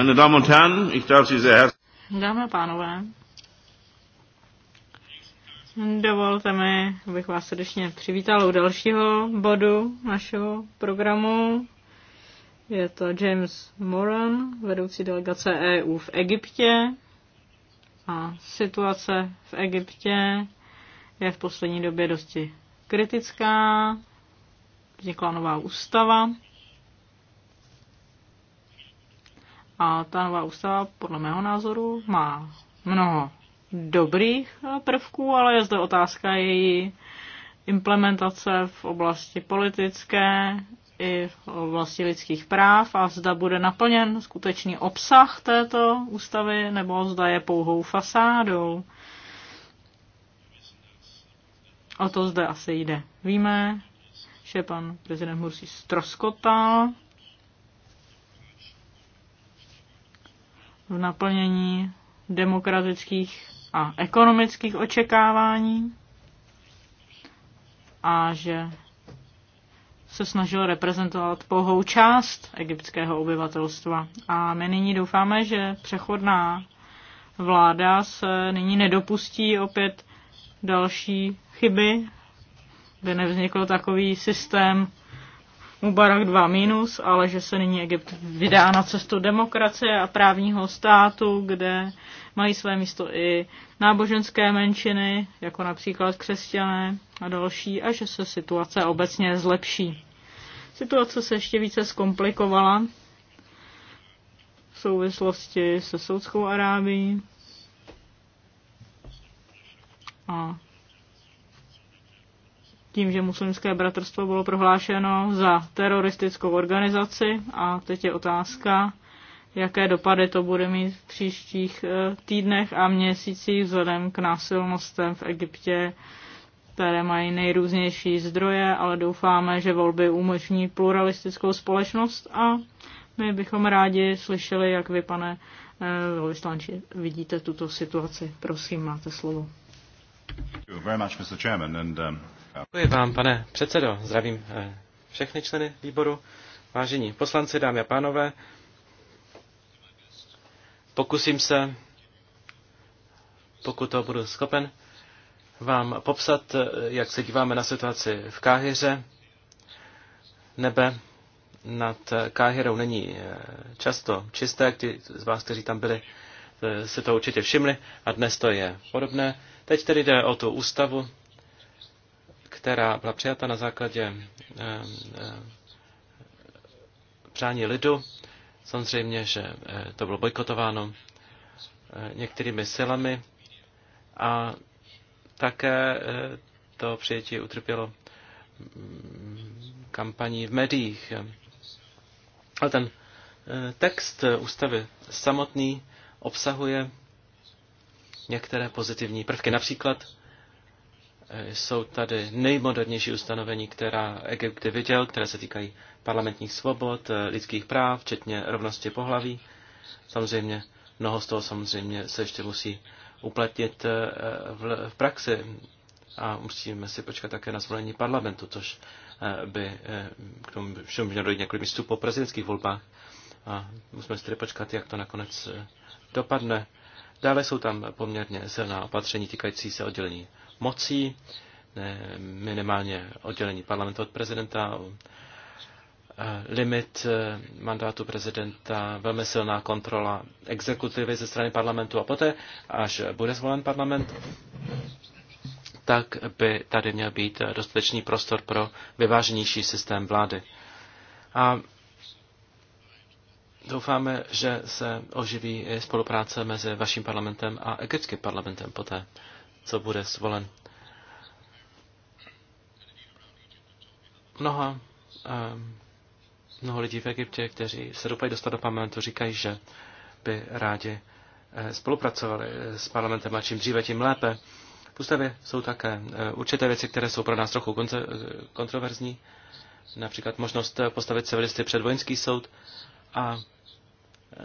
Meine Damen und Herren, ich darf Sie sehr herzlich. Dámy a pánové, dovolte mi, abych vás srdečně přivítal u dalšího bodu našeho programu. Je to James Moran, vedoucí delegace EU v Egyptě. A situace v Egyptě je v poslední době dosti kritická. Vznikla nová ústava A ta nová ústava, podle mého názoru, má mnoho dobrých prvků, ale je zde otázka její implementace v oblasti politické i v oblasti lidských práv a zda bude naplněn skutečný obsah této ústavy nebo zda je pouhou fasádou. O to zde asi jde. Víme, že pan prezident Mursi stroskotal v naplnění demokratických a ekonomických očekávání a že se snažil reprezentovat pouhou část egyptského obyvatelstva. A my nyní doufáme, že přechodná vláda se nyní nedopustí opět další chyby, by nevznikl takový systém Mubarak 2 minus, ale že se nyní Egypt vydá na cestu demokracie a právního státu, kde mají své místo i náboženské menšiny, jako například křesťané a další, a že se situace obecně zlepší. Situace se ještě více zkomplikovala v souvislosti se Soudskou Arábií a tím, že muslimské bratrstvo bylo prohlášeno za teroristickou organizaci a teď je otázka, jaké dopady to bude mít v příštích eh, týdnech a měsících vzhledem k násilnostem v Egyptě, které mají nejrůznější zdroje, ale doufáme, že volby umožní pluralistickou společnost a my bychom rádi slyšeli, jak vy, pane eh, velvyslanči, vidíte tuto situaci. Prosím, máte slovo. Thank you very much, Mr. Chairman, and, um... Děkuji vám, pane předsedo. Zdravím eh, všechny členy výboru. Vážení poslanci, dámy a pánové, pokusím se, pokud to budu schopen, vám popsat, eh, jak se díváme na situaci v Káhyře. Nebe nad Káhyrou není eh, často čisté, ti z vás, kteří tam byli, si to určitě všimli a dnes to je podobné. Teď tedy jde o tu ústavu, která byla přijata na základě eh, eh, přání lidu. Samozřejmě, že eh, to bylo bojkotováno některými silami a také to přijetí utrpělo mm, kampaní v médiích. Ale ten text ústavy samotný obsahuje některé pozitivní prvky. Například jsou tady nejmodernější ustanovení, která Egypt viděl, které se týkají parlamentních svobod, eh, lidských práv, včetně rovnosti pohlaví. Samozřejmě mnoho z toho samozřejmě se ještě musí uplatnit eh, v, v praxi a musíme si počkat také na zvolení parlamentu, což eh, by k tomu všemu mělo dojít několik místů po prezidentských volbách. A musíme si tedy počkat, jak to nakonec dopadne. Dále jsou tam poměrně silná opatření týkající se oddělení mocí, minimálně oddělení parlamentu od prezidenta, eh, limit eh, mandátu prezidenta, velmi silná kontrola exekutivy ze strany parlamentu a poté, až bude zvolen parlament, tak by tady měl být dostatečný prostor pro vyváženější systém vlády. A doufáme, že se oživí i spolupráce mezi vaším parlamentem a egyptským parlamentem poté co bude zvolen. Mnoho, um, mnoho lidí v Egyptě, kteří se dopají dostat do parlamentu, říkají, že by rádi eh, spolupracovali eh, s parlamentem a čím dříve, tím lépe. V ústavě jsou také určité věci, které jsou pro nás trochu kontroverzní, například možnost postavit civilisty před vojenský soud a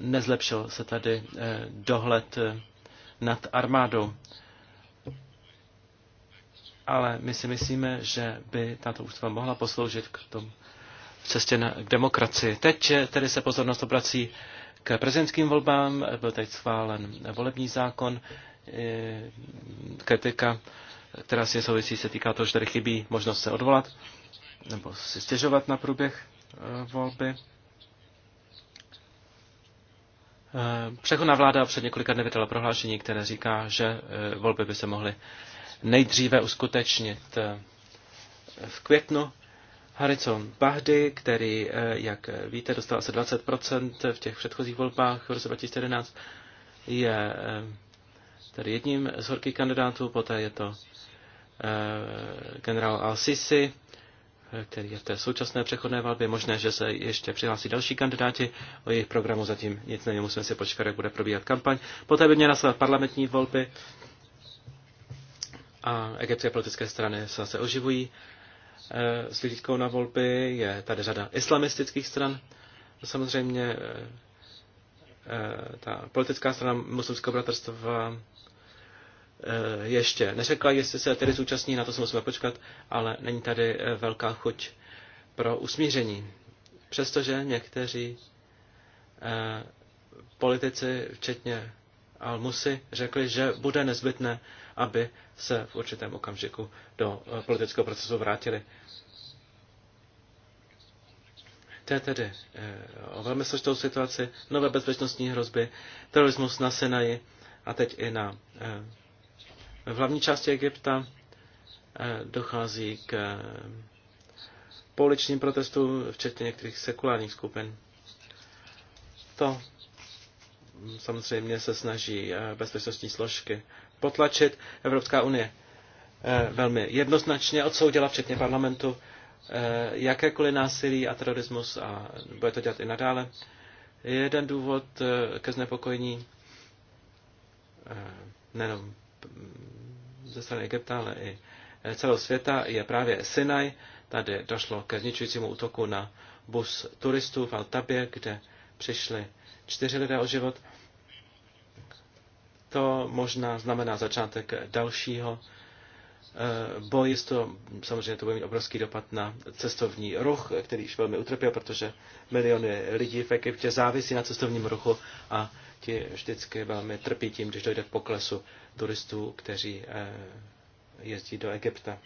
nezlepšil se tady dohled nad armádou ale my si myslíme, že by tato ústava mohla posloužit k tomu v cestě na, k demokracii. Teď eh, tedy se pozornost obrací k prezidentským volbám. Byl teď schválen volební zákon. Eh, kritika, která si souvisí, se týká toho, že tady chybí možnost se odvolat nebo si stěžovat na průběh eh, volby. Přechodná vláda před několika dny vydala prohlášení, které říká, že volby by se mohly nejdříve uskutečnit. Eh, v květnu Harrison Bahdy, který, eh, jak víte, dostal asi 20% v těch předchozích volbách v roce 2011, je eh, tedy jedním z horkých kandidátů, poté je to generál Al-Sisi, který je v té současné přechodné valbě. Možné, že se ještě přihlásí další kandidáti. O jejich programu zatím nic není, musíme si počkat, jak bude probíhat kampaň. Poté by měla následovat parlamentní volby a egyptské politické strany se zase oživují. Eh, s vidítkou na volby je tady řada islamistických stran. Samozřejmě eh, eh, ta politická strana muslimského bratrstva ještě neřekla, jestli se tedy zúčastní, na to se musíme počkat, ale není tady velká chuť pro usmíření. Přestože někteří politici, včetně Al-Musi, řekli, že bude nezbytné, aby se v určitém okamžiku do eh, politického procesu vrátili. To je tedy eh, o velmi složitou situaci, nové bezpečnostní hrozby, terorismus na Sinaji a teď i na eh, v hlavní části Egypta dochází k pouličním protestům, včetně některých sekulárních skupin. To mm, samozřejmě se snaží bezpečnostní složky potlačit. Evropská unie eh, velmi jednoznačně odsoudila, včetně parlamentu, eh, jakékoliv násilí a terorismus a bude to dělat i nadále. Jeden důvod eh, ke znepokojení nejenom ze strany Egypta, ale i celého světa je právě Sinaj. Tady došlo ke zničujícímu útoku na bus turistů v Altabě, kde přišli čtyři lidé o život. To možná znamená začátek dalšího eh, boje. To, samozřejmě to bude mít obrovský dopad na cestovní ruch, který již velmi utrpěl, protože miliony lidí v Egyptě závisí na cestovním ruchu a ti vždycky velmi trpí tím, když dojde k poklesu turistů, kteří eh, jezdí do Egypta.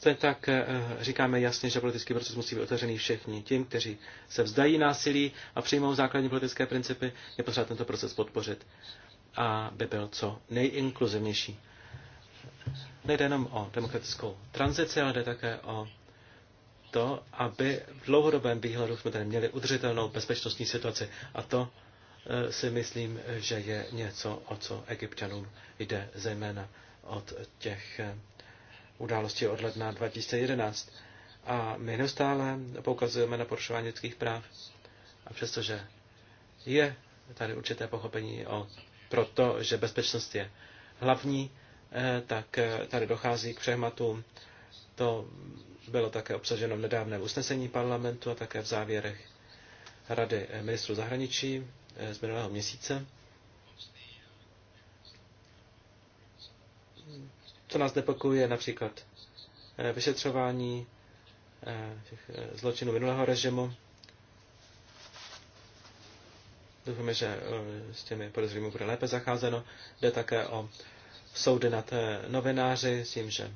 Stejně tak eh, říkáme jasně, že politický proces musí být otevřený všichni tím, kteří se vzdají násilí a přijmou základní politické principy, je potřeba tento proces podpořit a byl co nejinkluzivnější. Nejde jenom o demokratickou tranzici, ale jde také o to, aby v dlouhodobém výhledu jsme tady měli udržitelnou bezpečnostní situaci. A to eh, si myslím, že je něco, o co egyptianům jde, zejména od těch eh, události od ledna 2011. A my neustále poukazujeme na porušování lidských práv. A přestože je tady určité pochopení o proto, že bezpečnost je hlavní, eh, tak eh, tady dochází k přehmatu. To bylo také obsaženo v nedávném usnesení parlamentu a také v závěrech Rady ministrů zahraničí eh, z minulého měsíce. co nás nepokojuje, například eh, vyšetřování eh, eh, zločinů minulého režimu. Doufáme, že s těmi podezřelými bude lépe zacházeno. Jde také o soudy nad novináři, s tím, že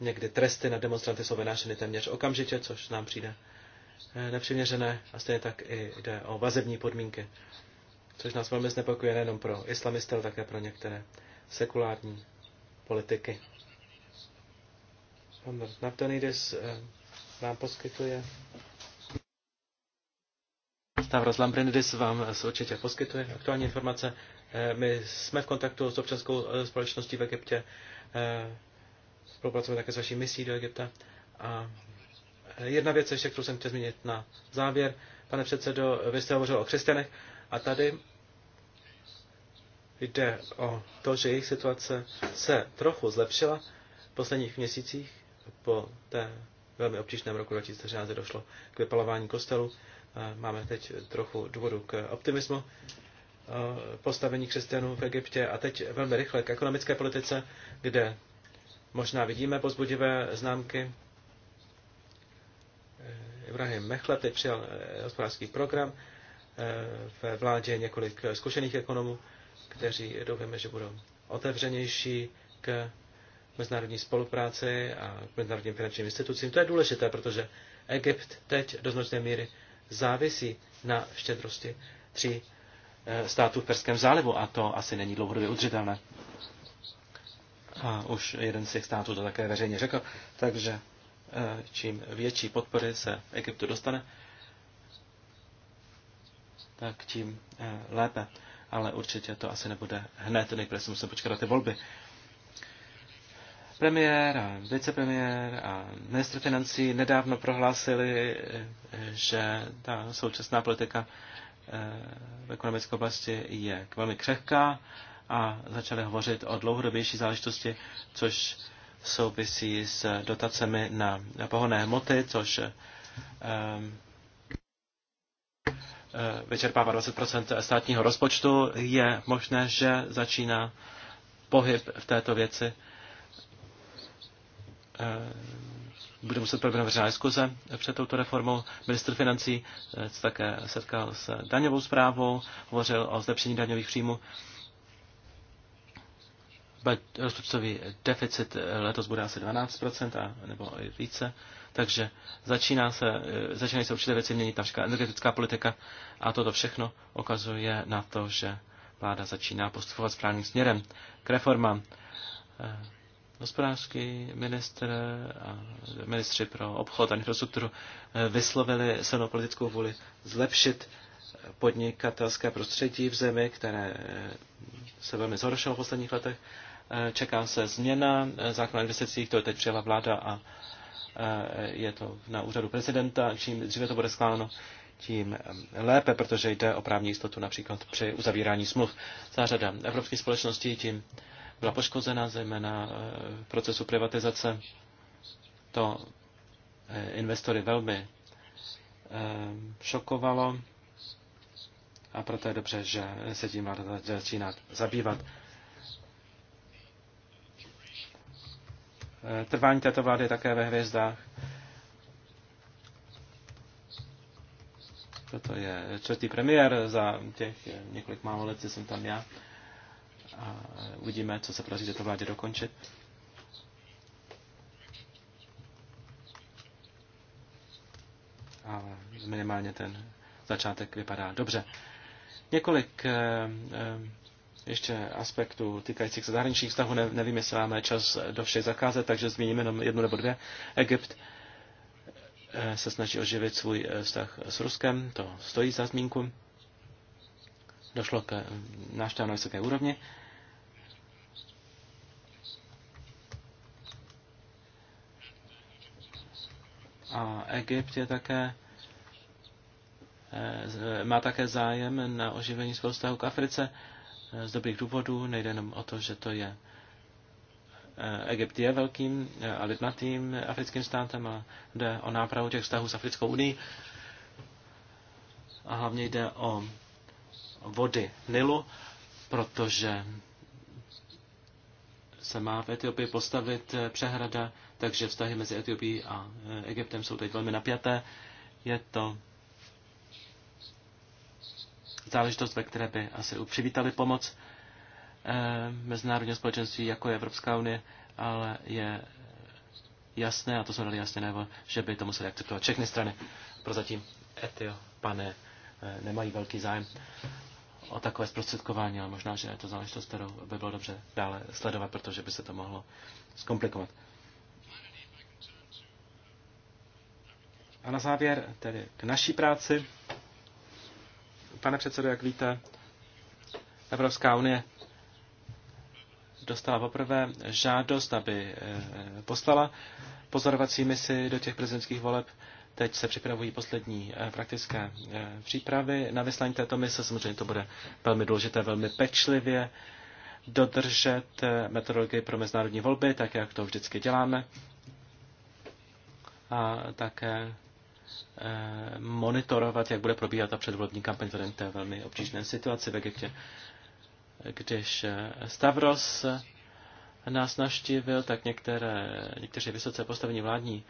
někdy tresty na demonstranty jsou vynášeny téměř okamžitě, což nám přijde nepřiměřené a stejně tak i jde o vazební podmínky, což nás velmi znepokojuje nejenom pro islamisty, ale také pro některé sekulární politiky. Pan Navtonidis eh, vám poskytuje. Stavros Lambrinidis vám určitě poskytuje aktuální informace. Eh, my jsme v kontaktu s občanskou eh, společností v Egyptě, spolupracujeme také s vaší misí do Egypta. A jedna věc ještě, kterou jsem chtěl zmínit na závěr. Pane předsedo, vy jste hovořil o křesťanech a tady Jde o to, že jejich situace se trochu zlepšila v posledních měsících. Po té velmi obtížném roku 2013 došlo k vypalování kostelu. Máme teď trochu důvodu k optimismu postavení křesťanů v Egyptě a teď velmi rychle k ekonomické politice, kde možná vidíme pozbudivé známky. Ibrahim Mechle teď přijal hospodářský program, e, ve vládě několik zkušených ekonomů kteří doufáme, že budou otevřenější k mezinárodní spolupráci a k mezinárodním finančním institucím. To je důležité, protože Egypt teď do značné míry závisí na štědrosti tří eh, států v Perském zálivu a to asi není dlouhodobě udržitelné. A už jeden z těch států to také veřejně řekl. Takže eh, čím větší podpory se Egyptu dostane, tak tím eh, lépe ale určitě to asi nebude hned, nejprve se musím počkat na ty volby. Premiér a vicepremiér a ministr financí nedávno prohlásili, že ta současná politika eh, v ekonomické oblasti je velmi křehká a začali hovořit o dlouhodobější záležitosti, což souvisí s dotacemi na pohonné hmoty, což eh, Eh, vyčerpává 20 státního rozpočtu, je možné, že začíná pohyb v této věci. Eh, bude muset proběhnout veřejná diskuze před touto reformou. Ministr financí eh, se také setkal s daňovou zprávou, hovořil o zlepšení daňových příjmů. Rozpočtový deficit letos bude asi 12% a, nebo i více. Takže začíná se, eh, začínají se určité věci měnit, například energetická politika a toto všechno okazuje na to, že vláda začíná postupovat správným směrem k reformám. Eh, hospodářský ministr a ministři pro obchod a infrastrukturu eh, vyslovili silnou politickou vůli zlepšit podnikatelské prostředí v zemi, které se velmi zhoršilo v posledních letech. Čeká se změna zákona o investicích, to teď přijela vláda a je to na úřadu prezidenta, čím dříve to bude skláno, tím lépe, protože jde o právní jistotu například při uzavírání smluv. Zářada Evropské evropských společností tím byla poškozena, zejména e, v procesu privatizace. To e, investory velmi e, šokovalo a proto je dobře, že se tím vláda začíná zabývat. Eh, trvání této vlády je také ve hvězdách. Toto je čtvrtý premiér za těch několik málo let, jsem tam já. A eh, uvidíme, co se podaří této vládě dokončit. Ale minimálně ten začátek vypadá dobře. Několik eh, ještě aspektů týkajících se zahraničních vztahů. Ne, nevím, jestli máme čas do všech zakázat, takže zmíním jenom jednu nebo dvě. Egypt eh, se snaží oživit svůj eh, vztah s Ruskem, to stojí za zmínku. Došlo k eh, návštěvě na vysoké úrovni. A Egypt je také, má také zájem na oživení svého vztahu k Africe z dobrých důvodů. Nejde jenom o to, že to je eh, Egypt je velkým eh, a lidnatým eh, africkým státem a jde o nápravu těch vztahů s Africkou unii. A hlavně jde o vody Nilu, protože se má v Etiopii postavit přehrada, takže vztahy mezi Etiopií a Egyptem jsou teď velmi napjaté. Je to záležitost, ve které by asi přivítali pomoc eh, mezinárodního společenství, jako je Evropská unie, ale je jasné, a to jsme dali jasně nebo, že by to museli akceptovat všechny strany. Prozatím Etiopané eh, nemají velký zájem o takové zprostředkování, ale možná, že je to záležitost, kterou by bylo dobře dále sledovat, protože by se to mohlo zkomplikovat. A na závěr tedy k naší práci. Pane předsedo, jak víte, Evropská unie dostala poprvé žádost, aby eh, poslala pozorovací misi do těch prezidentských voleb. Teď se připravují poslední eh, praktické eh, přípravy. Na vyslání této mise samozřejmě to bude velmi důležité, velmi pečlivě dodržet metodologii pro mezinárodní volby, tak jak to vždycky děláme. A také Eh, monitorovat, jak bude probíhat ta předvolební kampaň vzhledem té velmi obtížné situaci v Egyptě. Když eh, Stavros eh, nás naštívil, tak některé, někteří vysoce postavení vládní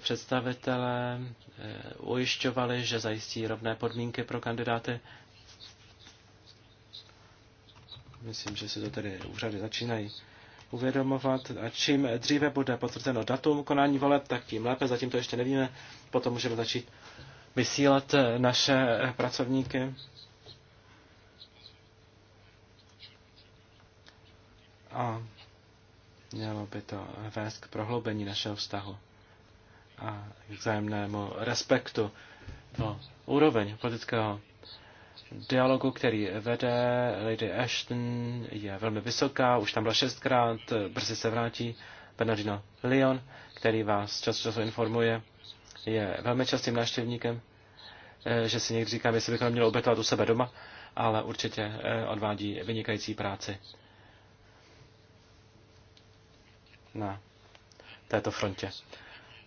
představitelé ujišťovali, že zajistí rovné podmínky pro kandidáty. Myslím, že se to tedy úřady začínají uvědomovat a čím dříve bude potvrzeno datum konání voleb, tak tím lépe, zatím to ještě nevíme, potom můžeme začít vysílat eh, naše eh, pracovníky. A mělo by to vést k prohloubení našeho vztahu a k vzájemnému respektu do úroveň politického dialogu, který vede Lady Ashton, je velmi vysoká, už tam byla šestkrát, brzy se vrátí Bernardino Leon, který vás čas času informuje, je velmi častým návštěvníkem, eh, že si někdy říkám, jestli bych ho měl obětovat u sebe doma, ale určitě eh, odvádí vynikající práci na této frontě.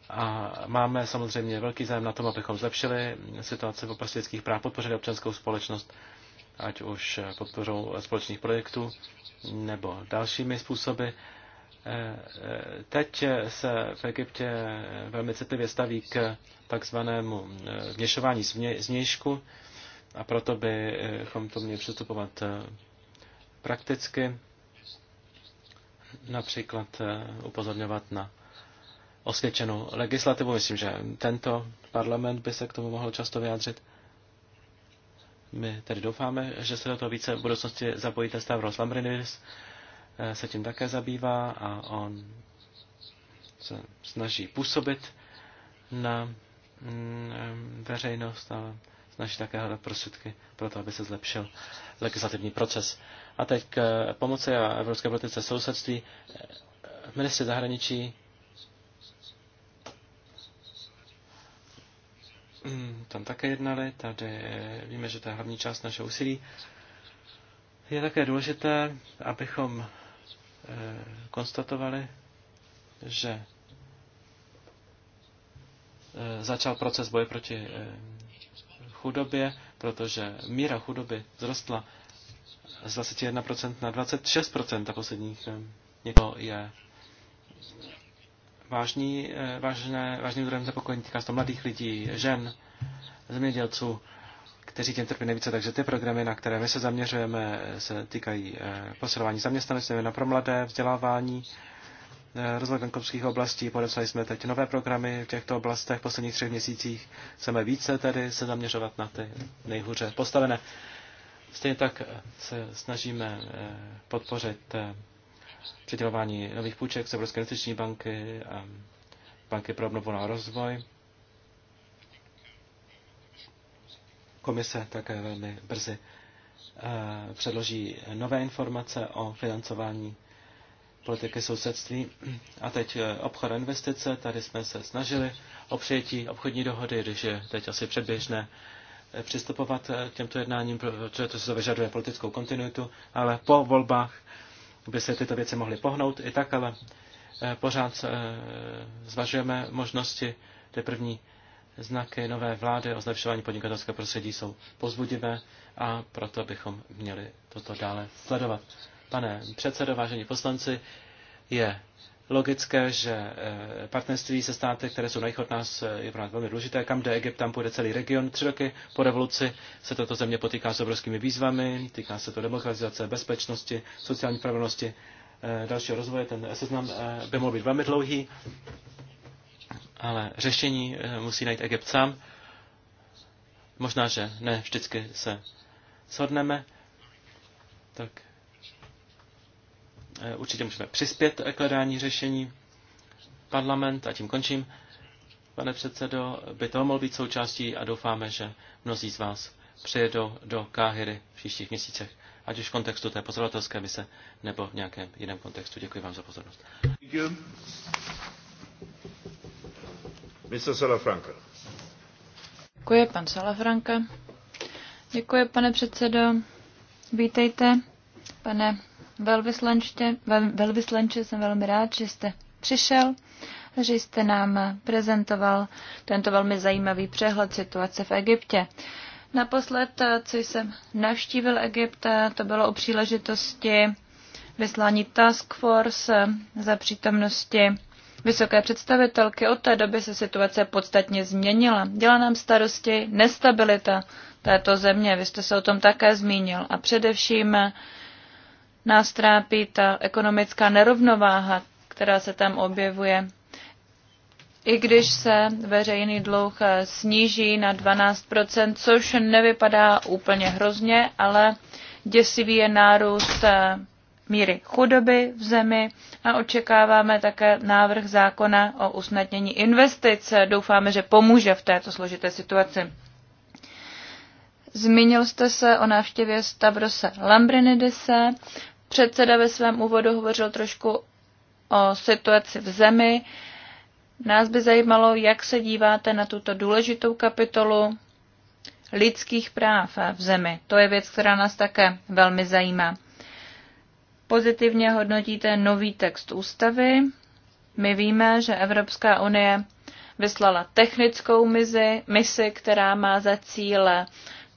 A máme samozřejmě velký zájem na tom, abychom zlepšili situaci v oblasti lidských práv, podpořili občanskou společnost, ať už podporou společných projektů nebo dalšími způsoby. E, e, teď se v Egyptě velmi citlivě staví k takzvanému e, vněšování znějšku a proto bychom to měli přistupovat prakticky, například upozorňovat na osvědčenou legislativu. Myslím, že tento parlament by se k tomu mohl často vyjádřit. My tedy doufáme, že se do toho více v budoucnosti zapojíte Stavros Lambrinidis, eh, se tím také zabývá a on se snaží působit na mm, eh, veřejnost a snaží také hledat prostředky pro to, aby se zlepšil legislativní proces. A teď k eh, pomoci a evropské politice sousedství. Ministři zahraničí Mm, tam také jednali, tady víme, že to je hlavní část našeho úsilí. Je také důležité, abychom eh, konstatovali, že eh, začal proces boje proti eh, chudobě, protože míra chudoby vzrostla z 21% na 26% a posledních. To je vážný, eh, vážné, vážným zdrojem zapokojení Týká se to mladých lidí, žen, zemědělců, kteří tím trpí nejvíce. Takže ty programy, na které my se zaměřujeme, eh, se týkají eh, posilování zaměstnanosti, na pro mladé, vzdělávání, rozvoj venkovských oblastí. Podepsali jsme teď nové programy v těchto oblastech. V posledních třech měsících chceme více tedy se zaměřovat na ty nejhůře postavené. Stejně tak se snažíme podpořit přidělování nových půjček z Evropské investiční banky a banky pro obnovu a rozvoj. Komise také velmi brzy eh, předloží nové informace o financování politiky sousedství. A teď eh, obchod a investice. Tady jsme se snažili o přijetí obchodní dohody, když je teď asi předběžné eh, přistupovat k těmto jednáním, protože to se vyžaduje politickou kontinuitu, ale po volbách by se tyto věci mohly pohnout i tak, ale eh, pořád eh, zvažujeme možnosti. Ty první znaky nové vlády o zlepšování podnikatelského prostředí jsou pozbudivé a proto bychom měli toto dále sledovat. Pane předsedo, vážení poslanci, je logické, že eh, partnerství se státy, které jsou na jich od nás, eh, je pro nás velmi důležité. Kam jde Egypt, tam půjde celý region. Tři roky po revoluci se tato země potýká s obrovskými výzvami, týká se to demokratizace, bezpečnosti, sociální spravedlnosti, eh, dalšího rozvoje. Ten seznam by mohl být velmi dlouhý, ale řešení musí najít Egypt sám. Možná, že ne vždycky se shodneme, tak Eh, určitě můžeme přispět k hledání řešení. Parlament, a tím končím, pane předsedo, by to mohl být součástí a doufáme, že mnozí z vás přijedou do Káhyry v příštích měsících, ať už v kontextu té pozorovatelské mise nebo v nějakém jiném kontextu. Děkuji vám za pozornost. Děkuji. Salafranca. Děkuji, pan Salafranca. Děkuji, pane předsedo. Vítejte, pane velvyslanče, jsem velmi rád, že jste přišel, že jste nám prezentoval tento velmi zajímavý přehled situace v Egyptě. Naposled, co jsem navštívil Egypt, to bylo o příležitosti vyslání Task Force za přítomnosti vysoké představitelky. Od té doby se situace podstatně změnila. Dělá nám starosti nestabilita této země. Vy jste se o tom také zmínil. A především nás trápí ta ekonomická nerovnováha, která se tam objevuje. I když se veřejný dluh eh, sníží na 12%, což nevypadá úplně hrozně, ale děsivý je nárůst eh, míry chudoby v zemi a očekáváme také návrh zákona o usnadnění investic. Doufáme, že pomůže v této složité situaci. Zmínil jste se o návštěvě Stavrose Lambrinidise. Předseda ve svém úvodu hovořil trošku o situaci v zemi. Nás by zajímalo, jak se díváte na tuto důležitou kapitolu lidských práv v zemi. To je věc, která nás také velmi zajímá. Pozitivně hodnotíte nový text ústavy. My víme, že Evropská unie vyslala technickou misi, misi která má za cíle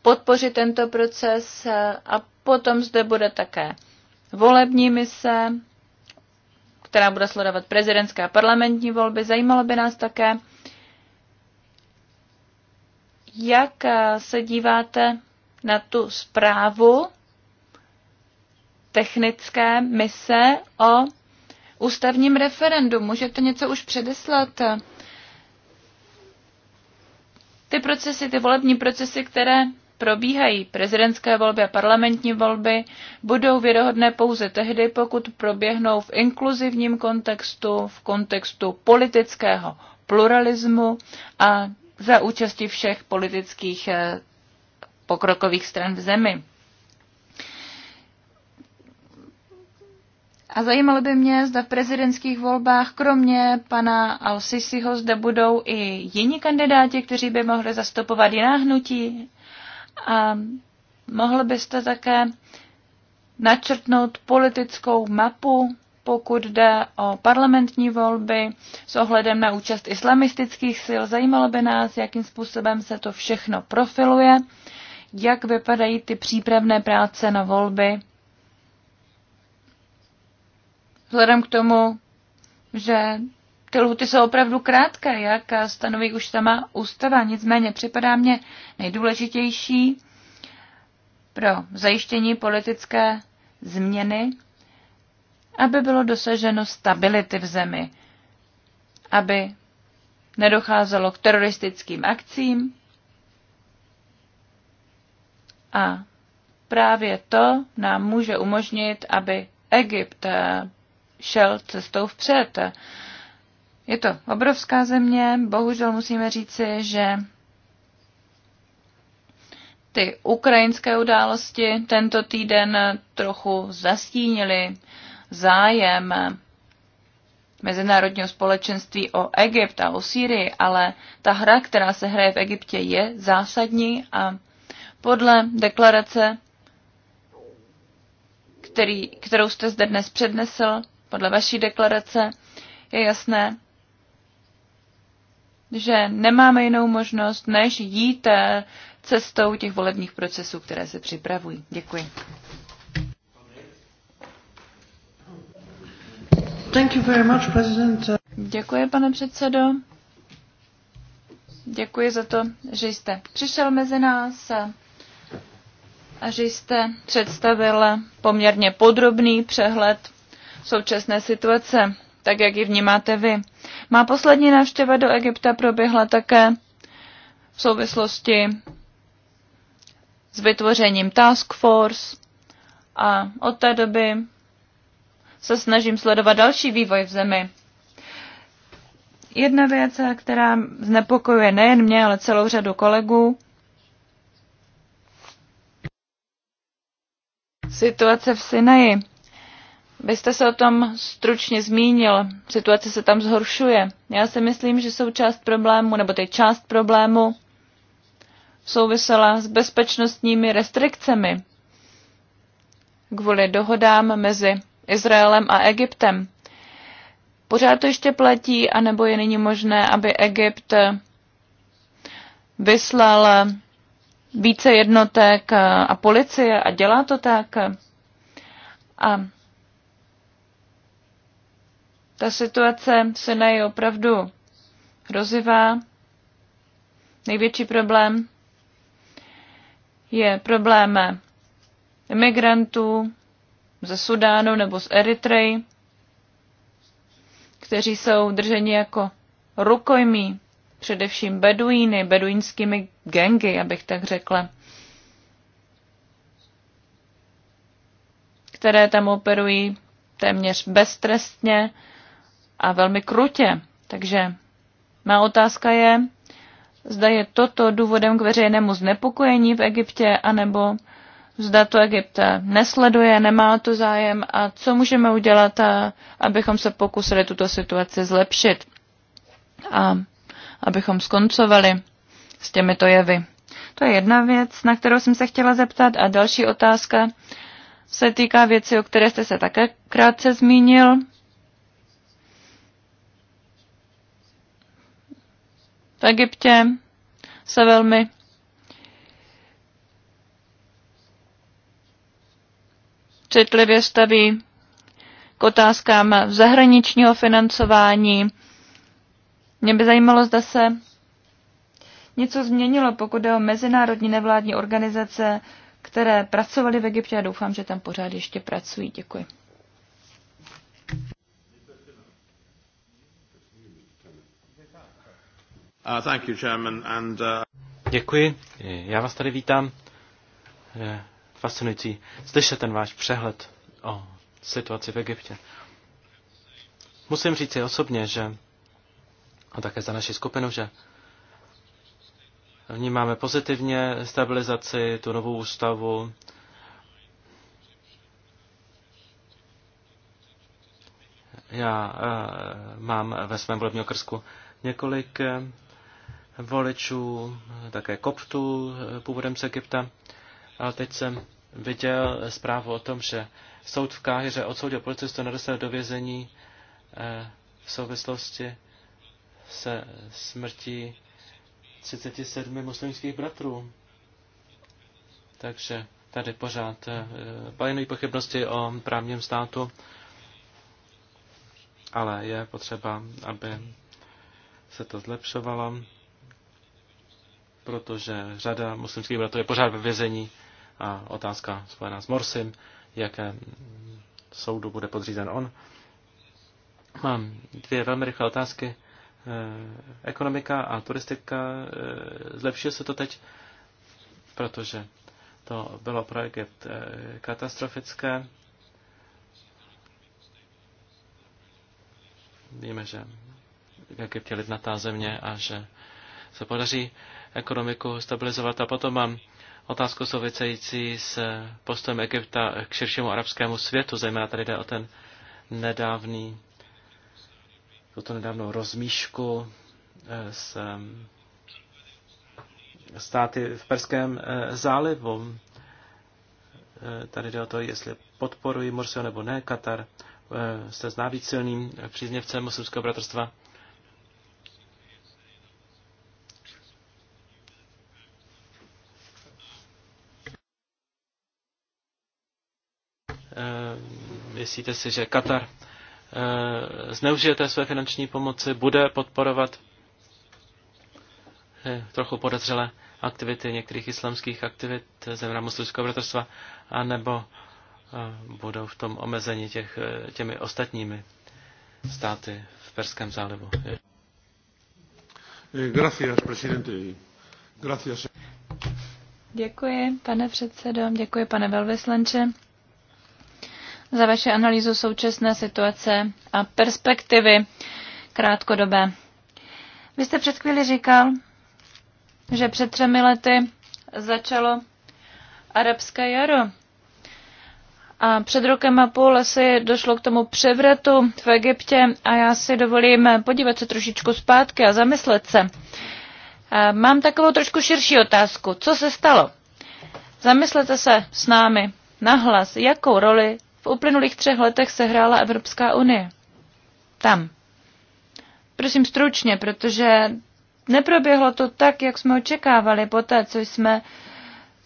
podpořit tento proces a potom zde bude také volební mise, která bude sledovat prezidentské a parlamentní volby. Zajímalo by nás také, jak eh, se díváte na tu zprávu technické mise o ústavním referendu. Můžete něco už předeslat? Ty procesy, ty volební procesy, které probíhají prezidentské volby a parlamentní volby, budou věrohodné pouze tehdy, pokud proběhnou v inkluzivním kontextu, v kontextu politického pluralismu a za účasti všech politických eh, pokrokových stran v zemi. A zajímalo by mě, zda v prezidentských volbách, kromě pana Al-Sisiho, zde budou i jiní kandidáti, kteří by mohli zastupovat jiná hnutí a mohl byste také načrtnout politickou mapu, pokud jde o parlamentní volby s ohledem na účast islamistických sil. Zajímalo by nás, jakým způsobem se to všechno profiluje, jak vypadají ty přípravné práce na volby. Vzhledem k tomu, že ty lhuty jsou opravdu krátké, jak stanoví už sama ústava. Nicméně připadá mně nejdůležitější pro zajištění politické změny, aby bylo dosaženo stability v zemi, aby nedocházelo k teroristickým akcím a právě to nám může umožnit, aby Egypt eh, šel cestou vpřed. Je to obrovská země, bohužel musíme říci, že ty ukrajinské události tento týden trochu zastínily zájem mezinárodního společenství o Egypt a o Sýrii, ale ta hra, která se hraje v Egyptě, je zásadní a podle deklarace, který, kterou jste zde dnes přednesl, podle vaší deklarace, je jasné, že nemáme jinou možnost, než jít eh, cestou těch volebních procesů, které se připravují. Děkuji. Thank you very much, President. Děkuji, pane předsedo. Děkuji za to, že jste přišel mezi nás a že jste představil poměrně podrobný přehled současné situace, tak jak ji vnímáte vy. Má poslední návštěva do Egypta proběhla také v souvislosti s vytvořením Task Force a od té doby se snažím sledovat další vývoj v zemi. Jedna věc, která znepokojuje nejen mě, ale celou řadu kolegů, situace v Sinaji. Vy jste se o tom stručně zmínil, situace se tam zhoršuje. Já si myslím, že součást problému, nebo to část problému, souvisela s bezpečnostními restrikcemi kvůli dohodám mezi Izraelem a Egyptem. Pořád to ještě platí, anebo je nyní možné, aby Egypt vyslal více jednotek a policie a dělá to tak. A ta situace se na je opravdu hrozivá. Největší problém je problém imigrantů ze Sudánu nebo z Eritreji, kteří jsou drženi jako rukojmí, především beduíny, beduínskými gengy, abych tak řekla, které tam operují téměř beztrestně a velmi krutě. Takže má otázka je, zda je toto důvodem k veřejnému znepokojení v Egyptě, anebo zda to Egypt nesleduje, nemá to zájem a co můžeme udělat, abychom se pokusili tuto situaci zlepšit a abychom skoncovali s těmito jevy. To je jedna věc, na kterou jsem se chtěla zeptat a další otázka se týká věci, o které jste se také krátce zmínil. v Egyptě se velmi citlivě staví k otázkám zahraničního financování. Mě by zajímalo, zda se něco změnilo, pokud je o mezinárodní nevládní organizace, které pracovaly v Egyptě a doufám, že tam pořád ještě pracují. Děkuji. Uh, uh, Děkuji, já vás tady vítám. fascinující slyšet ten váš přehled o situaci v Egyptě. Musím říct si osobně, že a také za naši skupinu, že vnímáme pozitivně stabilizaci, tu novou ústavu, Já uh, mám ve svém volebním okrsku několik eh, voličů, také koptů původem z Egypta. Ale teď jsem viděl zprávu o tom, že soud v Káhyře odsoudil policistu na do vězení eh, v souvislosti se smrtí 37 muslimských bratrů. Takže tady pořád eh, panují pochybnosti o právním státu, ale je potřeba, aby se to zlepšovalo protože řada muslimských bratrů je pořád ve vězení a otázka spojená s Morsim, jaké soudu bude podřízen on. Mám dvě velmi rychlé otázky. Eh, ekonomika a turistika, eh, zlepšuje se to teď, protože to bylo projekt eh, katastrofické. Víme, že jak je lidnatá země a že se podaří ekonomiku stabilizovat. A potom mám otázku související s postojem Egypta k širšímu arabskému světu, zejména tady jde o ten nedávný, tuto nedávnou rozmíšku eh, s eh, státy v Perském eh, zálivu. Tady jde o to, jestli podporují Morsio nebo ne. Katar se zná být silným příznivcem muslimského bratrstva. Myslíte si, že Katar eh, zneužije té své finanční pomoci, bude podporovat eh, trochu podezřelé aktivity některých islamských aktivit, zejména muslimského bratrstva, anebo eh, budou v tom omezení těch, těmi ostatními státy v Perském zálivu. Gracias, presidente. Gracias. Děkuji, pane předsedo, děkuji, pane velvyslanče za vaši analýzu současné situace a perspektivy krátkodobé. Vy jste před chvíli říkal, že před třemi lety začalo arabské jaro. A před rokem a půl asi došlo k tomu převratu v Egyptě a já si dovolím podívat se trošičku zpátky a zamyslet se. A mám takovou trošku širší otázku. Co se stalo? Zamyslete se s námi nahlas, jakou roli v uplynulých třech letech sehrála Evropská unie? Tam. Prosím stručně, protože neproběhlo to tak, jak jsme očekávali poté, co jsme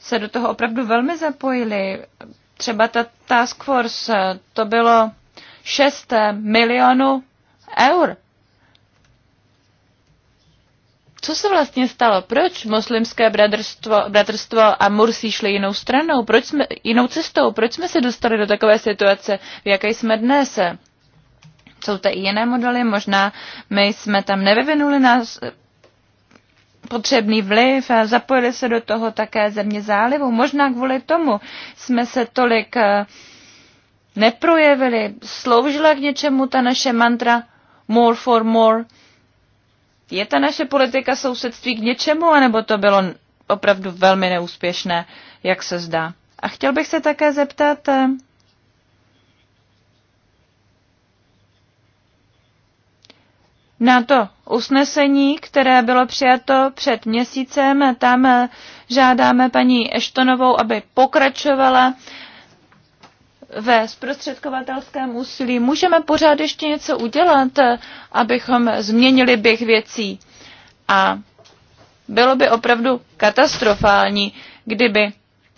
se do toho opravdu velmi zapojili. Třeba ta task force, to bylo 6 milionů eur co se vlastně stalo? Proč muslimské bratrstvo, bratrstvo a Mursi šli jinou stranou? Proč jsme, jinou cestou? Proč jsme se dostali do takové situace, v jaké jsme dnes? Jsou to i jiné modely, možná my jsme tam nevyvinuli nás eh, potřebný vliv a zapojili se do toho také země zálivu. Možná kvůli tomu jsme se tolik eh, neprojevili. Sloužila k něčemu ta naše mantra more for more – je ta naše politika sousedství k něčemu, anebo to bylo opravdu velmi neúspěšné, jak se zdá? A chtěl bych se také zeptat, eh, na to usnesení, které bylo přijato před měsícem. Tam eh, žádáme paní Eštonovou, aby pokračovala ve zprostředkovatelském úsilí můžeme pořád ještě něco udělat, abychom změnili běh věcí. A bylo by opravdu katastrofální, kdyby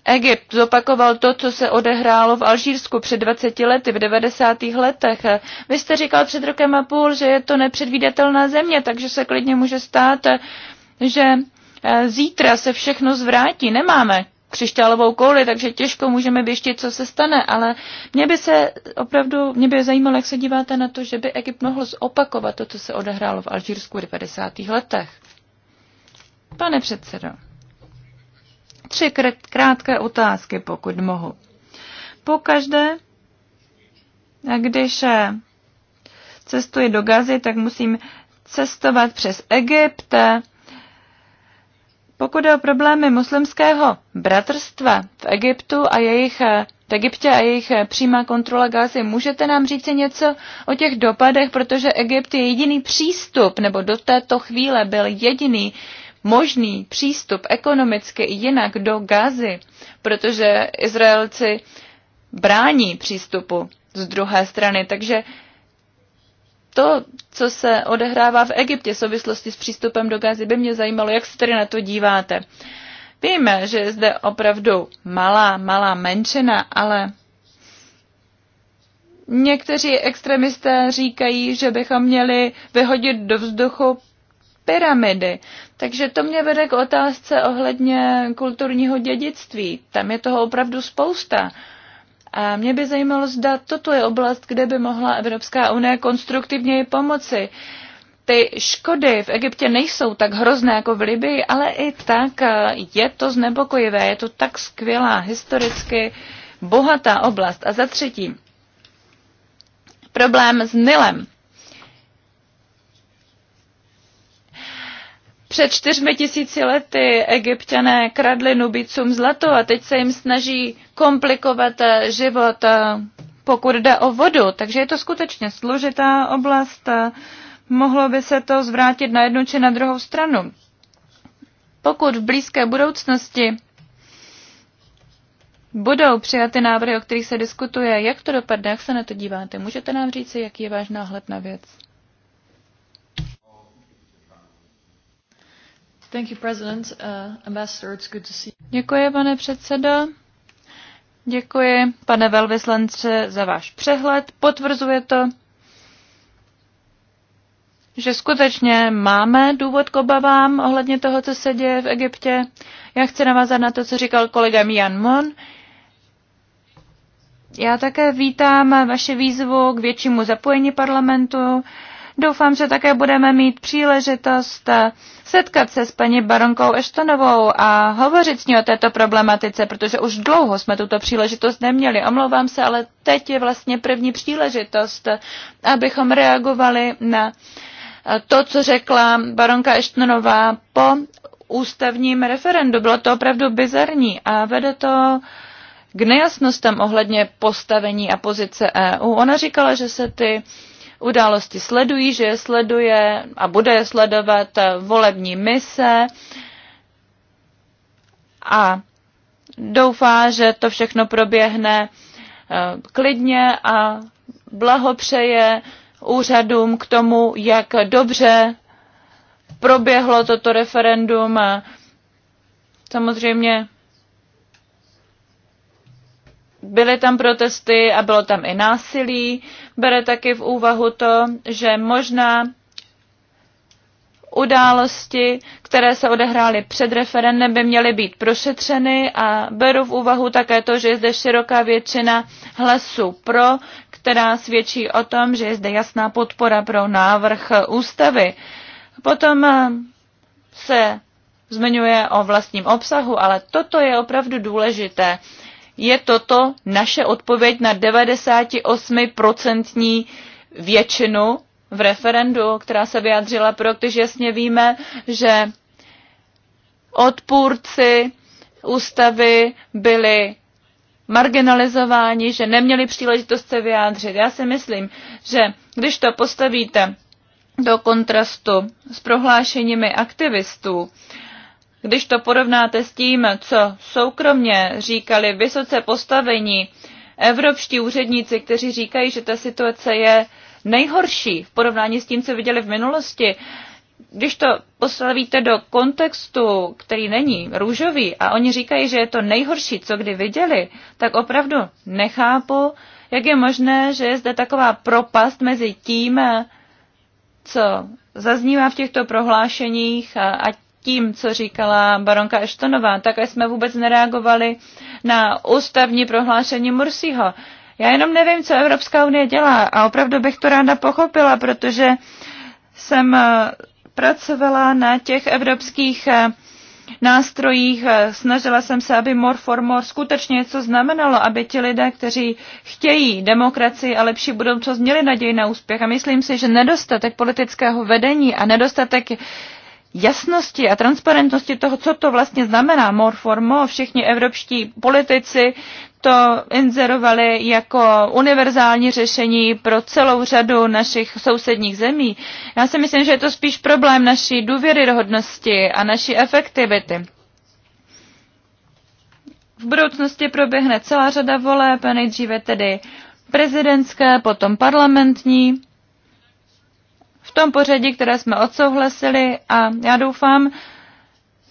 Egypt zopakoval to, co se odehrálo v Alžírsku před 20 lety, v 90. letech. Vy jste říkal před rokem a půl, že je to nepředvídatelná země, takže se klidně může stát, že zítra se všechno zvrátí. Nemáme křišťálovou kouli, takže těžko můžeme věštit, co se stane, ale mě by se opravdu, mě by zajímalo, jak se díváte na to, že by Egypt mohl zopakovat to, co se odehrálo v Alžírsku v 90. letech. Pane předsedo, tři krátké otázky, pokud mohu. Po každé, když cestuji do Gazy, tak musím cestovat přes Egypt, pokud je o problémy muslimského bratrstva v Egyptu a jejich v Egyptě a jejich přímá kontrola Gázy. Můžete nám říct něco o těch dopadech, protože Egypt je jediný přístup, nebo do této chvíle byl jediný možný přístup ekonomicky i jinak do Gázy, protože Izraelci brání přístupu z druhé strany. Takže to, co se odehrává v Egyptě v souvislosti s přístupem do Gazy, by mě zajímalo, jak se tedy na to díváte. Víme, že je zde opravdu malá, malá menšina, ale někteří extremisté říkají, že bychom měli vyhodit do vzduchu pyramidy. Takže to mě vede k otázce ohledně kulturního dědictví. Tam je toho opravdu spousta. A mě by zajímalo, zda toto je oblast, kde by mohla Evropská unie konstruktivněji pomoci. Ty škody v Egyptě nejsou tak hrozné jako v Libii, ale i tak eh, je to znepokojivé. Je to tak skvělá, historicky bohatá oblast. A za třetí, problém s Nilem. Před čtyřmi tisíci lety egyptěné kradli nubícům zlato a teď se jim snaží komplikovat eh, život, eh, pokud jde o vodu. Takže je to skutečně složitá oblast. Mohlo by se to zvrátit na jednu či na druhou stranu. Pokud v blízké budoucnosti budou přijaty návrhy, o kterých se diskutuje, jak to dopadne, jak se na to díváte, můžete nám říct, jaký je váš náhled na věc? Děkuji, pane předsedo. Děkuji, pane velvyslance, za váš přehled. Potvrzuje to, že skutečně máme důvod k obavám ohledně toho, co se děje v Egyptě. Já chci navázat na to, co říkal kolega Mian Mon. Já také vítám vaše výzvu k většímu zapojení parlamentu Doufám, že také budeme mít příležitost eh, setkat se s paní baronkou Eštonovou a hovořit s ní o této problematice, protože už dlouho jsme tuto příležitost neměli. Omlouvám se, ale teď je vlastně první příležitost, abychom reagovali na eh, to, co řekla baronka Eštonová po ústavním referendu. Bylo to opravdu bizarní a vede to k nejasnostem ohledně postavení a pozice EU. Ona říkala, že se ty uh, události sledují, že je sleduje a bude je sledovat volební mise a doufá, že to všechno proběhne eh, klidně a blahopřeje úřadům k tomu, jak dobře proběhlo toto referendum. Samozřejmě byly tam protesty a bylo tam i násilí. Bere taky v úvahu to, že možná události, které se odehrály před referendem, by měly být prošetřeny a beru v úvahu také to, že je zde široká většina hlasů pro, která svědčí o tom, že je zde jasná podpora pro návrh ústavy. Potom eh, se zmiňuje o vlastním obsahu, ale toto je opravdu důležité je toto naše odpověď na 98% většinu v referendu, která se vyjádřila pro, když jasně víme, že odpůrci ústavy byli marginalizováni, že neměli příležitost se vyjádřit. Já si myslím, že když to postavíte do kontrastu s prohlášeními aktivistů, když to porovnáte s tím, co soukromně říkali vysoce postavení evropští úředníci, kteří říkají, že ta situace je nejhorší v porovnání s tím, co viděli v minulosti, když to postavíte do kontextu, který není růžový, a oni říkají, že je to nejhorší, co kdy viděli, tak opravdu nechápu, jak je možné, že je zde taková propast mezi tím, co zaznívá v těchto prohlášeních a, a tím, co říkala baronka Eštonová. tak jsme vůbec nereagovali na ústavní prohlášení Mursího. Já jenom nevím, co Evropská unie dělá a opravdu bych to ráda pochopila, protože jsem eh, pracovala na těch evropských eh, nástrojích. Eh, snažila jsem se, aby More for More skutečně něco znamenalo, aby ti lidé, kteří chtějí demokracii a lepší budoucnost, měli naději na úspěch. A myslím si, že nedostatek politického vedení a nedostatek jasnosti a transparentnosti toho, co to vlastně znamená more for more. Všichni evropští politici to inzerovali jako univerzální řešení pro celou řadu našich sousedních zemí. Já si myslím, že je to spíš problém naší důvěryhodnosti a naší efektivity. V budoucnosti proběhne celá řada voleb, nejdříve tedy prezidentské, potom parlamentní tom pořadí, které jsme odsouhlasili a já doufám,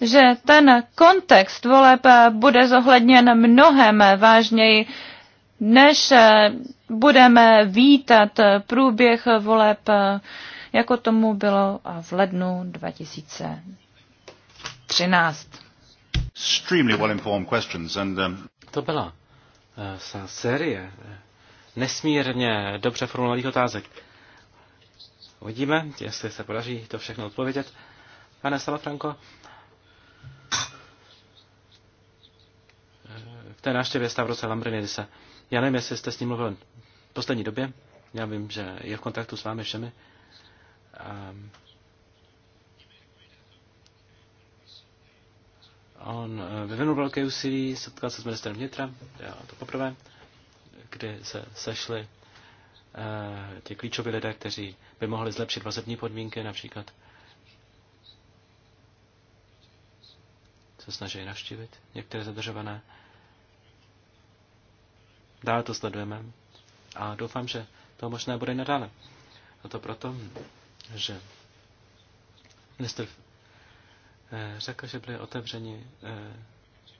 že ten kontext voleb bude zohledněn mnohem vážněji, než budeme vítat průběh voleb, jako tomu bylo v lednu 2013. Um, to byla eh, série nesmírně dobře formulovaných otázek. Uvidíme, jestli se podaří to všechno odpovědět. Pane Salafranko, v té návštěvě roce Lambrinidise, já nevím, jestli jste s ním mluvil v poslední době, já vím, že je v kontaktu s vámi všemi. A on vyvinul velké úsilí, setkal se s ministrem vnitra, já to poprvé, kdy se sešli Eh, ti klíčoví lidé, kteří by mohli zlepšit vazební podmínky, například se snaží navštívit některé zadržované. Dále to sledujeme a doufám, že to možné bude i nadále. A to proto, že minister eh, řekl, že byli otevřeni eh,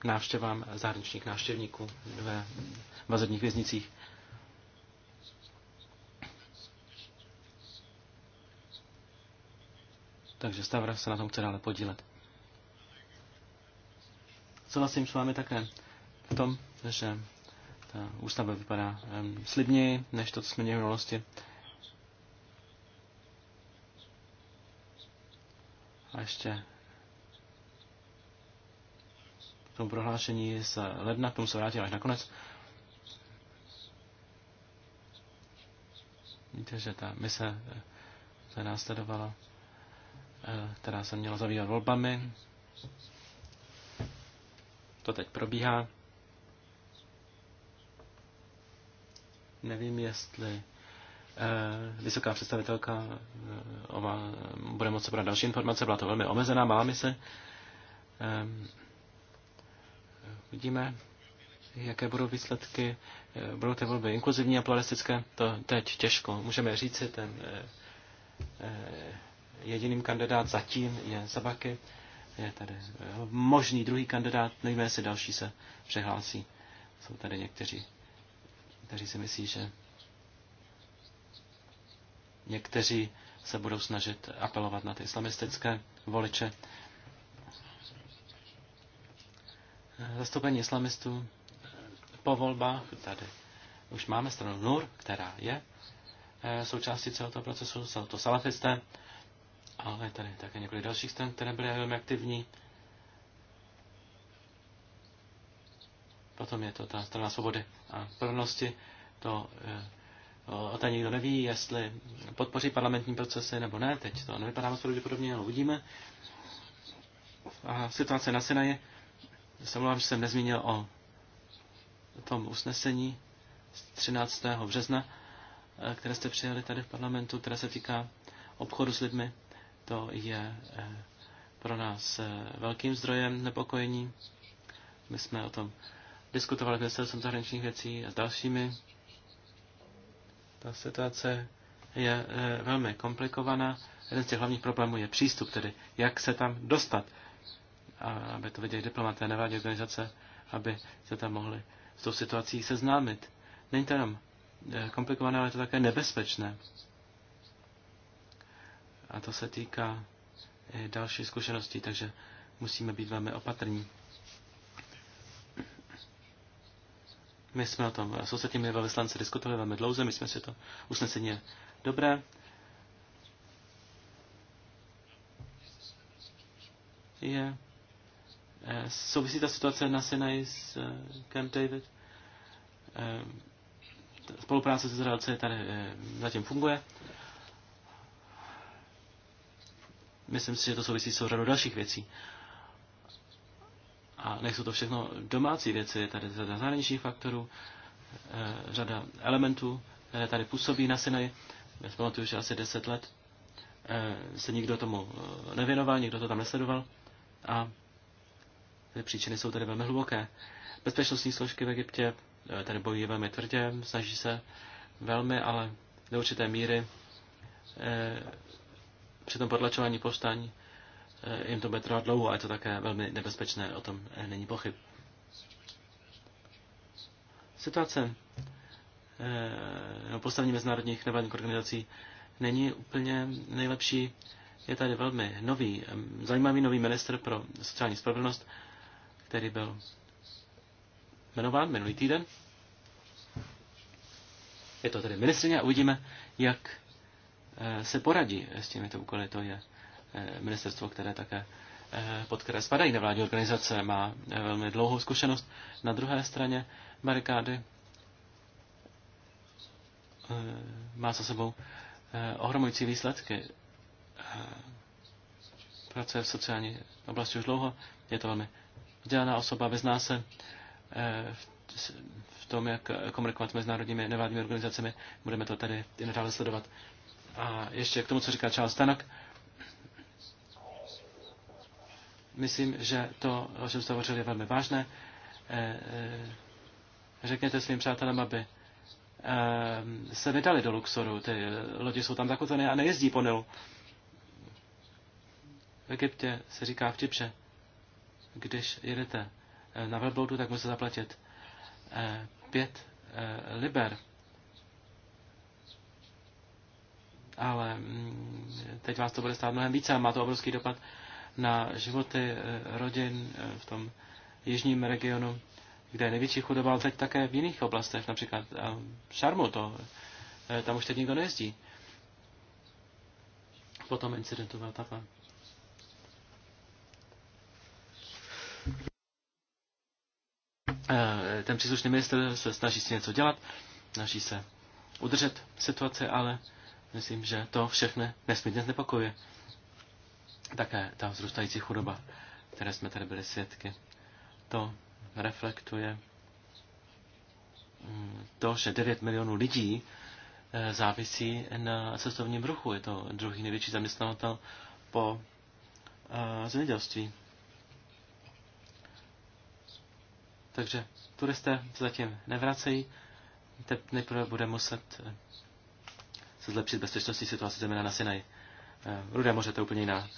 návštěvám zahraničních návštěvníků ve vazebních věznicích. Takže Stavra se na tom chce dále podílet. Souhlasím s vámi také v tom, že ta ústava vypadá um, slibněji, než to, co jsme měli v minulosti. A ještě v tom prohlášení z ledna, k tomu se vrátím až nakonec. Víte, že ta mise eh, se následovala Eh, která se měla zabývat volbami. To teď probíhá. Nevím, jestli eh, vysoká představitelka eh, ova, bude moci podat další informace, byla to velmi omezená, máme se. Vidíme, jaké budou výsledky. Budou ty volby inkluzivní a pluralistické? To teď těžko. Můžeme říct si ten Jediným kandidát zatím je Zabaky. Je tady eh, možný druhý kandidát, nevíme, jestli další se přehlásí. Jsou tady někteří, kteří si myslí, že někteří se budou snažit apelovat na ty islamistické voliče. Eh, zastoupení islamistů po volbách tady už máme stranu NUR, která je eh, součástí celého toho procesu, jsou to salafisté, ale tady také několik dalších stran, které byly velmi aktivní. Potom je to ta strana svobody a plnosti. To, eh, o té nikdo neví, jestli podpoří parlamentní procesy nebo ne. Teď to nevypadá moc pravděpodobně, ale uvidíme. A situace na Sinaji. Se mluvám, že jsem nezmínil o tom usnesení z 13. března, eh, které jste přijeli tady v parlamentu, které se týká obchodu s lidmi. To je eh, pro nás eh, velkým zdrojem nepokojení. My jsme o tom diskutovali s ministerstvem zahraničních věcí a s dalšími. Ta situace je eh, velmi komplikovaná. Jeden z těch hlavních problémů je přístup, tedy jak se tam dostat, aby to viděli diplomaté, nevládní organizace, aby se tam mohli s tou situací seznámit. Není to jenom komplikované, ale je to také nebezpečné. A to se týká eh, další zkušenosti, takže musíme být velmi opatrní. My jsme o tom s ostatními velvyslanci diskutovali velmi dlouze, my jsme si to usnesení dobré. Je eh, souvisí ta situace na Sinai s eh, Camp David. Spolupráce s Izraelci tady zatím funguje. Myslím si, že to souvisí s řadou dalších věcí. A nejsou to všechno domácí věci, je tady řada zahraničních faktorů, eh, řada elementů, které tady působí na syny. Já si pamatuju, že asi deset let eh, se nikdo tomu eh, nevěnoval, nikdo to tam nesledoval a ty příčiny jsou tady velmi hluboké. Bezpečnostní složky v Egyptě tady bojují velmi tvrdě, snaží se velmi, ale do určité míry při tom potlačování povstání eh, jim to bude trvat dlouho a je to také velmi nebezpečné, o tom eh, není pochyb. Situace no, postavení mezinárodních nevládních organizací není úplně nejlepší. Je tady velmi nový, zajímavý nový minister pro sociální spravedlnost, který byl jmenován minulý týden. Je to tedy ministrině a uvidíme, jak Eh, se poradí s těmito úkoly. To je eh, ministerstvo, které také eh, pod které spadají nevládní organizace, má velmi dlouhou zkušenost. Na druhé straně barikády má za sebou ohromující výsledky. Pracuje v sociální oblasti už dlouho, je to velmi vzdělaná osoba, vyzná se v tom, jak komunikovat s mezinárodními nevládními organizacemi. Budeme to tady i nadále sledovat. A ještě k tomu, co říká Charles Tanak. Myslím, že to, o čem jste hovořili, je velmi vážné. Eh, eh, řekněte svým přátelům, aby eh, se vydali do Luxoru. Ty lodi jsou tam zakotvené a nejezdí po Nilu. V Egyptě se říká v Čipře, když jedete na velbloudu, tak musíte zaplatit pět liber ale mm, teď vás to bude stát mnohem více a má to obrovský dopad na životy eh, rodin eh, v tom jižním regionu, kde je největší chudoba, ale teď také v jiných oblastech, například eh, Šarmu, to, tam už teď nikdo nejezdí. Po tom incidentu v Ten příslušný minister se snaží si něco dělat, snaží se udržet situaci, ale Myslím, že to všechny nesmírně znepokojuje. Také ta vzrůstající chudoba, které jsme tady byli svědky, to reflektuje mm, to, že 9 milionů lidí eh, závisí na cestovním ruchu. Je to druhý největší zaměstnavatel po eh, zemědělství. Takže turisté se zatím nevracejí. Teď nejprve bude muset se zlepšit bezpečnostní situaci země na Sinaji. Eh, Rudé moře to je úplně jiná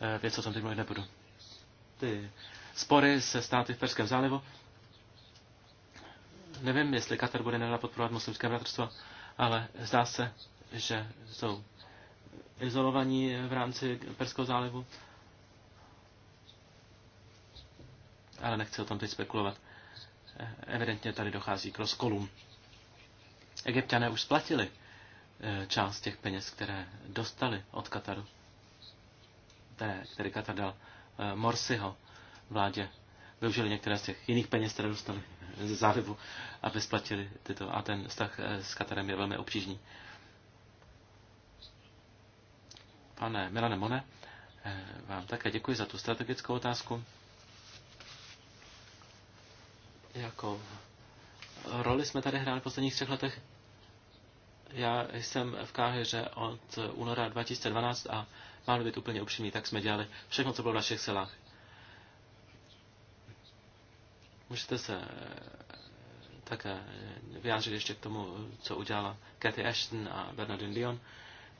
eh, věc, o tom teď mluvit nebudu. Ty spory se státy v Perském zálivu. Nevím, jestli Katar bude nedala podporovat muslimské bratrstvo, ale zdá se, že jsou izolovaní v rámci Perského zálivu. Ale nechci o tom teď spekulovat. Eh, evidentně tady dochází k rozkolům. Egyptiané už splatili Eh, část těch peněz, které dostali od Kataru, které, který Katar dal eh, Morsiho vládě, využili některé z těch jiných peněz, které dostali ze zálivu, aby splatili tyto. A ten vztah eh, s Katarem je velmi obtížný. Pane Milane Mone, vám také děkuji za tu strategickou otázku. Jakou roli jsme tady hráli v posledních třech letech? Já jsem v Káheře od února 2012 a mám být úplně upřímný, tak jsme dělali všechno, co bylo v našich silách. Můžete se také vyjádřit ještě k tomu, co udělala Cathy Ashton a Bernardin Dion,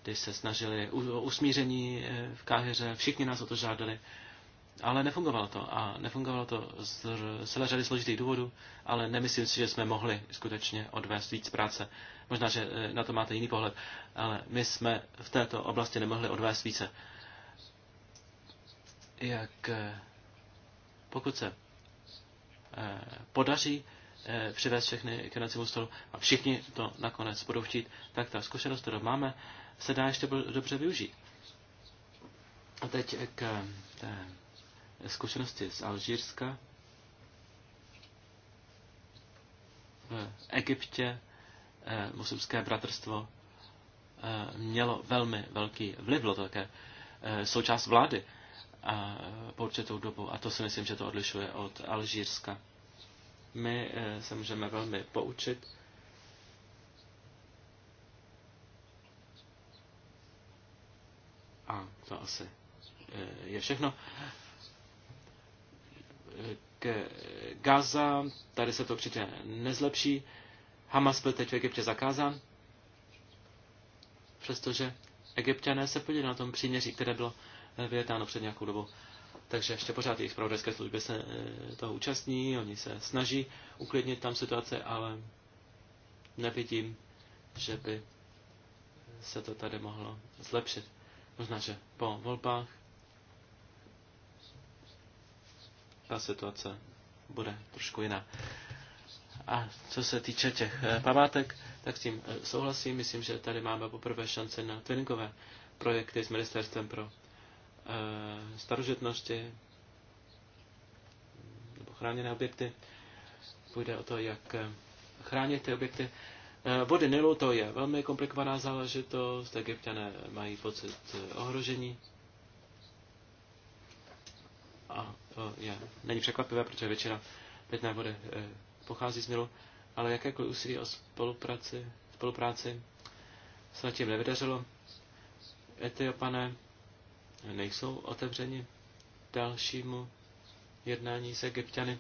když se snažili usmíření eh, v Káheře, Všichni nás o to žádali. Ale nefungovalo to a nefungovalo to z celé řady složitých důvodů, ale nemyslím si, že jsme mohli skutečně odvést víc práce. Možná, že eh, na to máte jiný pohled, ale my jsme v této oblasti nemohli odvést více. Jak eh, pokud se eh, podaří přivést všechny k jednacímu stolu a všichni to nakonec budou chtít, tak ta zkušenost, kterou máme, se dá ještě dobře využít. A teď k té zkušenosti z Alžírska. V Egyptě eh, muslimské bratrstvo eh, mělo velmi velký vliv, bylo to také eh, součást vlády a po určitou dobu. A to si myslím, že to odlišuje od Alžírska. My se můžeme velmi poučit. A to asi je všechno k Gaza, tady se to určitě nezlepší. Hamas byl teď v Egyptě zakázán, přestože egyptiané se podívali na tom příměří, které bylo vyjednáno před nějakou dobou. Takže ještě pořád jejich spravodajské služby se eh, toho účastní, oni se snaží uklidnit tam situace, ale nevidím, že by se to tady mohlo zlepšit. Možná, že po volbách ta situace bude trošku jiná. A co se týče těch eh, památek, tak s tím eh, souhlasím. Myslím, že tady máme poprvé šance na twinningové projekty s Ministerstvem pro eh, starožitnosti nebo chráněné objekty. Půjde o to, jak chránit ty objekty. Vody Nilu to je velmi komplikovaná záležitost, egyptiané mají pocit ohrožení. A to je, není překvapivé, protože většina pitné vody e, pochází z Nilu, ale jakékoliv úsilí o spolupráci, spolupráci se nad tím nevydařilo. Etiopané nejsou otevřeni dalšímu jednání s Egyptiany.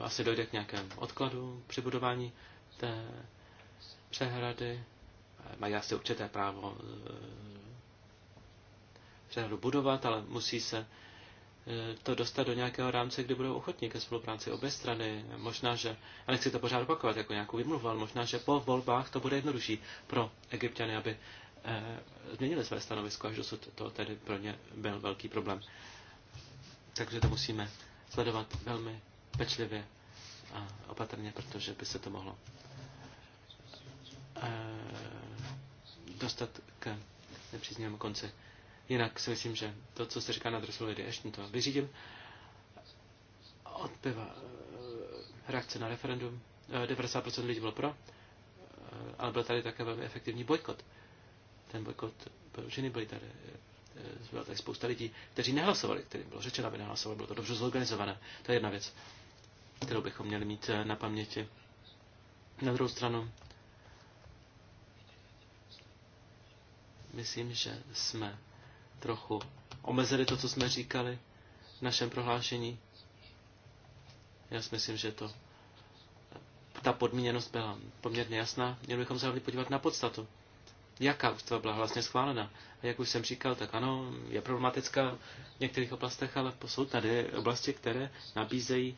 Eh, asi dojde k nějakému odkladu při budování té přehrady. Eh, mají asi určité právo přehradu budovat, ale musí se e, to dostat do nějakého rámce, kde budou ochotní ke spolupráci obě strany. Možná, že, a nechci to pořád opakovat jako nějakou vymluvu, ale možná, že po volbách to bude jednodušší pro egyptiany, aby eh, změnili své stanovisko, až dosud to tedy pro ně byl velký problém. Takže to musíme sledovat velmi pečlivě a opatrně, protože by se to mohlo eh, dostat k nepříznivému konci. Jinak si myslím, že to, co se říká na adresu lidi, ještě to vyřídím. Odpěva eh, reakce na referendum. 90% eh, lidí bylo pro, eh, ale byl tady také velmi efektivní bojkot. Ten bojkot byl ženy, byly tady, byla tady spousta lidí, kteří nehlasovali, kterým bylo řečeno, aby nehlasovali, bylo to dobře zorganizované. To je jedna věc, kterou bychom měli mít na paměti. Na druhou stranu, myslím, že jsme trochu omezili to, co jsme říkali v našem prohlášení. Já si myslím, že to ta podmíněnost byla poměrně jasná. Měli bychom se hlavně podívat na podstatu. Jaká ústava byla vlastně schválena? A jak už jsem říkal, tak ano, je problematická v některých oblastech, ale jsou tady oblasti, které nabízejí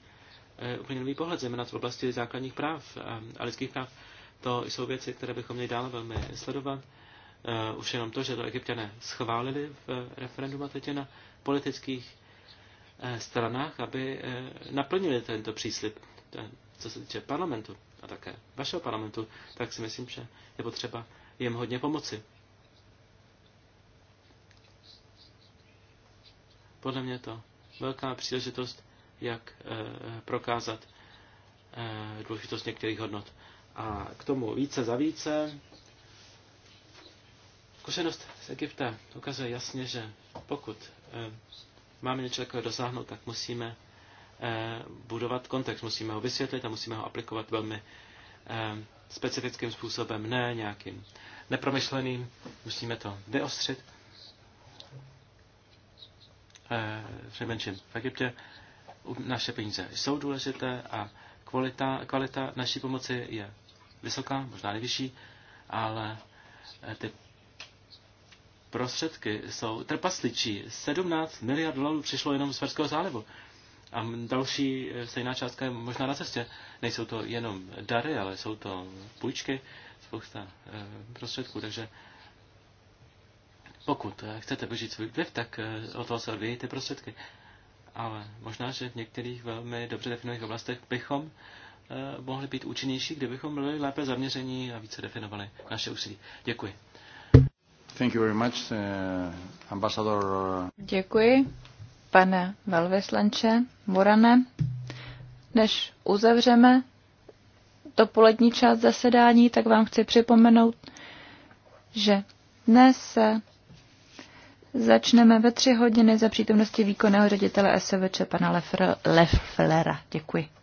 e, úplně nový pohled, zejména v oblasti základních práv a, a lidských práv. To jsou věci, které bychom měli dále velmi sledovat. Eh, už jenom to, že to egyptěné schválili v eh, referendum a teď je na politických eh, stranách, aby naplnili tento příslip, co se týče parlamentu a také vašeho parlamentu, tak si myslím, že je potřeba jim hodně pomoci. Podle mě to velká příležitost, jak prokázat důležitost některých hodnot. A k tomu více za více. Zkušenost z Egypta ukazuje jasně, že pokud eh, máme něco takového dosáhnout, tak musíme eh, budovat kontext, musíme ho vysvětlit a musíme ho aplikovat velmi eh, specifickým způsobem, ne nějakým nepromyšleným, musíme to vyostřit. Přemenším v Egyptě naše peníze jsou důležité a kvalita, kvalita naší pomoci je vysoká, možná nejvyšší, ale ty prostředky jsou trpasličí. 17 miliard dolarů přišlo jenom z Ferského zálivu. A další e, stejná částka je možná na cestě. Nejsou to jenom dary, ale jsou to půjčky, spousta e, prostředků, takže pokud e, chcete vyžít svůj vliv, tak o toho se odvíjí ty prostředky. Ale možná, že v některých velmi dobře definovaných oblastech bychom mohli být účinnější, kdybychom byli lépe zaměření a více definovali naše úsilí. Děkuji. Thank you very much, uh, uh, Děkuji, pane velvyslanče Morane. Než uzavřeme dopolední část zasedání, tak vám chci připomenout, že dnes eh, začneme ve tři hodiny za přítomnosti výkonného ředitele SVČ pana Lefflera. Děkuji.